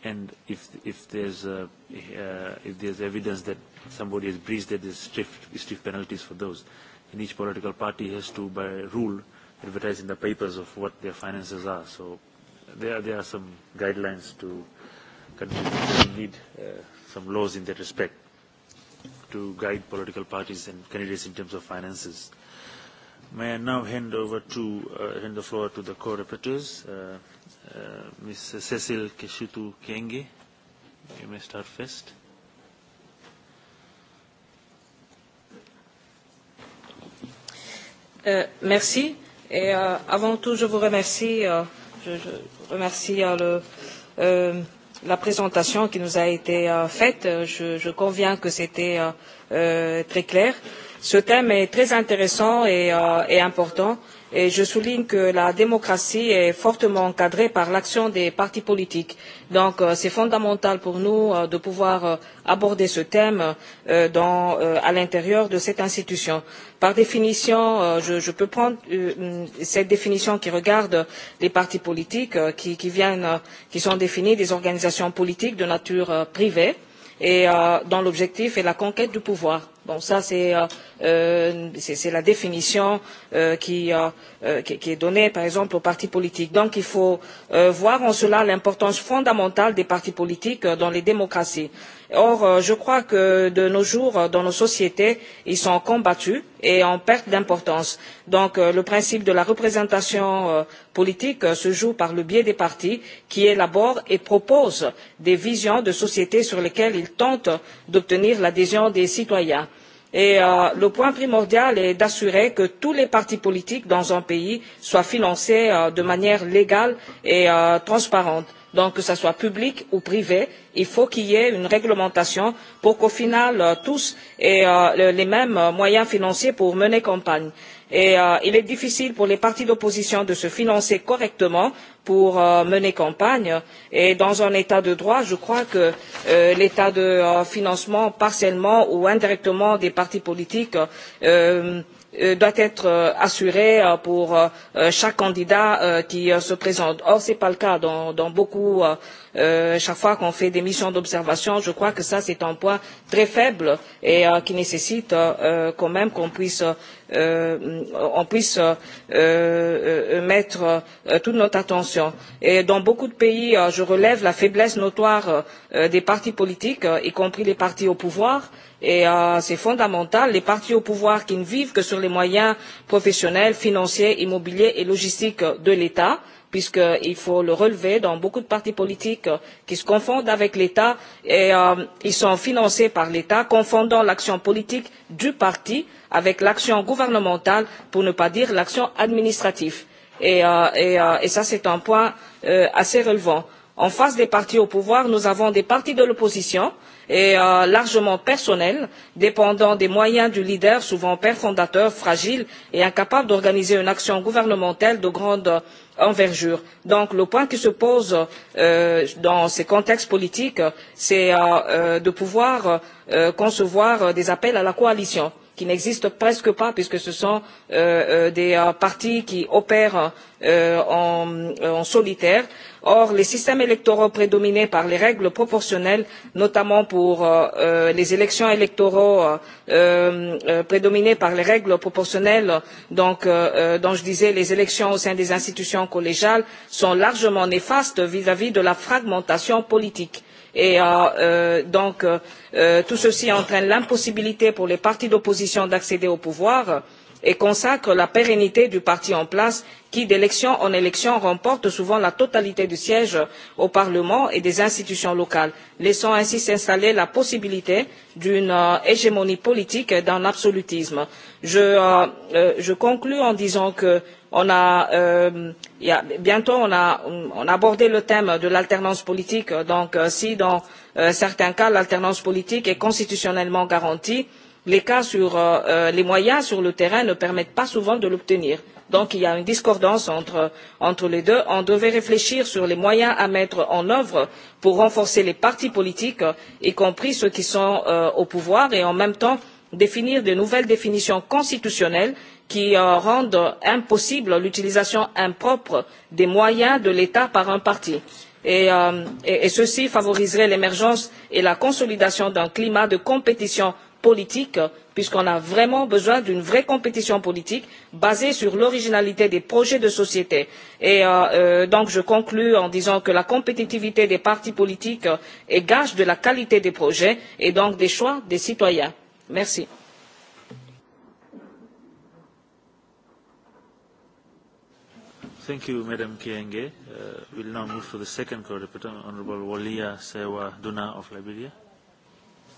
Speaker 14: And if, if, there's, uh, uh, if there's evidence that somebody has breached that, there's stiff, stiff penalties for those. And each political party has to, by rule, advertise in the papers of what their finances are. So there, there are some guidelines to countries will need uh, some laws in that respect to guide political parties and candidates in terms of finances. May I now hand over to uh, hand the floor to the co-rapporteurs, uh, uh, Ms. Cecil Keshutu Kenge. You may start first.
Speaker 8: Euh, merci. Et euh, avant tout, je vous remercie. Euh, je, je remercie euh, le, euh, la présentation qui nous a été euh, faite. Je, je conviens que c'était euh, euh, très clair. Ce thème est très intéressant et, euh, et important Et je souligne que la démocratie est fortement encadrée par l'action des partis politiques. Donc euh, c'est fondamental pour nous euh, de pouvoir euh, aborder ce thème dans, à l'intérieur de cette institution. Par définition, je, je peux prendre mm, cette définition qui regarde les partis politiques qui, qui, viennent, qui sont définis des organisations politiques de nature privée et dont l'objectif est la conquête du pouvoir Bon, ça, c'est euh, euh la définition euh, qui, euh, euh, qui, qui est donnée, par exemple, aux partis politiques. Donc, il faut euh, voir en cela l'importance fondamentale des partis politiques euh, dans les démocraties or euh, je crois que de nos jours euh, dans nos sociétés ils sont combattus et en perte d'importance. donc euh, le principe de la représentation politique se joue par le biais des partis qui élaborent et proposent des visions de société sur lesquelles ils tentent d'obtenir l'adhésion des citoyens. Et, le point primordial est d'assurer que tous les partis politiques dans un pays soient financés de manière légale et transparente donc que ce soit public ou privé il faut qu'il y ait une réglementation pour qu'au final euh, tous aient euh, les mêmes euh, moyens financiers pour mener campagne. il est difficile pour les partis d'opposition de se financer correctement pour mener campagne et dans un état de droit je crois que euh, l'état de financement partiellement ou indirectement des partis politiques Euh, doit être euh, assurée euh, pour chaque candidat qui se présente. or ce n'est pas le cas dans, beaucoup de beaucoup chaque fois qu'on fait des missions d'observation je crois que c'est un point très faible et qui nécessite quand même qu'on puisse on puisse mettre toute notre attention. Et dans beaucoup de pays je relève la faiblesse notoire des partis politiques y compris les partis au pouvoir et euh, c'est fondamental les partis au pouvoir qui ne vivent que sur les moyens professionnels financiers immobiliers et logistiques de l'état puisqu'il euh, faut le relever dans beaucoup de partis politiques euh, qui se confondent avec l'état et euh, ils sont financés par l'état confondant l'action politique du parti avec l'action gouvernementale pour ne pas dire l'action administrative et, euh, et, euh, et ça c'est un point euh, assez relevant. en face des partis au pouvoir nous avons des partis de l'opposition et euh, largement personnel dépendant des moyens du leader souvent père fondateur fragile et incapable d'organiser une action gouvernementale de grande envergure. donc le point qui se pose euh, dans ces contextes politiques c'est euh, euh de pouvoir euh, concevoir des appels à la coalition qui n'existent presque pas puisque ce sont euh, euh des euh, partis qui opèrent euh, en, euh, en solitaire. Or, les systèmes électoraux prédominés par les règles proportionnelles, notamment pour euh, euh les élections électoraux euh, euh, prédominées par les règles proportionnelles, donc, euh, dont je disais les élections au sein des institutions collégiales, sont largement néfastes vis-à-vis -vis de la fragmentation politique et euh, euh donc euh, euh, tout ceci entraîne l'impossibilité pour les partis d'opposition d'accéder au pouvoir et et consacre la pérennité du parti en place qui d'élection en élection remporte souvent la totalité des sièges au parlement et des institutions locales laissant ainsi s'installer la possibilité d'une euh, hégémonie politique et d'un absolutisme. je, euh, euh, conclus en disant que bientôt on a, on le thème de l'alternance politique donc si dans certains cas l'alternance politique est constitutionnellement garantie les cas sur euh, euh, les moyens sur le terrain ne permettent pas souvent de l'obtenir. donc il y a une discordance entre, les deux. on devrait réfléchir sur les moyens à mettre en œuvre pour renforcer les partis politiques y compris ceux qui sont euh, au pouvoir et en même temps définir de nouvelles définitions constitutionnelles qui rendent impossible l'utilisation impropre des moyens de l'état par un parti. Et, et, et ceci favoriserait l'émergence et la consolidation d'un climat de compétition politique puisqu'on a vraiment besoin d'une vraie compétition politique basée sur l'originalité des projets de société. Euh, euh, je conclus en disant que la compétitivité des partis politiques est gage de la qualité des projets et donc des choix des citoyens. merci.
Speaker 14: Thank you, Madam Kienge. Uh, we'll now move to the second co-rapporteur, Honorable Walia Sewa Duna of Liberia.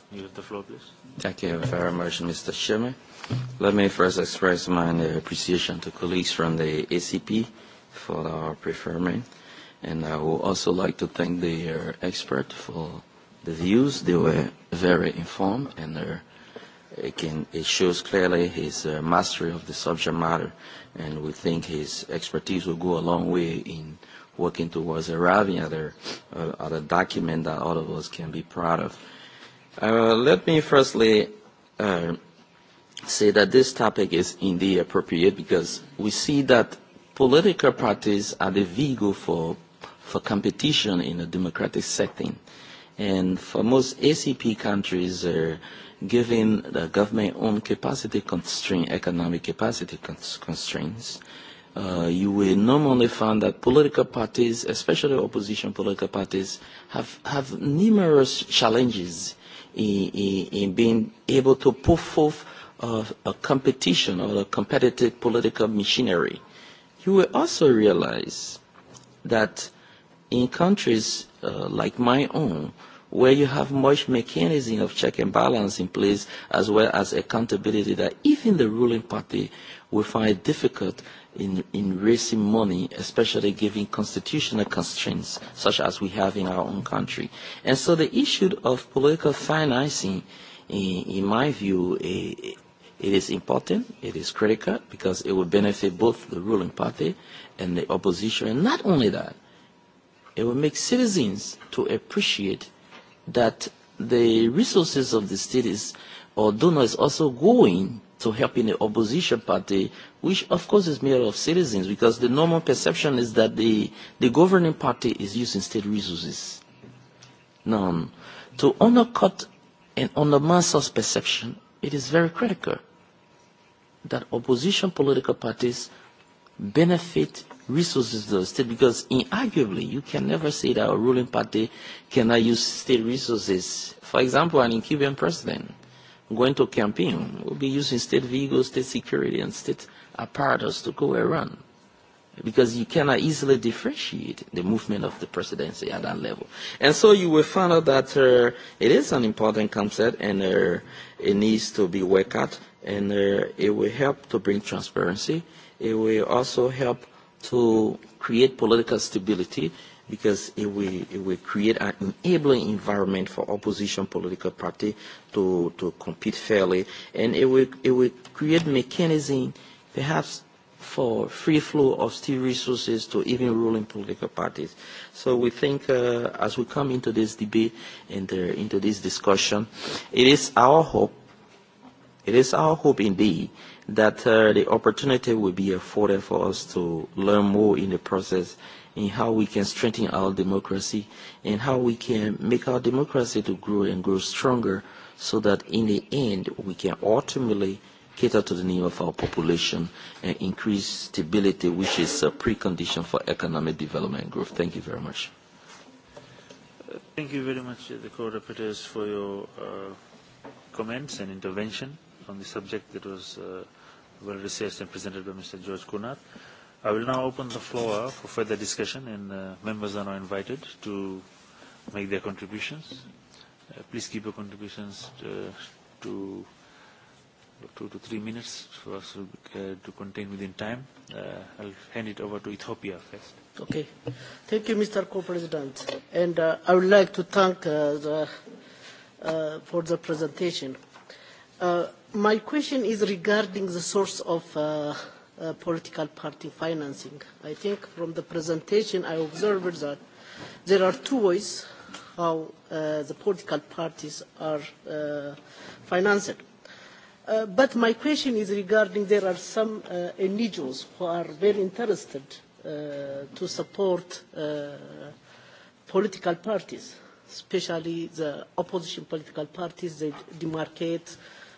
Speaker 14: You have the floor, please.
Speaker 17: Thank you very much, Mr. Chairman. Let me first express my uh, appreciation to colleagues from the ACP for our preferment. And I would also like to thank the uh, expert for the views. They were very informed and uh, it, can, it shows clearly his uh, mastery of the subject matter. And we think his expertise will go a long way in working towards arriving at a, uh, at a document that all of us can be proud of. Uh, let me firstly uh, say that this topic is indeed appropriate because we see that political parties are the vehicle for, for competition in a democratic setting. And for most ACP countries, uh, given the government own capacity constraint, economic capacity cons constraints, uh, you will normally find that political parties, especially opposition political parties, have, have numerous challenges uh, in, being able to put forth a, a competition or a competitive political machinery. You will also realize that in countries uh, like my own, where you have much mechanism of check and balance in place as well as accountability that even the ruling party will find difficult in, in raising money, especially given constitutional constraints such as we have in our own country. And so the issue of political financing, in, in my view, it, it is important, it is critical, because it will benefit both the ruling party and the opposition. And not only that, it will make citizens to appreciate that the resources of the state is, or donor is also going to helping the opposition party which of course is made of citizens because the normal perception is that the, the governing party is using state resources. None. To undercut and undermine such perception, it is very critical that opposition political parties benefit resources of the state because inarguably you can never say that a ruling party cannot use state resources. For example, an incumbent president going to campaign will be using state vehicles, state security, and state apparatus to go around because you cannot easily differentiate the movement of the presidency at that level. And so you will find out that uh, it is an important concept and uh, it needs to be worked out and uh, it will help to bring transparency. It will also help to create political stability because it will, it will create an enabling environment for opposition political party to, to compete fairly and it will, it will create mechanisms perhaps for free flow of steel resources to even ruling political parties. So we think uh, as we come into this debate and uh, into this discussion, it is our hope, it is our hope indeed that uh, the opportunity will be afforded for us to learn more in the process in how we can strengthen our democracy and how we can make our democracy to grow and grow stronger so that in the end we can ultimately cater to the need of our population, and increase stability, which is a precondition for economic development and growth. Thank you very much.
Speaker 14: Thank you very much, the co-rapporteurs, for your uh, comments and intervention on the subject that was uh, well researched and presented by Mr. George Kunath. I will now open the floor for further discussion, and uh, members are now invited to make their contributions. Uh, please keep your contributions uh, to, to two to three minutes for us to, uh, to contain within time. Uh, I'll hand it over to Ethiopia first.
Speaker 16: Okay. Thank you, Mr. Co-President. And uh, I would like to thank uh, the, uh, for the presentation. Uh, my question is regarding the source of uh, uh, political party financing. I think from the presentation I observed that there are two ways how uh, the political parties are uh, financed Uh, but my question is regarding there are some uh, NGOs who are very interested uh, to support uh, political parties, especially the opposition political parties. They demarcate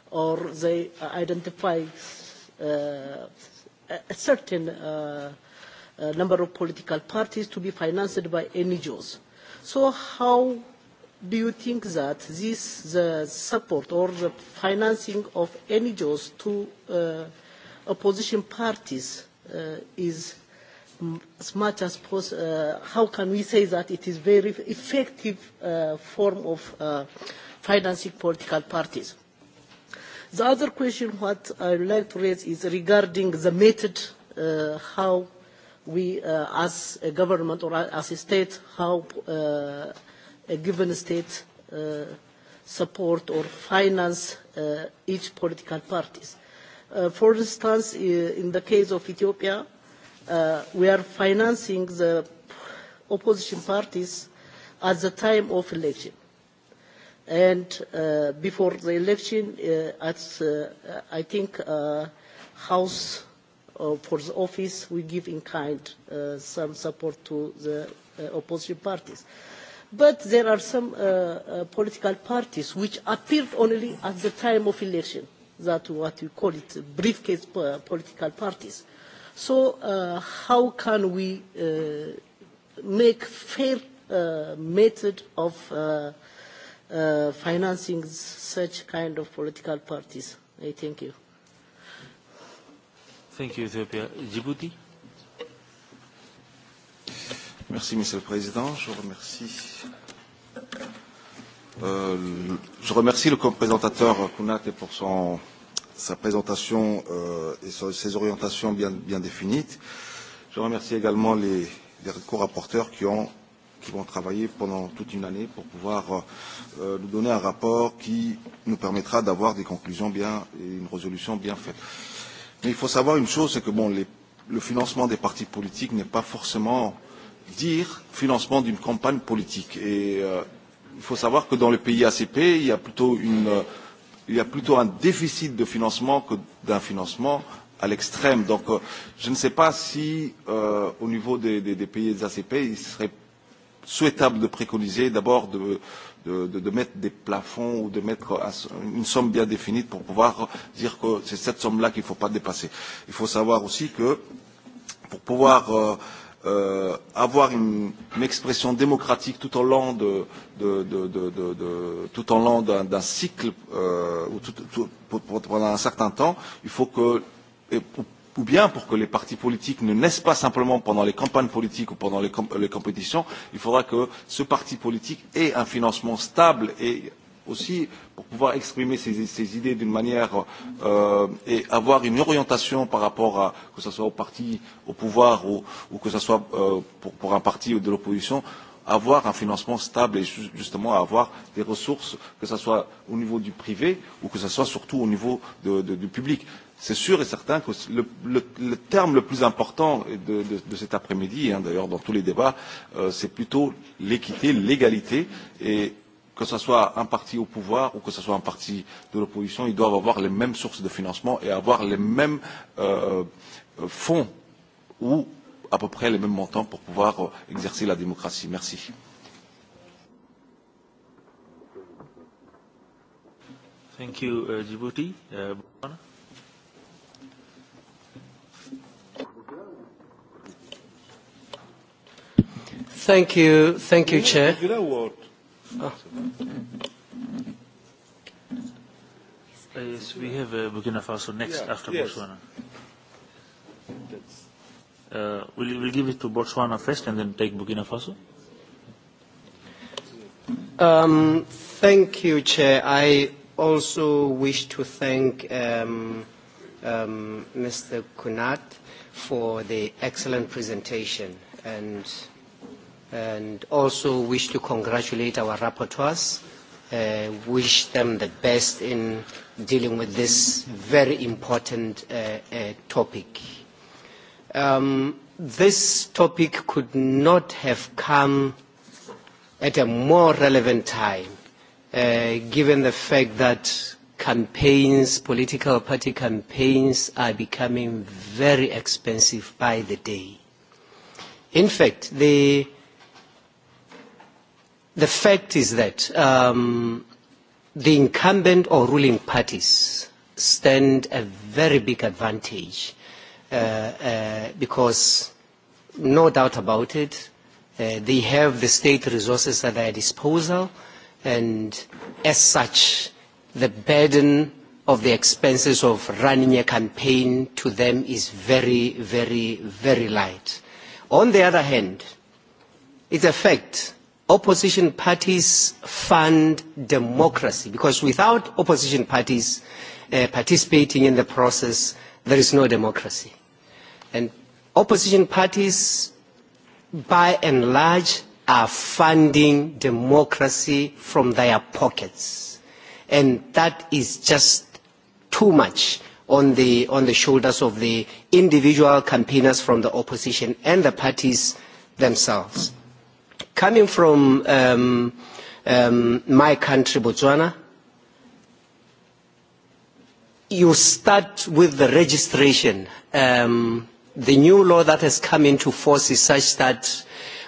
Speaker 16: or they identify uh, a certain uh, uh, number of political parties to be financed by NGOs. So how do you think that this the support or the financing of NGOs to uh, opposition parties uh, is as much as possible, uh, how can we say that it is very effective uh, form of uh, financing political parties? The other question what I would like to raise is regarding the method uh, how we uh, as a government or as a state how uh, a given state uh, support or finance uh, each political parties. Uh, for instance, in the case of Ethiopia, uh, we are financing the opposition parties at the time of election. And uh, before the election, uh, at, uh, I think, uh, House uh, for the office, we give in kind uh, some support to the uh, opposition parties. Uh, But there are some uh, uh, political parties which appeared only at the time of election. That's what you call it, briefcase uh, political parties. So uh, how can we uh, make fair uh, method of uh, uh, financing such kind of political parties? I thank you.
Speaker 20: Thank you, Ethiopia. Djibouti? Merci, Monsieur le Président. Je remercie, euh, je remercie le co présentateur Kunate pour son, sa présentation euh, et ses orientations bien, bien définies. Je remercie également les, les co-rapporteurs qui qui vont travailler pendant toute une année pour pouvoir euh, euh, nous donner un rapport qui nous permettra d'avoir des conclusions bien et une résolution bien faite. Mais il faut savoir une chose, c'est que bon, les, le financement des partis politiques n'est pas forcément euh, dire financement d'une campagne politique. Et euh, il faut savoir que dans les pays ACP, il y a plutôt, une, euh, il y a plutôt un déficit de financement que d'un financement à l'extrême. Donc euh, je ne sais pas si euh, au niveau des, des, des pays des ACP, il serait souhaitable de préconiser d'abord de, de, de, de mettre des plafonds ou de mettre un, une somme bien définie pour pouvoir dire que c'est cette somme-là qu'il ne faut pas dépasser. Il faut savoir aussi que pour pouvoir euh, euh, avoir une, une expression démocratique tout au long de, de, de, de, de, de tout au long d'un cycle euh, ou tout, tout, pour, pour, pendant un certain temps, il faut que et pour, ou bien pour que les partis politiques ne naissent pas simplement pendant les campagnes politiques ou pendant les, comp les compétitions, il faudra que ce parti politique ait un financement stable et aussi pour pouvoir exprimer ses, ses idées d'une manière euh, et avoir une orientation par rapport à que ce soit au parti, au pouvoir ou, ou que ce soit euh, pour, pour un parti ou de l'opposition avoir un financement stable et justement avoir des ressources, que ce soit au niveau du privé ou que ce soit surtout au niveau de, de, du public. C'est sûr et certain que le, le, le terme le plus important de, de, de cet après-midi, hein, d'ailleurs dans tous les débats, euh, c'est plutôt l'équité, l'égalité. Et que ce soit un parti au pouvoir ou que ce soit un parti de l'opposition, ils doivent avoir les mêmes sources de financement et avoir les mêmes euh, euh fonds ou à peu près les mêmes montants pour pouvoir euh, exercer la démocratie. Merci.
Speaker 14: Thank you, uh, Djibouti. Uh,
Speaker 15: thank you, thank you, Chair. You know what? Ah.
Speaker 14: Uh, yes, we have a uh, Burkina Faso next yeah, after yes. Botswana. Uh, you, we'll give it to Botswana first and then take Burkina Faso.
Speaker 15: Um, thank you, Chair. I also wish to thank um, um, Mr. Kunat for the excellent presentation and and also wish to congratulate our rapporteurs, uh, wish them the best in dealing with this very important uh, uh, topic. Um, this topic could not have come at a more relevant time, uh, given the fact that campaigns, political party campaigns are becoming very expensive by the day. In fact, the the fact is that um, the incumbent or ruling parties stand a very big advantage uh, uh, because, no doubt about it, uh, they have the state resources at their disposal and as such the burden of the expenses of running a campaign to them is very, very, very light. On the other hand, it's a fact opposition parties fund democracy because without opposition parties uh, participating in the process, there is no democracy. And opposition parties, by and large, are funding democracy from their pockets. And that is just too much on the, on the shoulders of the individual campaigners from the opposition and the parties themselves. Coming from um, um, my country, Botswana, you start with the registration. Um, the new law that has come into force is such that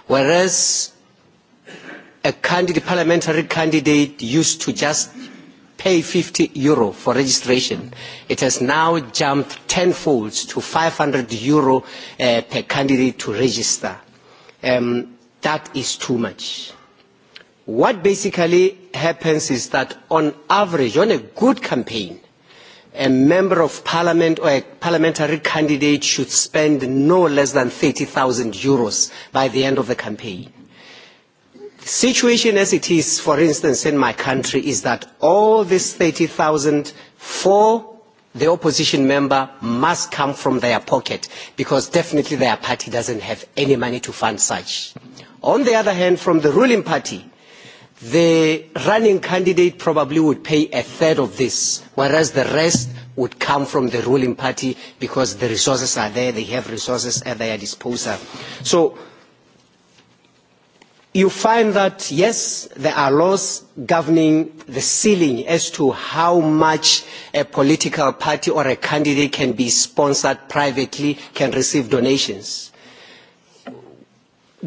Speaker 15: whereas a candidate, parliamentary candidate used to just pay 50 euro for registration. It has now jumped tenfold to 500 euro uh, per candidate to register. Um, That is too much. What basically happens is that on average, on a good campaign, a member of parliament or a parliamentary candidate should spend no less than 30,000 euros by the end of the campaign. The situation as it is, for instance, in my country, is that all this 30,000 for the opposition member must come from their pocket because definitely their party doesn't have any money to fund such. On the other hand, from the ruling party, the running candidate probably would pay a third of this, whereas the rest would come from the ruling party because the resources are there, they have resources at their disposal. So you find that, yes, there are laws governing the ceiling as to how much a political party or a candidate can be sponsored privately, can receive donations.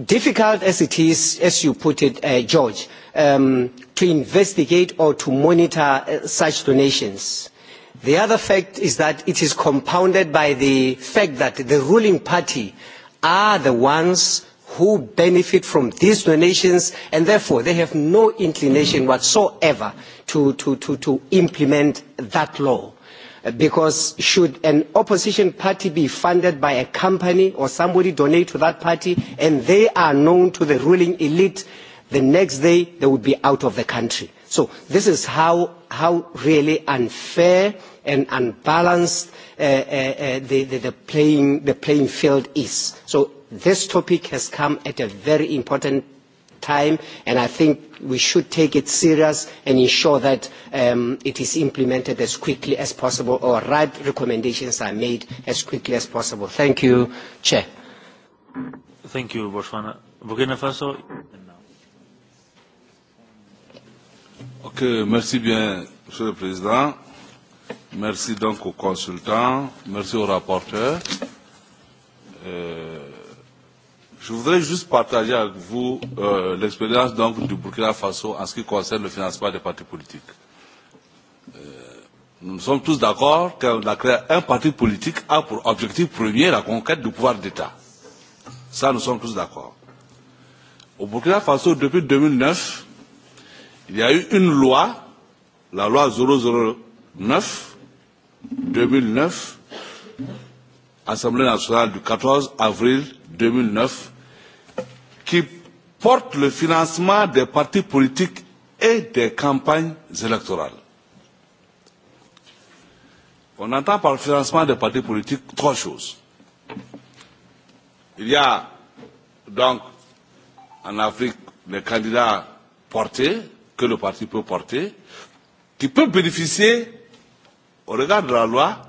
Speaker 15: Difficult as it is, as you put it, uh, George, um, to investigate or to monitor uh, such donations. The other fact is that it is compounded by the fact that the ruling party are the ones who benefit from these donations and therefore they have no inclination whatsoever to, to, to, to implement that law. Uh, because should an opposition party be funded by a company or somebody donate to that party and they are known to the ruling elite, the next day they would be out of the country. So this is how, how really unfair and unbalanced uh, uh, uh the, the, the, playing, the playing field is. So this topic has come at a very important time and I think we should take it serious and ensure that um, it is implemented as quickly as possible or right recommendations are made as quickly as possible. Thank you, Chair.
Speaker 14: Thank you, Botswana. Burkina Faso.
Speaker 10: Ok, merci bien, Monsieur le Président. Merci donc aux consultants, merci aux rapporteurs. Euh, Je voudrais juste partager avec vous euh, l'expérience donc du Burkina Faso en ce qui concerne le financement des partis politiques. Euh, nous sommes tous d'accord que la un parti politique a pour objectif premier la conquête du pouvoir d'État. Ça, nous sommes tous d'accord. Au Burkina Faso, depuis 2009, il y a eu une loi, la loi 009, 2009, Assemblée nationale du 14 avril 2009, qui porte le financement des partis politiques et des campagnes électorales. On entend par le financement des partis politiques trois choses. Il y a donc en Afrique les candidats portés, que le parti peut porter, qui peut bénéficier, au regard de la loi,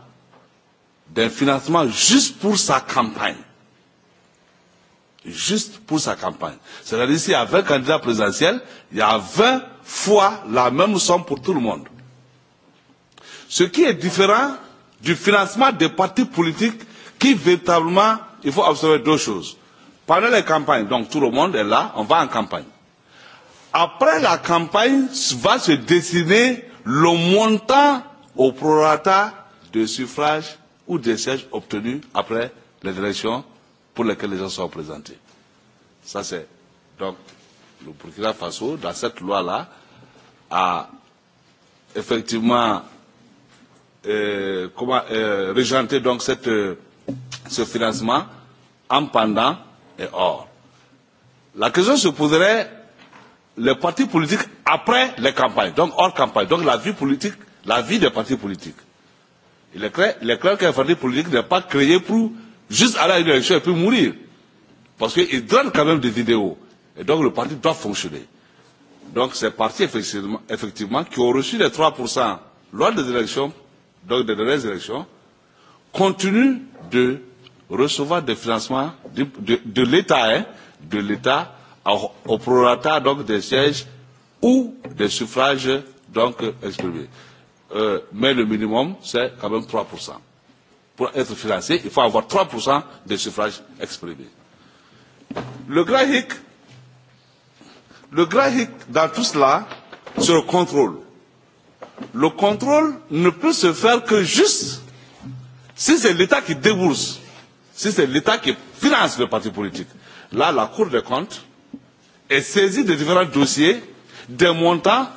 Speaker 10: d'un financement juste pour sa campagne juste pour sa campagne. C'est-à-dire s'il y a 20 candidats présidentiels, il y a 20 fois la même somme pour tout le monde. Ce qui est différent du financement des partis politiques qui véritablement, il faut observer deux choses. Pendant les campagnes, donc tout le monde est là, on va en campagne. Après la campagne, va se dessiner le montant au prorata de suffrage ou des sièges obtenus après les élections pour lesquels les gens sont représentés. Ça, c'est. Donc, le Burkina Faso, dans cette loi-là, a effectivement euh, comment, euh, régenté donc cette, euh, ce financement en pendant et hors. La question se poserait les partis politiques après les campagnes, donc hors campagne, donc la vie politique, la vie des partis politiques. Il est clair, clair qu'un parti politique n'est pas créé pour juste aller à une élection, elle peut mourir. Parce qu'il donne quand même des idéaux. Et donc le parti doit fonctionner. Donc ces partis, effectivement, effectivement, qui ont reçu les 3% lors des élections, donc des dernières élections, continuent de recevoir des financements de, de, de l'État, hein, de l'État au, au prorata donc des sièges ou des suffrages donc exprimés. Euh, mais le minimum, c'est quand même 3% pour être financé, il faut avoir 3% des suffrages exprimés. Le grand hic, le grand hic dans tout cela, c'est le contrôle. Le contrôle ne peut se faire que juste si c'est l'État qui débourse, si c'est l'État qui finance le parti politique. Là, la Cour des comptes est saisie de différents dossiers, des montants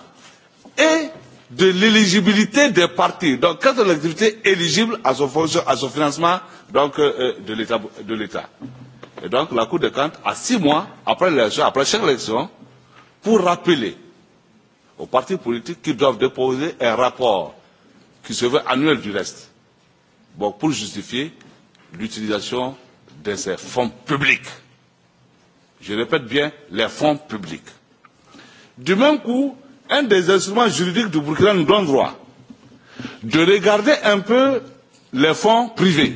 Speaker 10: et de l'éligibilité des partis, donc quatre activités éligibles à son, fonction, à ce financement donc, euh, euh de l'État. Et donc la Cour des comptes a six mois après l'élection, après chaque élection, pour rappeler aux partis politiques qu'ils doivent déposer un rapport qui se veut annuel du reste, bon, pour justifier l'utilisation de ces fonds publics. Je répète bien, les fonds publics. Du même coup, un des instruments juridiques du Burkina nous donne droit de regarder un peu les fonds privés.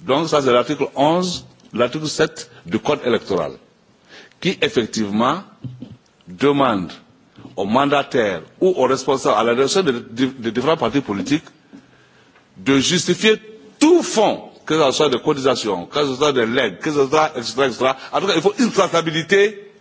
Speaker 10: Donc ça c'est l'article 11, l'article 7 du Code électoral qui effectivement demande aux mandataires ou aux responsables à la direction des de, de différents partis politiques de justifier tout fonds, que ce soit des cotisations, que ce soit des legs, que ce soit, etc., etc. En tout cas, il faut une traçabilité,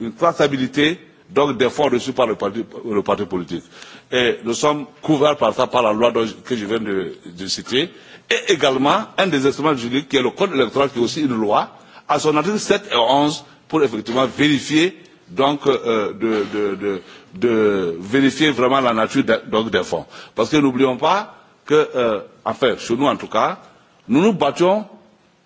Speaker 10: une traçabilité donc des fonds reçus par le parti, le parti politique. Et nous sommes couverts par ça, par la loi que je viens de, de citer, et également un des instruments juridiques qui est le code électoral, qui est aussi une loi, à son article 7 et 11, pour effectivement vérifier donc euh, de, de, de, de vérifier vraiment la nature de, donc des fonds. Parce que n'oublions pas que, euh, enfin, chez nous en tout cas, nous nous battions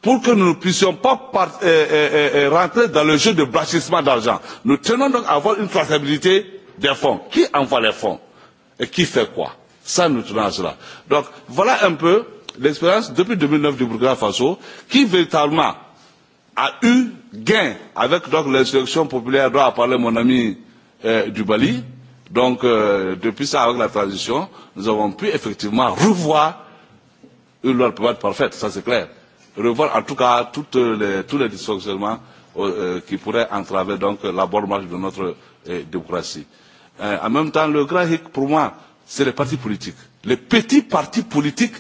Speaker 10: pour que nous ne puissions pas part, euh euh, euh, euh, rentrer dans le jeu de blanchissement d'argent. Nous tenons donc à avoir une traçabilité des fonds. Qui envoie les fonds et qui fait quoi Ça, nous tenons à cela. Donc, voilà un peu l'expérience depuis 2009 du Burkina Faso qui véritablement a eu gain avec donc l'insurrection populaire dont a parlé mon ami euh, du Bali. Donc, euh, depuis ça, avec la transition, nous avons pu effectivement revoir une loi de parfaite, ça c'est clair revoir en tout cas toutes les, tous les dysfonctionnements euh, euh, qui pourraient entraver donc la bonne marche de notre euh, démocratie. Euh, en même temps, le grand hic pour moi, c'est les partis politiques. Les petits partis politiques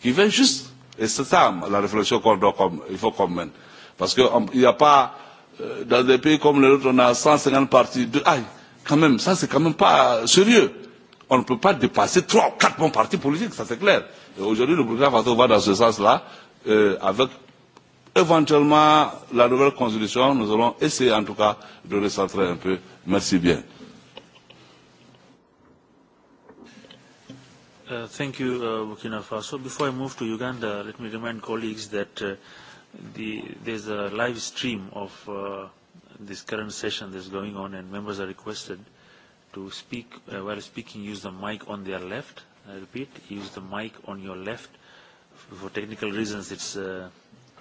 Speaker 10: qui viennent juste, et c'est ça la réflexion qu'on doit, comme, il faut qu'on mène. Parce qu'il n'y a pas, euh, dans des pays comme le nôtre, on a 150 partis. De, aïe, quand même, ça c'est quand même pas sérieux. On ne peut pas dépasser trois ou quatre bons partis politiques, ça c'est clair. Aujourd'hui, le Burkina Faso va dans ce sens-là euh, avec éventuellement la nouvelle constitution, nous allons essayer en tout cas de recentrer un peu. Merci bien.
Speaker 14: Uh, thank you, uh, Burkina Faso. Before I move to Uganda, let me remind colleagues that uh, the, there's a live stream of uh, this current session that's going on, and members are requested to speak, uh, while speaking, use the mic on their left. I repeat, use the mic on your left for technical reasons, it's, uh,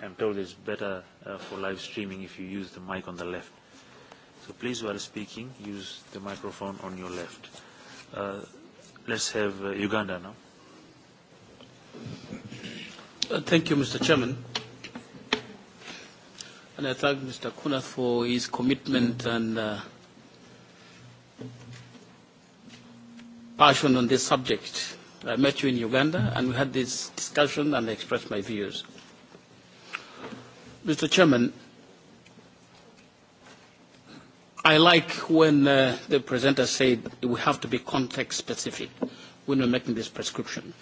Speaker 14: I'm told it's better uh, for live streaming if you use the mic on the left. So please, while speaking, use the microphone on your left. Uh, let's have uh, Uganda now.
Speaker 5: Uh, thank you, Mr. Chairman. And I thank Mr. Kuna for his commitment and uh, passion on this subject. I uh, met you in Uganda, and we had this discussion and I expressed my views. Mr. Chairman, I like when uh, the presenter said we have to be context specific when we're making this prescription.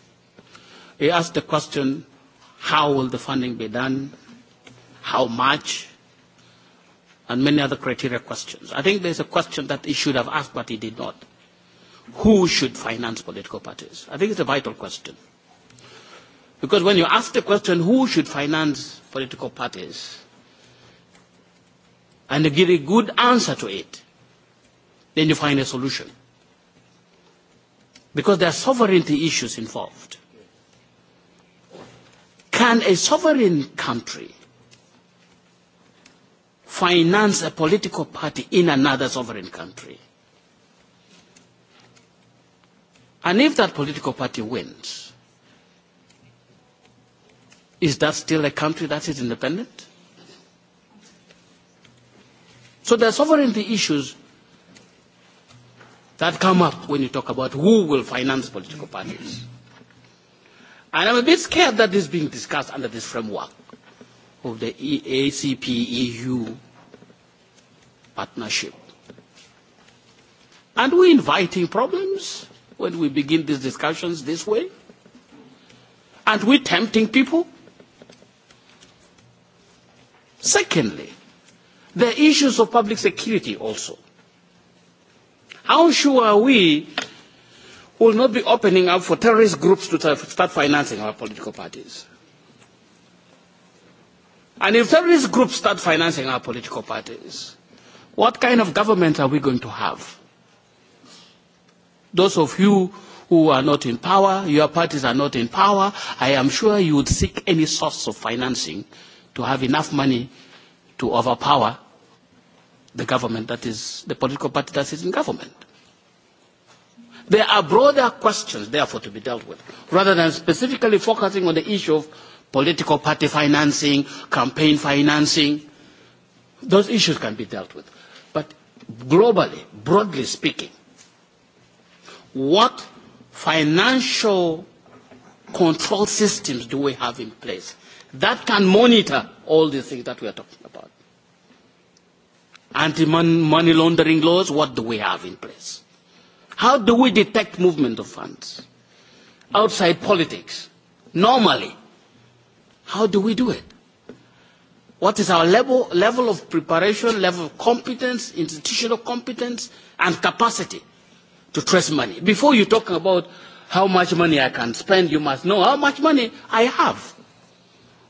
Speaker 5: He asked the question, how will the funding be done? How much? And many other criteria questions. I think there's a question that he should have asked, but he did not who should finance political parties? I think it's a vital question. Because when you ask the question, who should finance political parties, and give a good answer to it, then you find a solution. Because there are sovereignty issues involved. Can a sovereign country finance a political party in another sovereign country? And if that political party wins, is that still a country that is independent? So there are sovereignty issues that come up when you talk about who will finance political parties. And I'm a bit scared that this is being discussed under this framework of the e ACP EU partnership. And we're inviting problems when we begin these discussions this way? Aren't we tempting people? Secondly, the issues of public security also. How sure are we will not be opening up for terrorist groups to start financing our political parties? And if terrorist groups start financing our political parties, what kind of government are we going to have? Those of you who are not in power, your parties are not in power, I am sure you would seek any source of financing to have enough money to overpower the government that is the political party that is in government. There are broader questions, therefore, to be dealt with, rather than specifically focusing on the issue of political party financing, campaign financing. Those issues can be dealt with. But globally, broadly speaking, what financial control systems do we have in place that can monitor all the things that we are talking about? Anti-money laundering laws, what do we have in place? How do we detect movement of funds outside politics? Normally, how do we do it? What is our level, level of preparation, level of competence, institutional competence, and capacity? to trace money. Before you talk about how much money I can spend, you must know how much money I have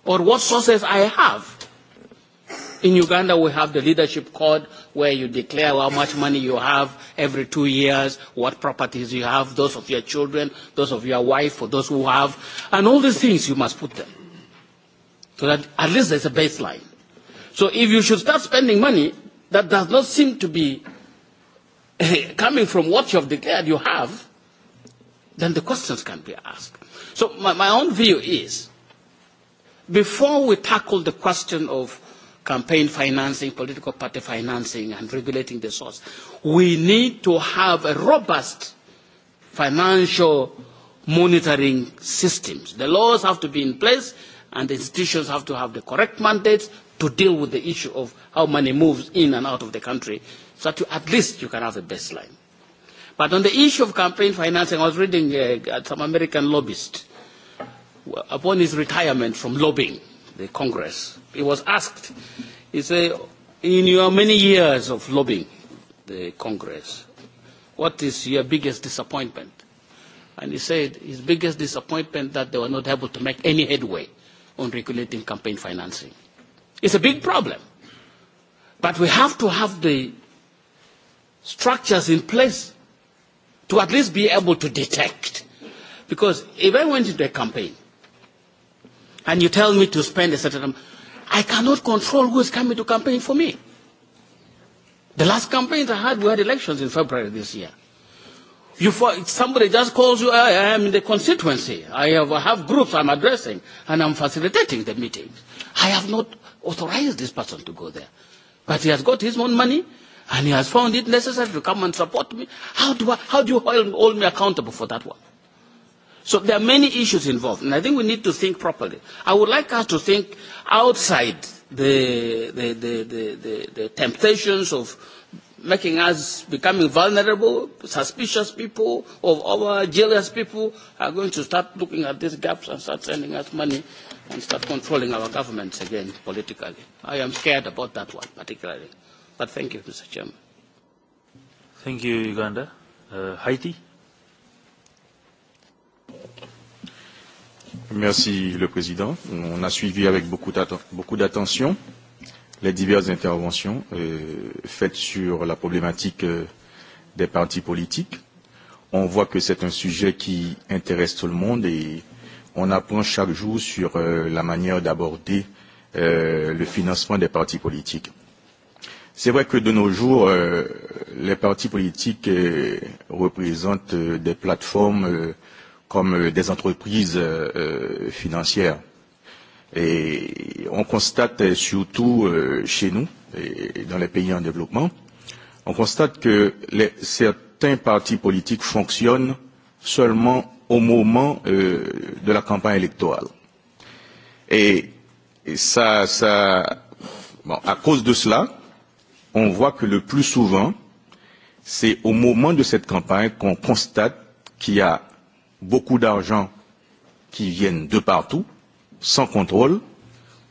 Speaker 5: or what sources I have. In Uganda, we have the leadership code where you declare how much money you have every two years, what properties you have, those of your children, those of your wife, or those who have, and all these things you must put them. So that at least there's a baseline. So if you should start spending money, that does not seem to be coming from what you've declared you have, then the questions can be asked. So my, my own view is, before we tackle the question of campaign financing, political party financing, and regulating the source, we need to have a robust financial monitoring systems. The laws have to be in place, and the institutions have to have the correct mandates to deal with the issue of how money moves in and out of the country so that you, at least you can have a baseline. But on the issue of campaign financing, I was reading uh, uh some American lobbyist uh, upon his retirement from lobbying the Congress. He was asked, he said, in your many years of lobbying the Congress, what is your biggest disappointment? And he said his biggest disappointment that they were not able to make any headway on regulating campaign financing. It's a big problem. But we have to have the structures in place to at least be able to detect. Because if I went into a campaign and you tell me to spend a certain amount, I cannot control who is coming to campaign for me. The last campaigns I had, we had elections in February this year. You, somebody just calls you, I, I am in the constituency. I have, I have groups I'm addressing and I'm facilitating the meetings. I have not authorized this person to go there. But he has got his own money and he has found it necessary to come and support me. How do, I, how do you hold, hold me accountable for that one? So there are many issues involved, and I think we need to think properly. I would like us to think outside the, the, the, the, the, the temptations of making us becoming vulnerable, suspicious people, of our jealous people are going to start looking at these gaps and start sending us money and start controlling our governments again politically. I am scared about that one particularly. But thank you, Mr. Chairman.
Speaker 14: Thank you, Uganda. Uh, Haiti.
Speaker 21: Merci, le Président. On a suivi avec beaucoup d'attention les diverses interventions euh, faites sur la problématique euh, des partis politiques. On voit que c'est un sujet qui intéresse tout le monde et on apprend chaque jour sur euh, la manière d'aborder euh, le financement des partis politiques. C'est vrai que de nos jours, euh, les partis politiques euh, représentent euh, des plateformes euh, comme euh, des entreprises euh, euh financières. Et on constate euh, surtout euh, chez nous, et dans les pays en développement, on constate que les, certains partis politiques fonctionnent seulement au moment euh, de la campagne électorale. Et, et ça, ça bon, à cause de cela, on voit que le plus souvent, c'est au moment de cette campagne qu'on constate qu'il y a beaucoup d'argent qui viennent de partout, sans contrôle,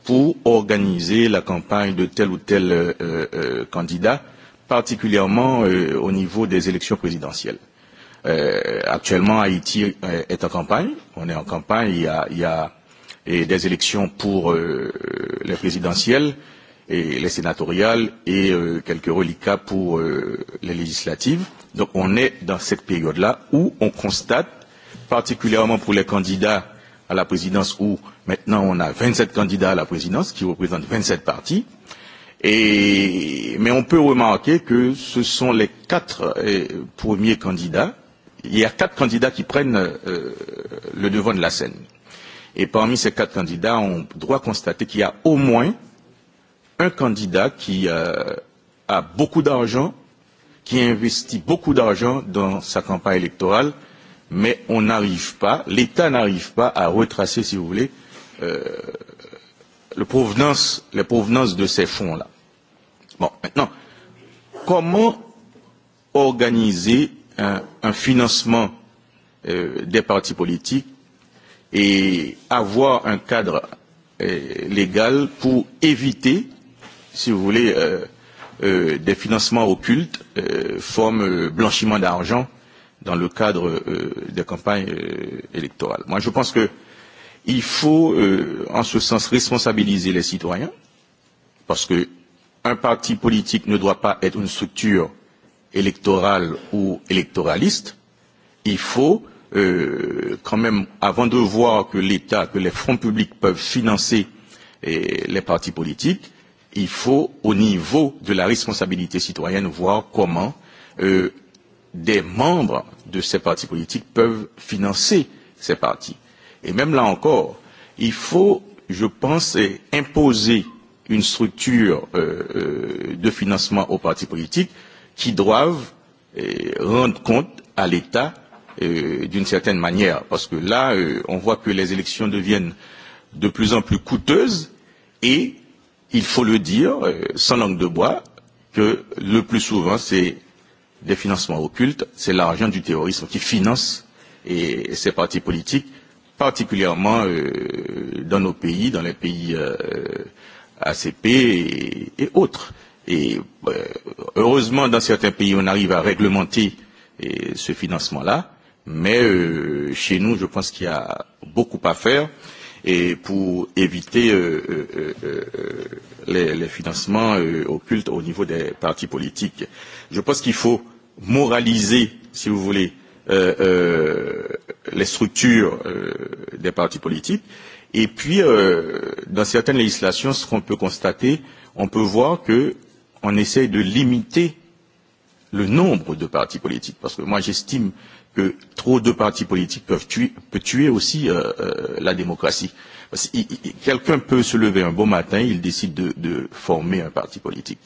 Speaker 21: pour organiser la campagne de tel ou tel euh, euh, candidat, particulièrement euh, au niveau des élections présidentielles. Euh, actuellement, Haïti euh, est en campagne. On est en campagne. Il y a, il y a et des élections pour euh, les présidentielles. Euh, et les sénatoriales et euh, quelques reliquats pour euh, les législatives. Donc on est dans cette période-là où on constate, particulièrement pour les candidats à la présidence, où maintenant on a 27 candidats à la présidence qui représentent 27 partis, et, mais on peut remarquer que ce sont les quatre euh, premiers candidats, il y a quatre candidats qui prennent euh, le devant de la scène. Et parmi ces quatre candidats, on doit constater qu'il y a au moins un candidat qui euh, a beaucoup d'argent, qui investit beaucoup d'argent dans sa campagne électorale, mais on n'arrive pas, l'État n'arrive pas à retracer, si vous voulez, euh, le provenance, les provenances de ces fonds-là. Bon, maintenant, comment organiser un, un financement euh, des partis politiques et avoir un cadre euh, légal pour éviter si vous voulez, euh, euh, des financements occultes, euh, forme euh, blanchiment d'argent dans le cadre euh, des campagnes euh, électorales. Moi, je pense qu'il faut, euh, en ce sens, responsabiliser les citoyens, parce qu'un parti politique ne doit pas être une structure électorale ou électoraliste. Il faut euh, quand même, avant de voir que l'État, que les fonds publics peuvent financer et euh, les partis politiques, il faut, au niveau de la responsabilité citoyenne, voir comment euh, des membres de ces partis politiques peuvent financer ces partis. Et même là encore, il faut, je pense, euh, imposer une structure euh, euh, de financement aux partis politiques qui doivent euh, rendre compte à l'État euh, d'une certaine manière. Parce que là, euh, on voit que les élections deviennent de plus en plus coûteuses et il faut le dire euh, sans langue de bois que le plus souvent c'est des financements occultes, c'est l'argent du terrorisme qui finance et, ces partis politiques, particulièrement euh, dans nos pays, dans les pays euh, ACP et, autres. Et heureusement, dans certains pays, on arrive à réglementer ce financement-là, mais chez nous, je pense qu'il y a beaucoup à faire et pour éviter euh, euh, euh, les, les financements euh, occultes au niveau des partis politiques. Je pense qu'il faut moraliser, si vous voulez, euh, euh, les structures euh, des partis politiques. Et puis, euh, dans certaines législations, ce qu'on peut constater, on peut voir que on essaye de limiter le nombre de partis politiques, parce que moi j'estime euh, que trop de partis politiques peuvent tuer, peut tuer aussi euh, euh, la démocratie. Quelqu'un peut se lever un bon matin, il décide de, de former un parti politique.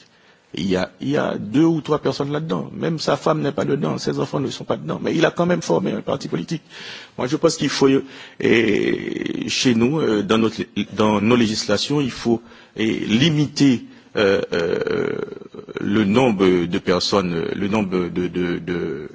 Speaker 21: il y, a, il y a deux ou trois personnes là-dedans. Même sa femme n'est pas dedans, ses enfants ne sont pas dedans. Mais il a quand même formé un parti politique. Moi, je pense qu'il faut, et chez nous, euh, dans, notre, dans nos législations, il faut et limiter euh, euh, le nombre de personnes, le nombre de, de, de,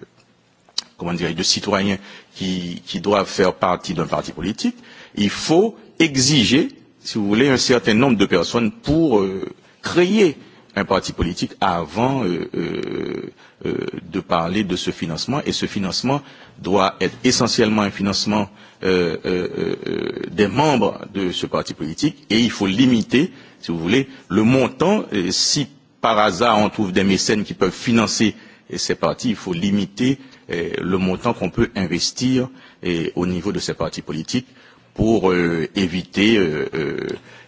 Speaker 21: comment dirais de citoyens qui, qui doivent faire partie d'un parti politique, il faut exiger, si vous voulez, un certain nombre de personnes pour euh, créer un parti politique avant euh, euh, euh, de parler de ce financement. Et ce financement doit être essentiellement un financement euh, euh, euh, des membres de ce parti politique. Et il faut limiter, si vous voulez, le montant. Et si par hasard on trouve des mécènes qui peuvent financer ces partis, il faut limiter euh, le montant qu'on peut investir et, au niveau de ces partis politiques pour euh, éviter euh, euh,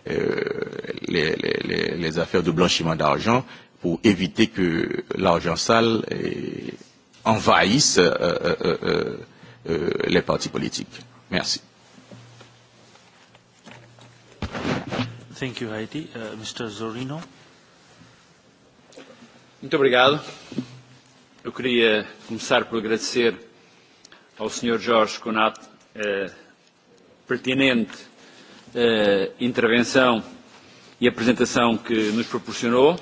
Speaker 21: euh les, les, les affaires de blanchiment d'argent, pour éviter que l'argent sale euh, envahisse euh, euh, euh, euh, euh les partis politiques.
Speaker 14: Merci. Thank you, Heidi. Uh, Mr. Zorino.
Speaker 22: Muito obrigado. Eu queria começar por agradecer ao Sr. Jorge Conato a eh, pertinente a eh, intervenção e apresentação que nos proporcionou.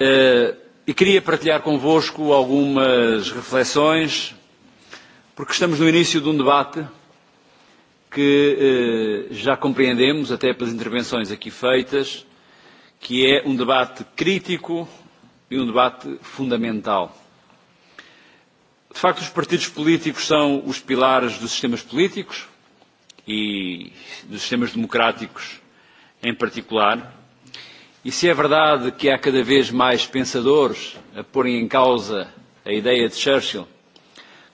Speaker 22: Eh, e queria partilhar convosco algumas reflexões, porque estamos no início de um debate que já compreendemos, até pelas intervenções aqui feitas, que é um debate crítico e um debate fundamental. De facto, os partidos políticos são os pilares dos sistemas políticos e dos sistemas democráticos em particular. E se é verdade que há cada vez mais pensadores a porem em causa a ideia de Churchill,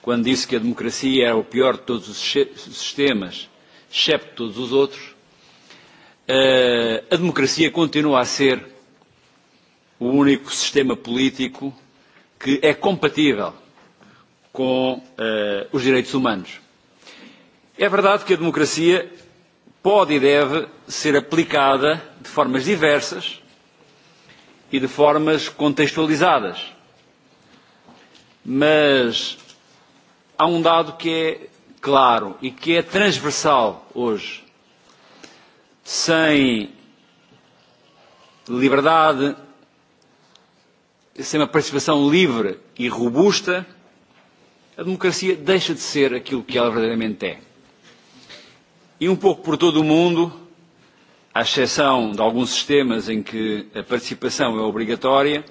Speaker 22: quando disse que a democracia era o pior de todos os sistemas, excepto todos os outros, eh, a democracia continua a ser o único sistema político que é compatível com uh, os direitos humanos. É verdade que a democracia pode e deve ser aplicada de formas diversas e de formas contextualizadas. Mas há um dado que é claro e que é transversal hoje. Sem liberdade, sem uma participação livre e robusta, a democracia deixa de ser aquilo que ela verdadeiramente é. E um pouco por todo o mundo, à exceção de alguns sistemas em que a participação é obrigatória,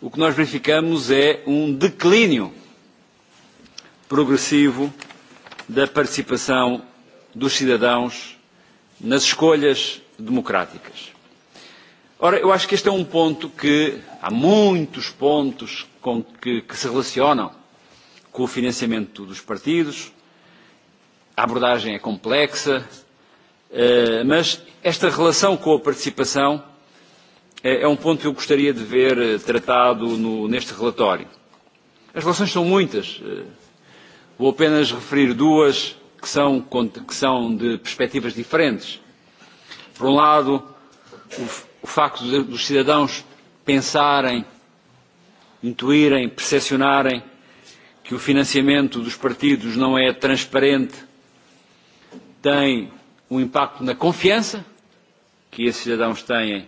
Speaker 22: o que nós verificamos é um declínio progressivo da participação dos cidadãos nas escolhas democráticas. Ora, eu acho que este é um ponto que há muitos pontos com que, que se relacionam com o financiamento dos partidos. A abordagem é complexa, eh, mas esta relação com a participação eh, é um ponto que eu gostaria de ver eh, tratado no, neste relatório. As relações são muitas. Vou apenas referir duas que são, que são de perspectivas diferentes. Por um lado, o facto de, dos cidadãos pensarem, intuírem, percepcionarem que o financiamento dos partidos não é transparente tem um impacto na confiança que esses cidadãos têm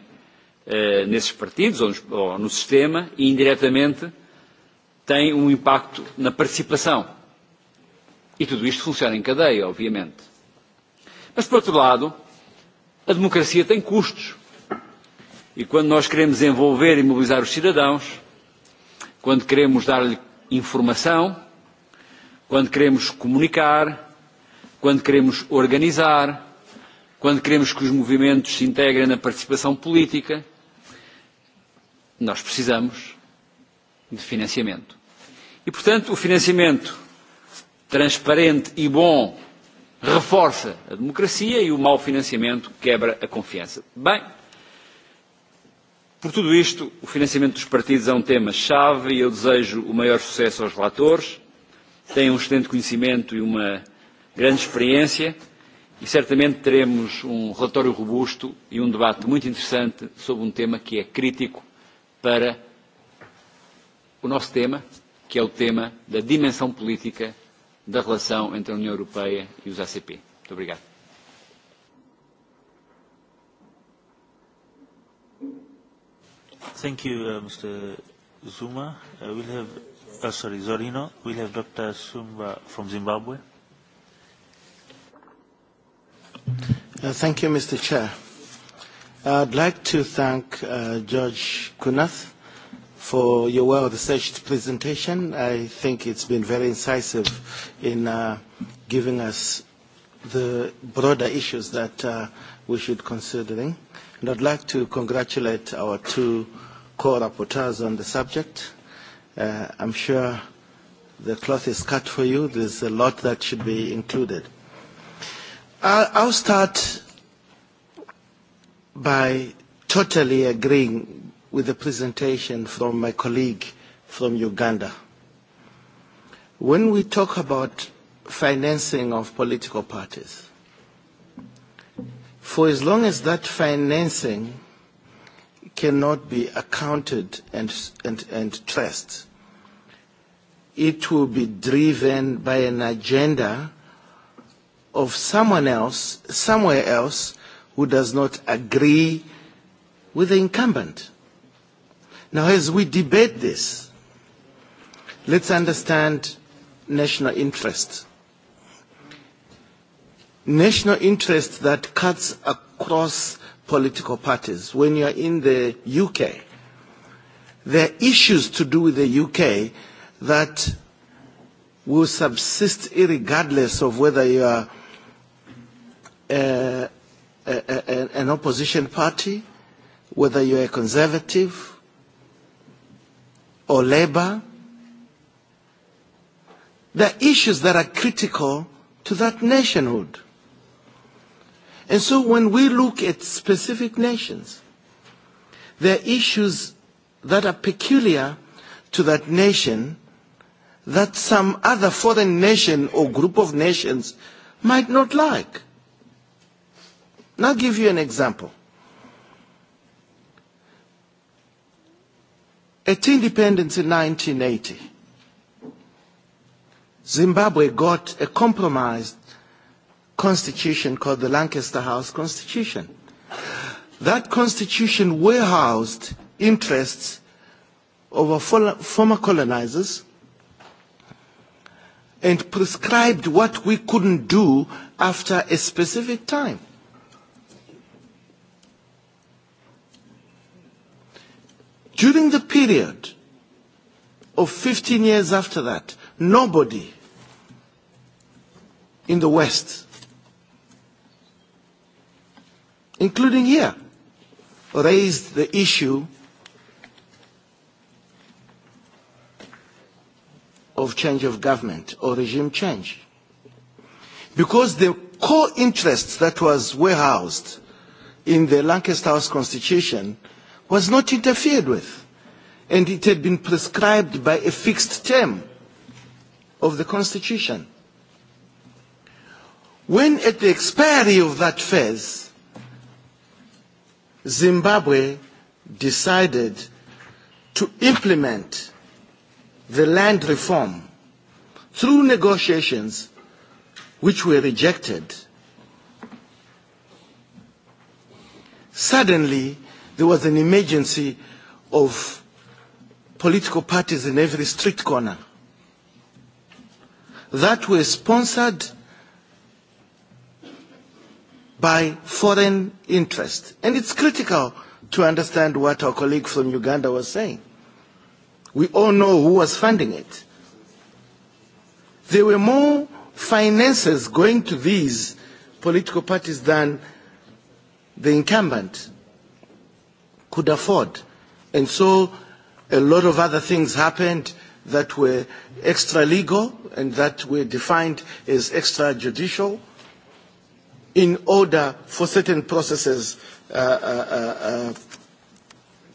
Speaker 22: eh, nesses partidos ou, nos, ou no sistema e, indiretamente, tem um impacto na participação. E tudo isto funciona em cadeia, obviamente. Mas, por outro lado, a democracia tem custos. E quando nós queremos envolver e mobilizar os cidadãos, quando queremos dar-lhe informação, quando queremos comunicar, quando queremos organizar, quando queremos que os movimentos se integrem na participação política, nós precisamos de financiamento. E, portanto, o financiamento transparente e bom reforça a democracia e o mau financiamento quebra a confiança. Bem, Por tudo isto, o financiamento dos partidos é um tema-chave e eu desejo o maior sucesso aos relatores. Têm um excelente conhecimento e uma grande experiência e certamente teremos um relatório robusto e um debate muito interessante sobre um tema que é crítico para o nosso tema, que é o tema da dimensão política da relação entre a União Europeia e os ACP. Muito obrigado. Thank you, uh, Mr. Zuma.
Speaker 14: Uh, we'll have, uh, sorry, Zorino. We'll have Dr. Sumba from Zimbabwe.
Speaker 2: Uh, thank you, Mr. Chair. I'd like to thank uh, George Kunath for your well-researched presentation. I think it's been very incisive in uh, giving us the broader issues that uh, we should consider. And I'd like to congratulate our two co-rapporteurs on the subject. Uh, I'm sure the cloth is cut for you. There's a lot that should be included. I'll, I'll start by totally agreeing with the presentation from my colleague from Uganda. When we talk about financing of political parties, for as long as that financing cannot be accounted and, and, and trust. It will be driven by an agenda of someone else, somewhere else, who does not agree with the incumbent. Now, as we debate this, let's understand national interest. National interest that cuts across political parties. When you are in the UK, there are issues to do with the UK that will subsist regardless of whether you are uh, a, a, an opposition party, whether you're a conservative or labor. There are issues that are critical to that nationhood. And so when we look at specific nations, there are issues that are peculiar to that nation that some other foreign nation or group of nations might not like. And I'll give you an example. At independence in 1980, Zimbabwe got a compromised constitution called the Lancaster House Constitution. That constitution warehoused interests of our former colonizers and prescribed what we couldn't do after a specific time. During the period of 15 years after that, nobody in the West including here, raised the issue of change of government or regime change. Because the core interests that was warehoused in the Lancaster House Constitution was not interfered with, and it had been prescribed by a fixed term of the Constitution. When at the expiry of that phase, Zimbabwe decided to implement the land reform through negotiations which were rejected. Suddenly, there was an emergency of political parties in every street corner that were sponsored by foreign interest. And it's critical to understand what our colleague from Uganda was saying. We all know who was funding it. There were more finances going to these political parties than the incumbent could afford. And so a lot of other things happened that were extra legal and that were defined as extrajudicial in order for certain processes uh, uh, uh, uh,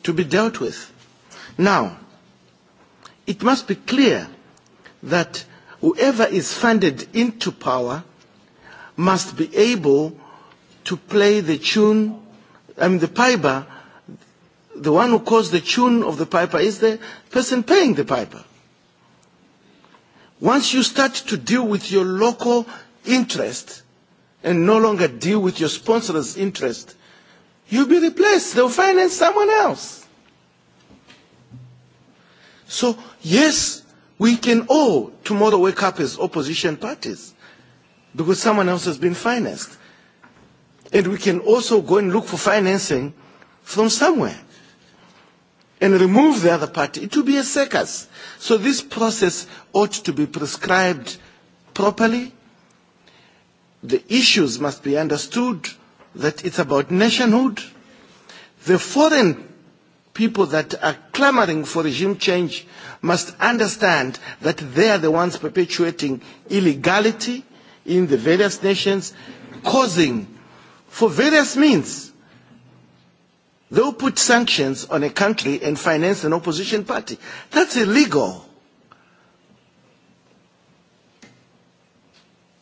Speaker 2: to be dealt with. Now, it must be clear that whoever is funded into power must be able to play the tune, I mean the piper, the one who calls the tune of the piper is the person paying the piper. Once you start to deal with your local interests and no longer deal with your sponsor's interest, you'll be replaced. They'll finance someone else. So, yes, we can all tomorrow wake up as opposition parties because someone else has been financed. And we can also go and look for financing from somewhere and remove the other party. It will be a circus. So this process ought to be prescribed properly the issues must be understood that it's about nationhood. The foreign people that are clamoring for regime change must understand that they are the ones perpetuating illegality in the various nations, causing for various means. They'll put sanctions on a country and finance an opposition party. That's illegal.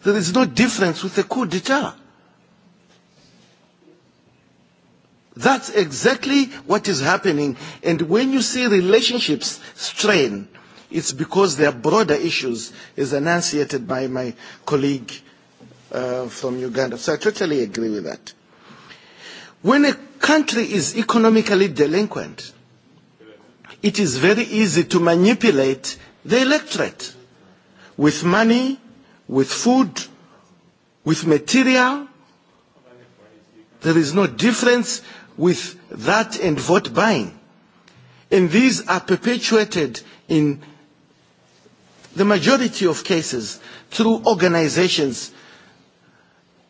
Speaker 2: There is no difference with a coup d'etat. That's exactly what is happening. And when you see relationships strain, it's because there are broader issues, as enunciated by my colleague uh, from Uganda. So I totally agree with that. When a country is economically delinquent, it is very easy to manipulate the electorate with money, with food, with material. There is no difference with that and vote buying. And these are perpetuated in the majority of cases through organizations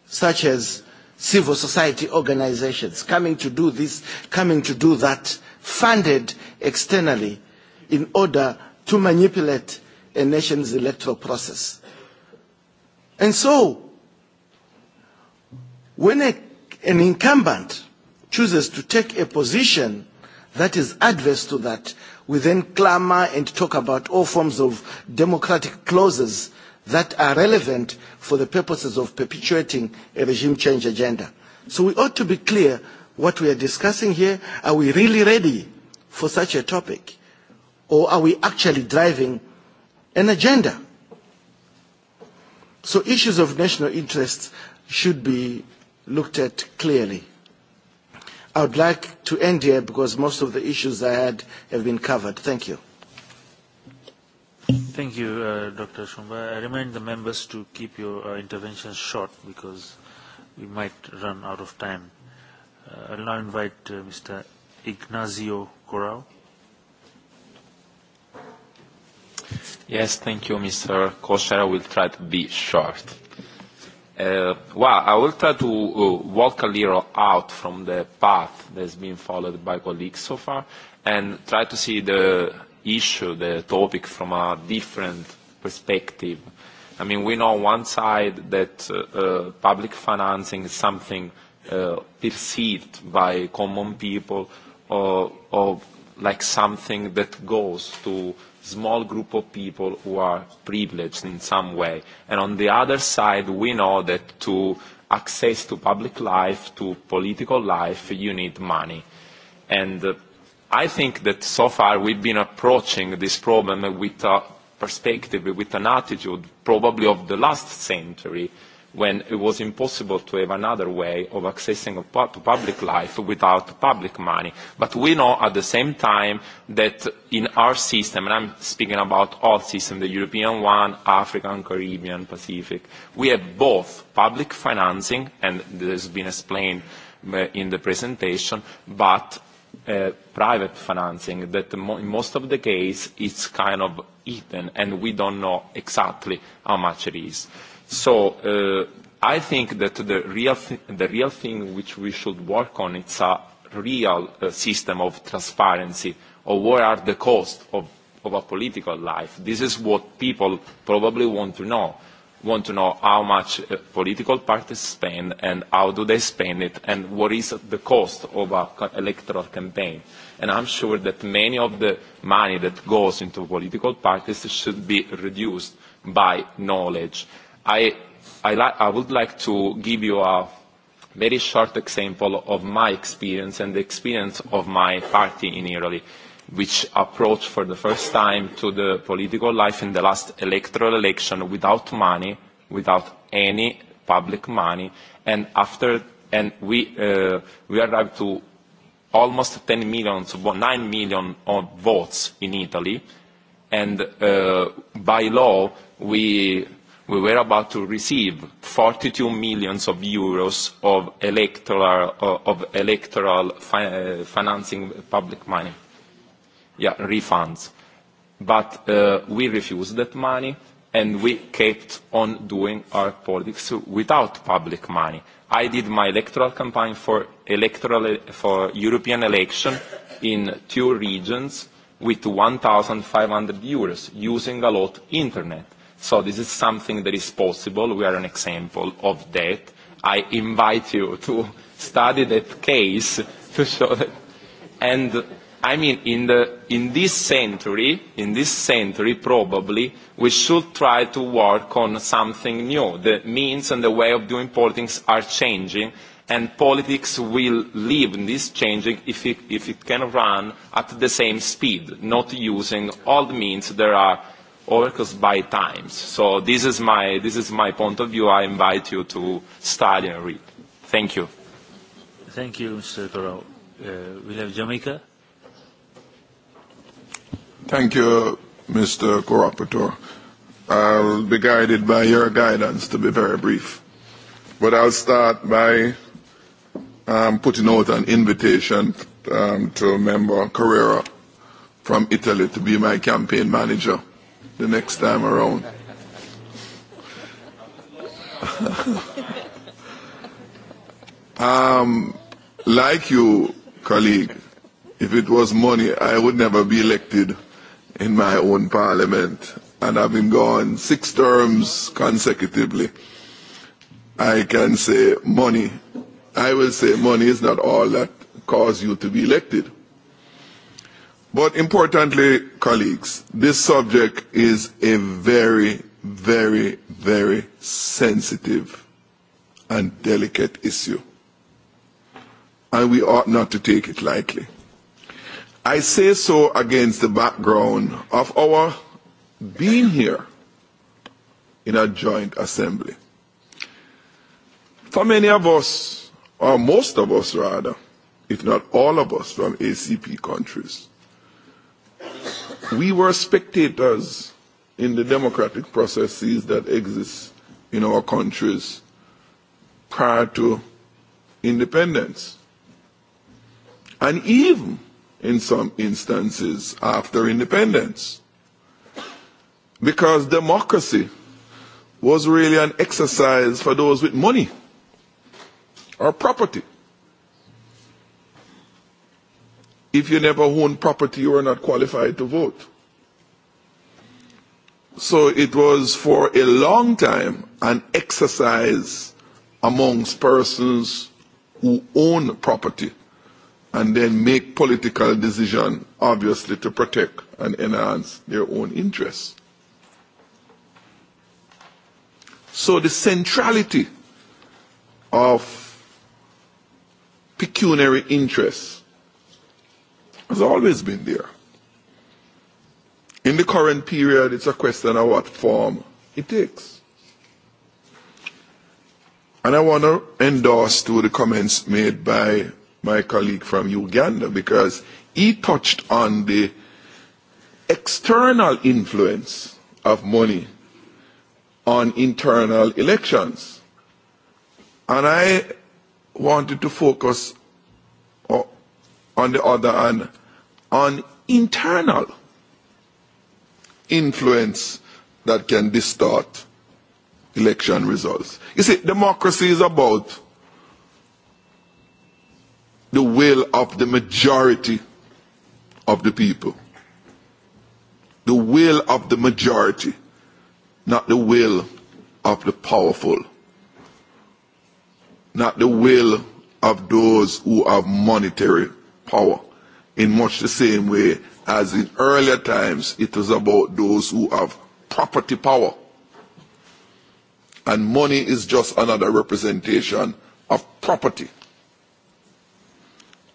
Speaker 2: such as civil society organizations coming to do this, coming to do that, funded externally in order to manipulate a nation's electoral process. And so, when a, an incumbent chooses to take a position that is adverse to that, we then clamour and talk about all forms of democratic clauses that are relevant for the purposes of perpetuating a regime change agenda. So we ought to be clear what we are discussing here. Are we really ready for such a topic? Or are we actually driving an agenda? So issues of national interest should be looked at clearly. I would like to end here because most of the issues I had have been covered. Thank you.
Speaker 14: Thank you, uh, Dr. Shumba. I remind the members to keep your uh, interventions short because we might run out of time. Uh, I'll now invite uh, Mr. Ignazio Corral.
Speaker 3: Yes, thank you, Mr. Kosher. I will try to be short. Uh, well, I will try to uh, walk a little out from the path that's been followed by colleagues so far and try to see the issue, the topic from a different perspective. I mean, we know on one side that uh, uh, public financing is something uh, perceived by common people or, or like something that goes to small group of people who are privileged in some way. And on the other side, we know that to access to public life, to political life, you need money. And uh, I think that so far we've been approaching this problem with a perspective, with an attitude probably of the last century, when it was impossible to have another way of accessing to public life without public money. But we know at the same time that in our system, and I'm speaking about all systems, the European one, African, Caribbean, Pacific, we have both public financing, and this has been explained uh, in the presentation, but uh, private financing that in most of the case it's kind of hidden and we don't know exactly how much it is. So uh, I think that the real, th the real thing which we should work on is a real uh, system of transparency of what are the costs of, of a political life. This is what people probably want to know want to know how much uh, political parties spend and how do they spend it and what is the cost of an electoral campaign. And I'm sure that many of the money that goes into political parties should be reduced by knowledge I, I, li I would like to give you a very short example of my experience and the experience of my party in Italy, which approached for the first time to the political life in the last electoral election without money, without any public money, and after and we uh, we arrived to almost 10 million, 9 million of votes in Italy, and uh, by law we we were about to receive 42 million of euros of electoral, uh, of electoral fi uh, financing public money, yeah, refunds. But uh, we refused that money and we kept on doing our politics without public money. I did my electoral campaign for, electoral, for European election in two regions with 1,500 euros using a lot internet So this is something that is possible. We are an example of that. I invite you to study that case to show that. And I mean, in, the, in this century, in this century probably, we should try to work on something new. The means and the way of doing politics are changing, and politics will live in this changing if it, if it can run at the same speed, not using all the means there are Oracle's by times. So this is my, this is my point of view. I invite you to study and read. Thank you.
Speaker 14: Thank you, Mr. Toro. Uh, we have Jamaica.
Speaker 4: Thank you, Mr. co I'll be guided by your guidance to be very brief. But I'll start by um, putting out an invitation um, to member Carrera from Italy to be my campaign manager the next time around. um, like you, colleague, if it was money, I would never be elected in my own parliament. And I've been gone six terms consecutively. I can say money. I will say money is not all that caused you to be elected But importantly, colleagues, this subject is a very, very, very sensitive and delicate issue. And we ought not to take it lightly. I say so against the background of our being here in a joint assembly. For many of us, or most of us rather, if not all of us from ACP countries, we were spectators in the democratic processes that exist in our countries prior to independence. And even in some instances after independence. Because democracy was really an exercise for those with money or property. If you never own property, you are not qualified to vote. So it was for a long time an exercise amongst persons who own property and then make political decisions, obviously, to protect and enhance their own interests. So the centrality of pecuniary interests has always been there. In the current period, it's a question of what form it takes. And I want to endorse to the comments made by my colleague from Uganda because he touched on the external influence of money on internal elections. And I wanted to focus on the other hand on internal influence that can distort election results. You see, democracy is about the will of the majority of the people. The will of the majority, not the will of the powerful, not the will of those who have monetary power in much the same way as in earlier times it was about those who have property power. And money is just another representation of property.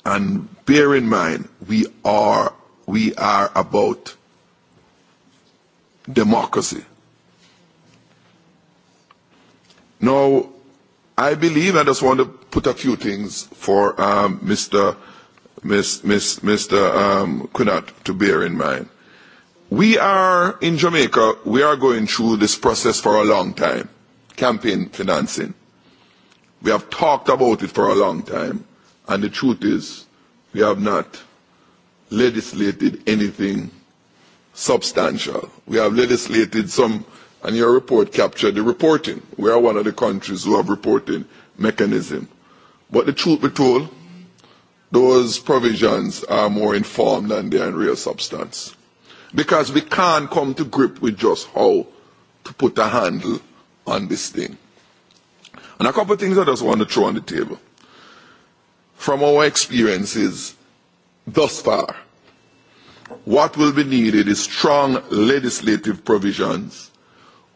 Speaker 4: And bear in mind, we are, we are about democracy. Now, I believe, I just want to put a few things for um, Mr. Mr. Um, Cunard to bear in mind. We are in Jamaica, we are going through this process for a long time, campaign financing. We have talked about it for a long time, and the truth is we have not legislated anything substantial. We have legislated some, and your report captured the reporting. We are one of the countries who have reporting mechanism. But the truth be told, those provisions are more informed than they are in real substance. Because we can't come to grip with just how to put a handle on this thing. And a couple of things I just want to throw on the table. From our experiences thus far, what will be needed is strong legislative provisions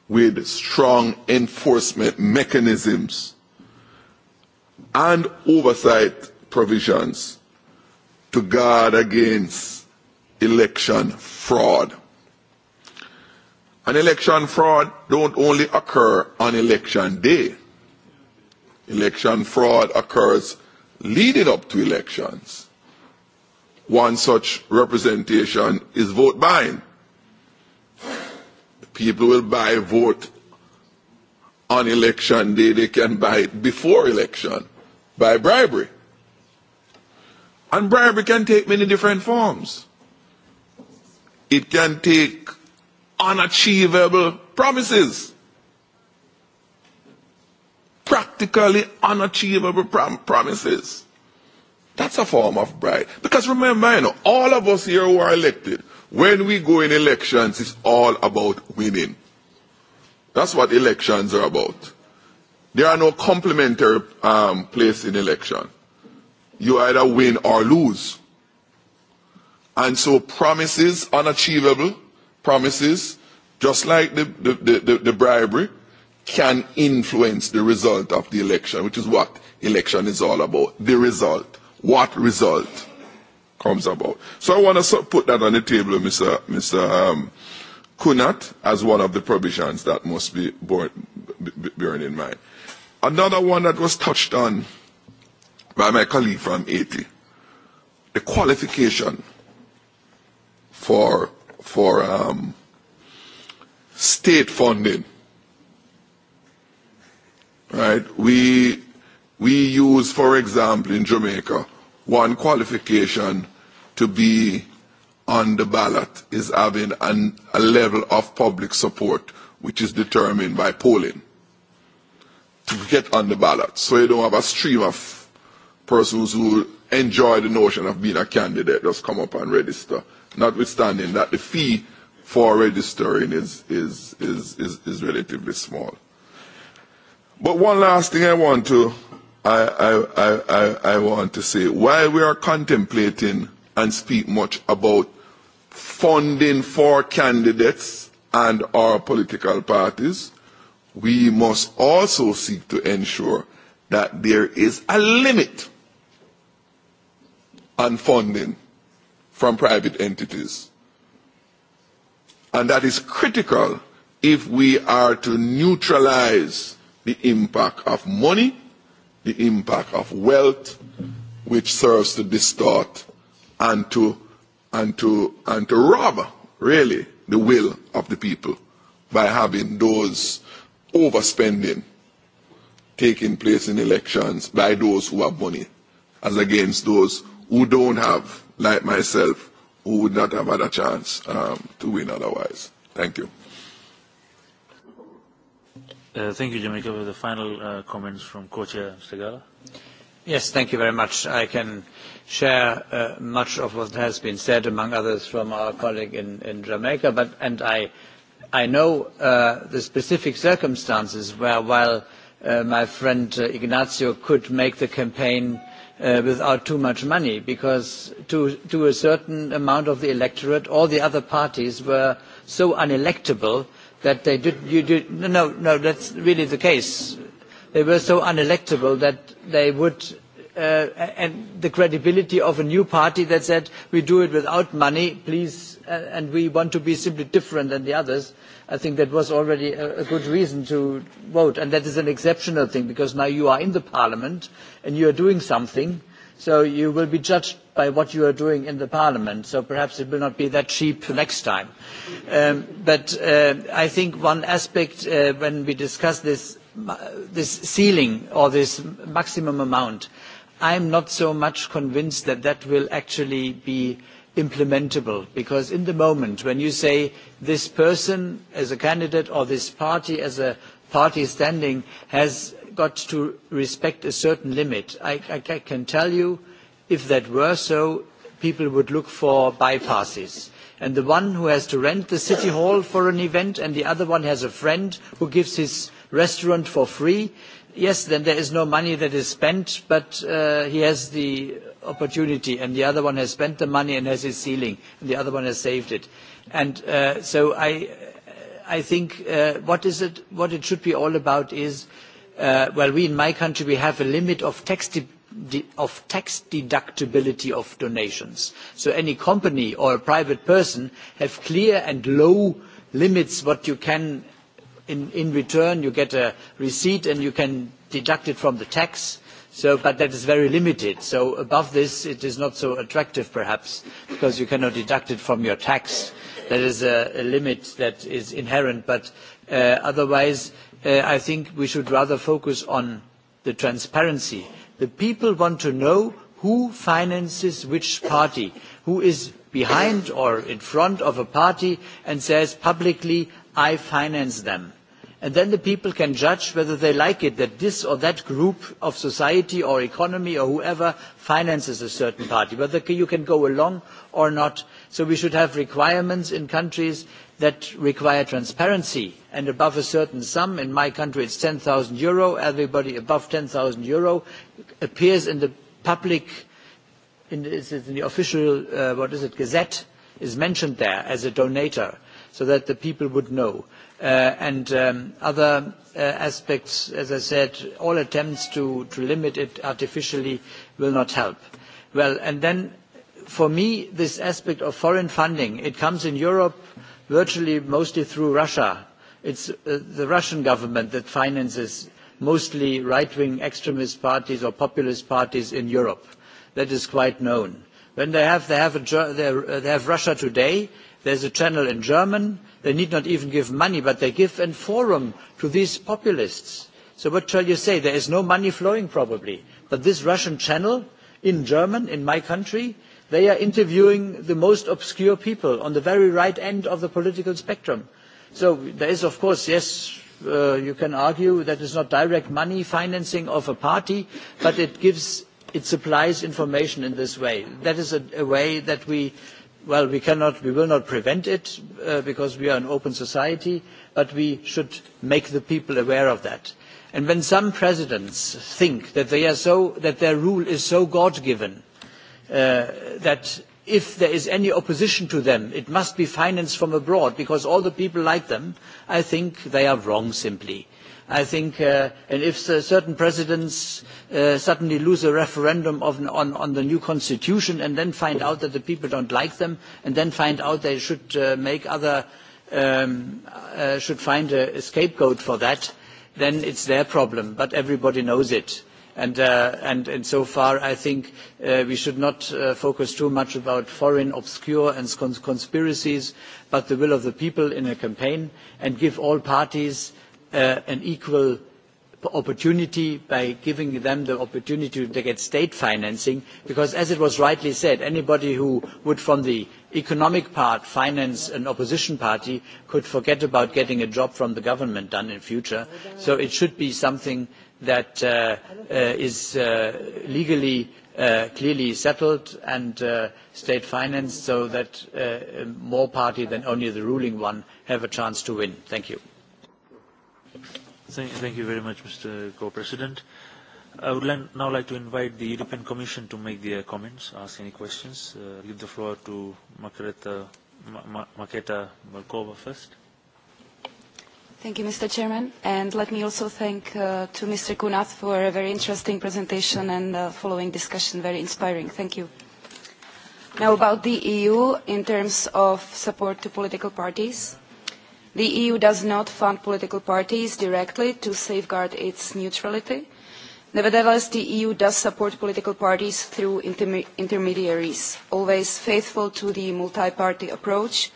Speaker 4: with strong enforcement mechanisms and oversight provisions to guard against election fraud. And election fraud don't only occur on election day. Election fraud occurs leading up to elections. One such representation is vote buying. People will buy vote on election day. They can buy it before election by bribery. And bribery can take many different forms. It can take unachievable promises. Practically unachievable prom- promises. That's a form of bribe. Because remember, you know, all of us here who are elected, when we go in elections, it's all about winning. That's what elections are about. There are no complementary um, place in elections you either win or lose. And so promises, unachievable promises, just like the, the, the, the bribery, can influence the result of the election, which is what election is all about. The result. What result comes about. So I want to put that on the table, Mr. Mr. Um, Kunat, as one of the provisions that must be borne, be, be, borne in mind. Another one that was touched on by my colleague from Haiti, the qualification for for um, state funding, right? We we use, for example, in Jamaica, one qualification to be on the ballot is having an, a level of public support which is determined by polling to get on the ballot. So you don't have a stream of persons who enjoy the notion of being a candidate just come up and register, notwithstanding that the fee for registering is, is, is, is, is relatively small. But one last thing I want to I, I, I, I I want to say, while we are contemplating and speak much about funding for candidates and our political parties, we must also seek to ensure that there is a limit and funding from private entities. And that is critical if we are to neutralize the impact of money, the impact of wealth, which serves to distort and to, and to, and to rob, really, the will of the people by having those overspending taking place in elections by those who have money as against those who don't have, like myself, who would not have had a chance um, to win otherwise. Thank you.
Speaker 14: Uh, thank you, Jamaica. For the final
Speaker 1: uh, comments from co-chair Segala. Yes, thank you very much. I can share uh, much of what has been said, among others, from our colleague in, in Jamaica. But and I, I know uh, the specific circumstances where, while uh, my friend uh, Ignacio could make the campaign Uh, without too much money because to, a certain amount of the electorate all the other parties were so unelectable that they did you did no no that's really the case they were so unelectable that they would uh, and the credibility of a new party that said we do it without money please uh, and we want to be simply different than the others I think that was already a, a good reason to vote. And that is an exceptional thing because now you are in the parliament and you are doing something. So you will be judged by what you are doing in the parliament. So perhaps it will not be that cheap next time. Um, but uh, I think one aspect uh, when we discuss this, this ceiling or this maximum amount, I'm not so much convinced that that will actually be implementable because in the moment when you say this person as a candidate or this party as a party standing has got to respect a certain limit, I, I can tell you if that were so, people would look for bypasses. And the one who has to rent the city hall for an event and the other one has a friend who gives his restaurant for free, yes, then there is no money that is spent, but uh, he has the opportunity and the other one has spent the money and has its ceiling and the other one has saved it. And uh, so I, I think uh, what, is it, what it should be all about is, uh, well, we in my country, we have a limit of tax, de- of tax deductibility of donations. So any company or a private person have clear and low limits what you can in, in return. You get a receipt and you can deduct it from the tax So, but that is very limited. So above this, it is not so attractive, perhaps, because you cannot deduct it from your tax. That is a, a limit that is inherent. But uh, otherwise, uh, I think we should rather focus on the transparency. The people want to know who finances which party, who is behind or in front of a party and says publicly, I finance them and then the people can judge whether they like it that this or that group of society or economy or whoever finances a certain party, whether you can go along or not. So we should have requirements in countries that require transparency and above a certain sum, in my country it is eur ten zero everybody above eur ten zero appears in the public, in, in the official, uh, what is it, gazette, is mentioned there as a donor so that the people would know. Uh, and um, other uh, aspects. As I said, all attempts to, limit it artificially will not help. for me, this aspect of foreign funding, it comes in Europe virtually mostly through Russia. it is uh, the Russian government that finances mostly right-wing extremist parties or populist parties in Europe. That is quite known. When they have, Russia Today, there is a channel in German, They need not even give money, but they give a forum to these populists. So what shall you say? There is no money flowing probably. But this Russian channel in German, in my country, they are interviewing the most obscure people on the very right end of the political spectrum. So there is, of course, yes, uh, you can argue that is not direct money financing of a party, but it gives, it supplies information in this way. That is a, a way that we well we cannot we will not prevent it uh, because we are an open society but we should make the people aware of that and when some presidents think that they are so that their rule is so god given uh, that if there is any opposition to them it must be financed from abroad because all the people like them i think they are wrong simply I think, uh, and if certain presidents uh, suddenly lose a referendum on, the new constitution and then find out that the people don't like them, and then find out they should uh, make other, um, should find a, scapegoat for that, then it's their problem. But everybody knows it. And, and, and so far, I think we should not focus too much about foreign obscure and conspiracies, but the will of the people in a campaign, and give all parties Uh, an equal opportunity by giving them the opportunity to get state financing because as it was rightly said anybody who would from the economic part finance an opposition party could forget about getting a job from the government done in future so it should be something that uh, uh, is uh, legally uh, clearly settled and uh, state financed so that more parties than only the ruling one have a chance to win. thank you.
Speaker 14: Thank, thank you very much, Mr. Co-President. I would like, now like to invite the European Commission to make their comments, ask any questions. Uh, give the floor to Margareta, Ma Maketa Malkova first.
Speaker 23: Thank you, Mr. Chairman. And let me also thank uh, to Mr. Kunath for a very interesting presentation and uh, following discussion, very inspiring. Thank you. Now about the EU in terms of support to political parties. The EU does not fund political parties directly to safeguard its neutrality. Nevertheless, the EU does support political parties through interme intermediaries, always faithful to the multi-party approach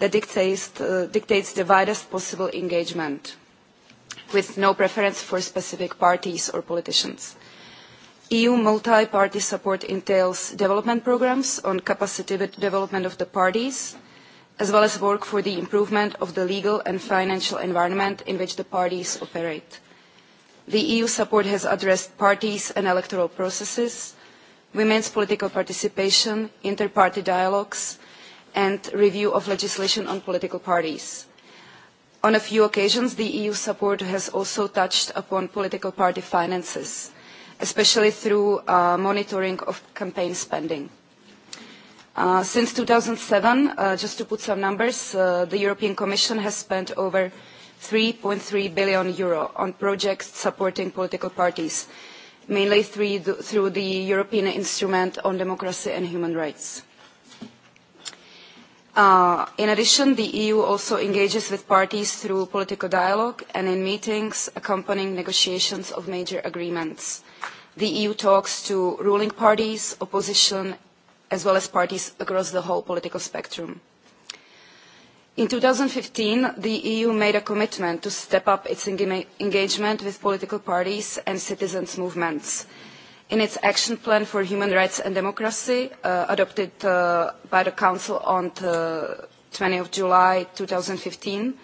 Speaker 23: that dictates, uh, dictates the widest possible engagement, with no preference for specific parties or politicians. EU multi-party support entails development programs on capacity development of the parties, as well as work for the improvement of the legal and financial environment in which the parties operate. The EU support has addressed parties and electoral processes, women's political participation, inter-party dialogues, and review of legislation on political parties. On a few occasions, the EU support has also touched upon political party finances, especially through uh, monitoring of campaign spending. Uh, since 2007, uh, just to put some numbers, uh, the European Commission has spent over 3.3 billion euro on projects supporting political parties, mainly through the European Instrument on Democracy and Human Rights. Uh, in addition, the EU also engages with parties through political dialogue and in meetings accompanying negotiations of major agreements. The EU talks to ruling parties, opposition as well as parties across the whole political spectrum. In 2015, the EU made a commitment to step up its engagement with political parties and citizens' movements. In its action plan for human rights and democracy, uh, adopted uh, by the Council on the 20 of July 2015,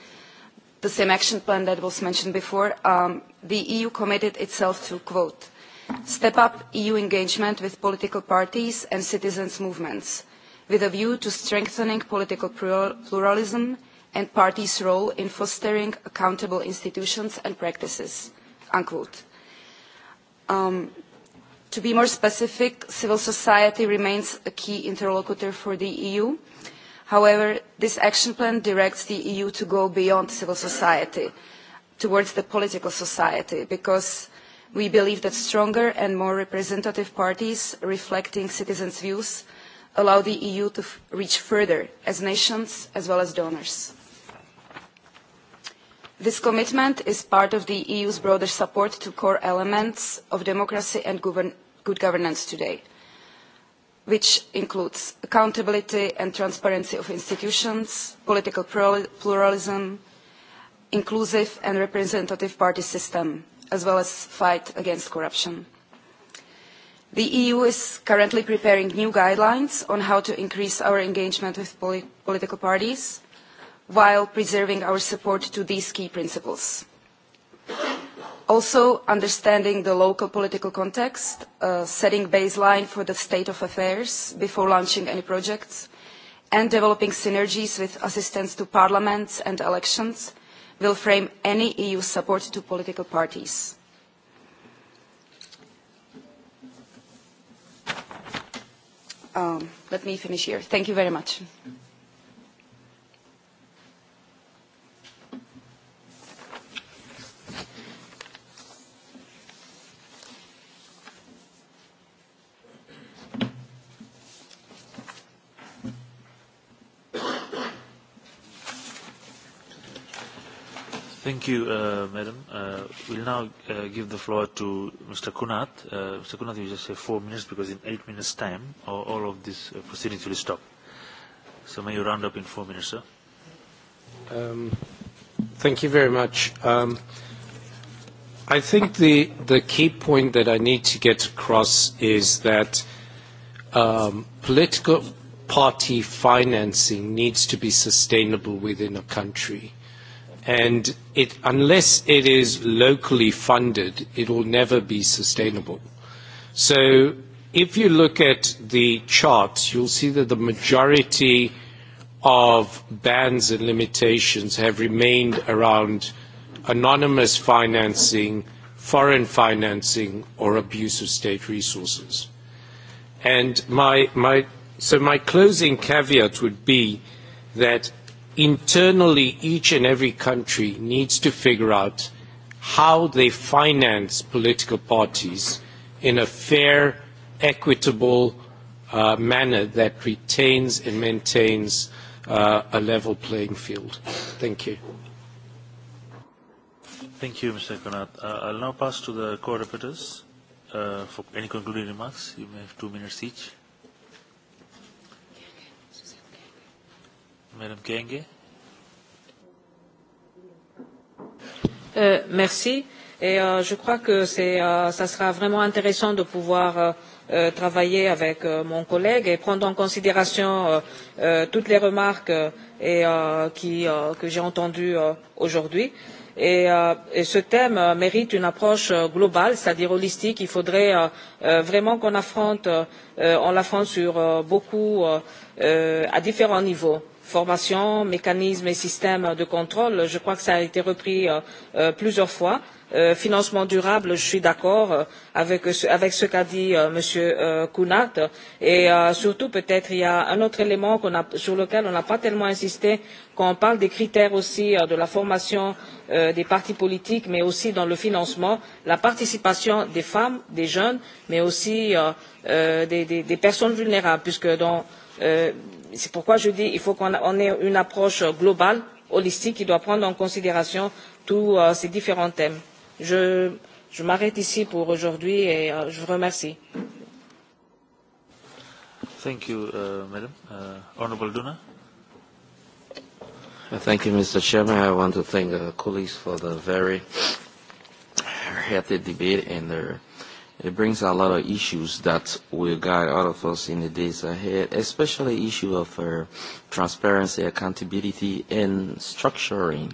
Speaker 23: the same action plan that was mentioned before, um, the EU committed itself to, quote, step up EU engagement with political parties and citizens' movements, with a view to strengthening political pluralism and parties' role in fostering accountable institutions and practices." Um, to be more specific, civil society remains a key interlocutor for the EU. However, this action plan directs the EU to go beyond civil society towards the political society because We believe that stronger and more representative parties reflecting citizens' views allow the EU to reach further as nations as well as donors. This commitment is part of the EU's broader support to core elements of democracy and govern good governance today, which includes accountability and transparency of institutions, political pluralism, inclusive and representative party system, as well as fight against corruption. The EU is currently preparing new guidelines on how to increase our engagement with poli political parties while preserving our support to these key principles. Also, understanding the local political context, uh, setting baseline for the state of affairs before launching any projects, and developing synergies with assistance to parliaments and elections – will frame any EU support to political parties. Um, let me finish here. Thank you very much.
Speaker 14: Thank you, uh, Madam. Uh, we'll now uh, give the floor to Mr. Kunat. Uh, Mr. Kunat, you just have four minutes because in eight minutes' time, all, all of this uh, proceedings will stop. So may you round up in four minutes, sir.
Speaker 18: Um, thank you very much. Um, I think the, the key point that I need to get across is that um, political party financing needs to be sustainable within a country And it, unless it is locally funded, it will never be sustainable. So if you look at the charts, you'll see that the majority of bans and limitations have remained around anonymous financing, foreign financing, or abuse of state resources. And my, my, so my closing caveat would be that internally each and every country needs to figure out how they finance political parties in a fair, equitable uh, manner that retains and maintains uh, a level playing field. Thank you.
Speaker 14: Thank you, Mr. Konat. Uh, I'll now pass to the co-rapporteurs uh, for any concluding remarks. You may have two minutes each. Madame Kenge.
Speaker 8: Euh, merci. Et euh, je crois que euh, ça sera vraiment intéressant de pouvoir euh, euh, travailler avec euh, mon collègue et prendre en considération euh, euh, toutes les remarques euh, et, euh, qui, euh, que j'ai entendues euh, aujourd'hui. Et, euh, et ce thème euh, mérite une approche euh, globale, c'est-à-dire holistique. Il faudrait euh, euh, vraiment qu'on affronte, euh, euh on l'affronte sur euh, beaucoup, euh, euh, à différents niveaux Euh, formation mécanismes et systèmes de contrôle je crois que cela a été repris euh, euh, plusieurs fois euh, financement durable je suis d'accord avec, ce qu'a dit m. cunhat et surtout peut être il y a un autre élément sur lequel on n'a pas tellement insisté quand on parle des critères aussi de la formation des partis politiques mais aussi dans le financement la participation des femmes des jeunes mais aussi des personnes vulnérables puisque dans c'est pourquoi je dis qu'il faut qu'on ait une approche globale holistique qui doit prendre en considération tous euh, ces différents thèmes. je, m'arrête ici pour aujourd'hui et euh, je vous remercie.
Speaker 14: Thank you, uh, Madam. Uh, Honorable Duna.
Speaker 17: Uh, thank you, Mr. Chairman. I want to thank the uh, colleagues for the very debate and It brings a lot of issues that will guide all of us in the days ahead, especially issue of uh, transparency, accountability, and structuring,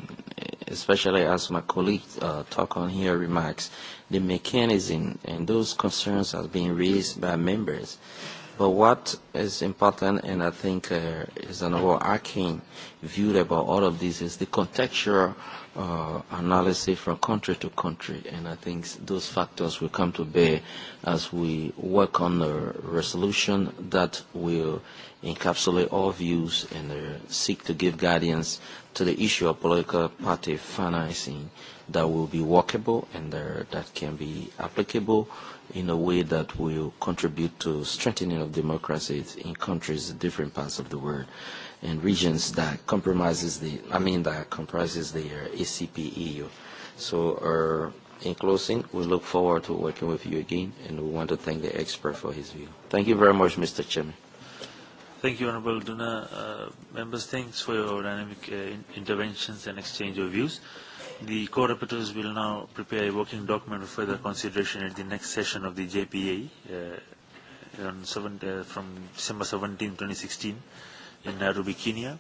Speaker 17: especially as my colleague uh, talk on here remarks, the mechanism and those concerns have been raised by members. But what is important, and I think uh, is an overarching view about all of this, is the contextual uh, analysis from country to country, and I think those factors will come to bear as we work on a resolution that will encapsulate all views and uh, seek to give guidance to the issue of political party financing that will be workable and uh, that can be applicable in a way that will contribute to strengthening of democracies in countries, in different parts of the world and regions that compromises the, I mean, that comprises the uh, ACP EU. So uh, in closing, we look forward to working with you again, and we want to thank the expert for his view. Thank you very much, Mr. Chairman.
Speaker 14: Thank you, Honorable Duna. Uh, members, thanks for your dynamic uh, in interventions and exchange of views. The co-rapporteurs will now prepare a working document for further consideration at the next session of the JPA uh, on seven, uh, from December 17, 2016 in Nairobi, Kenya.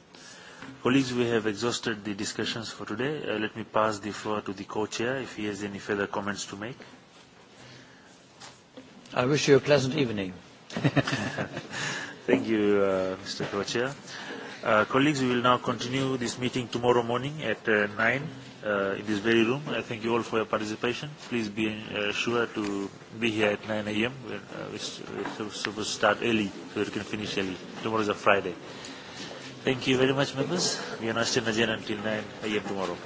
Speaker 14: Colleagues, we have exhausted the discussions for today. Uh, let me pass the floor to the co-chair if he has any further comments to make. I
Speaker 1: wish you a pleasant
Speaker 14: evening. Thank you, uh, Mr. Co-chair. Uh, colleagues, we will now continue this meeting tomorrow morning at uh, 9 uh, in this very room. I thank you all for your participation. Please be uh, sure to be here at 9 a.m. We're, uh, we're supposed to start early so we can finish early. Tomorrow is a Friday. Thank you very much, members. We are not still adjourned until 9 a.m. tomorrow.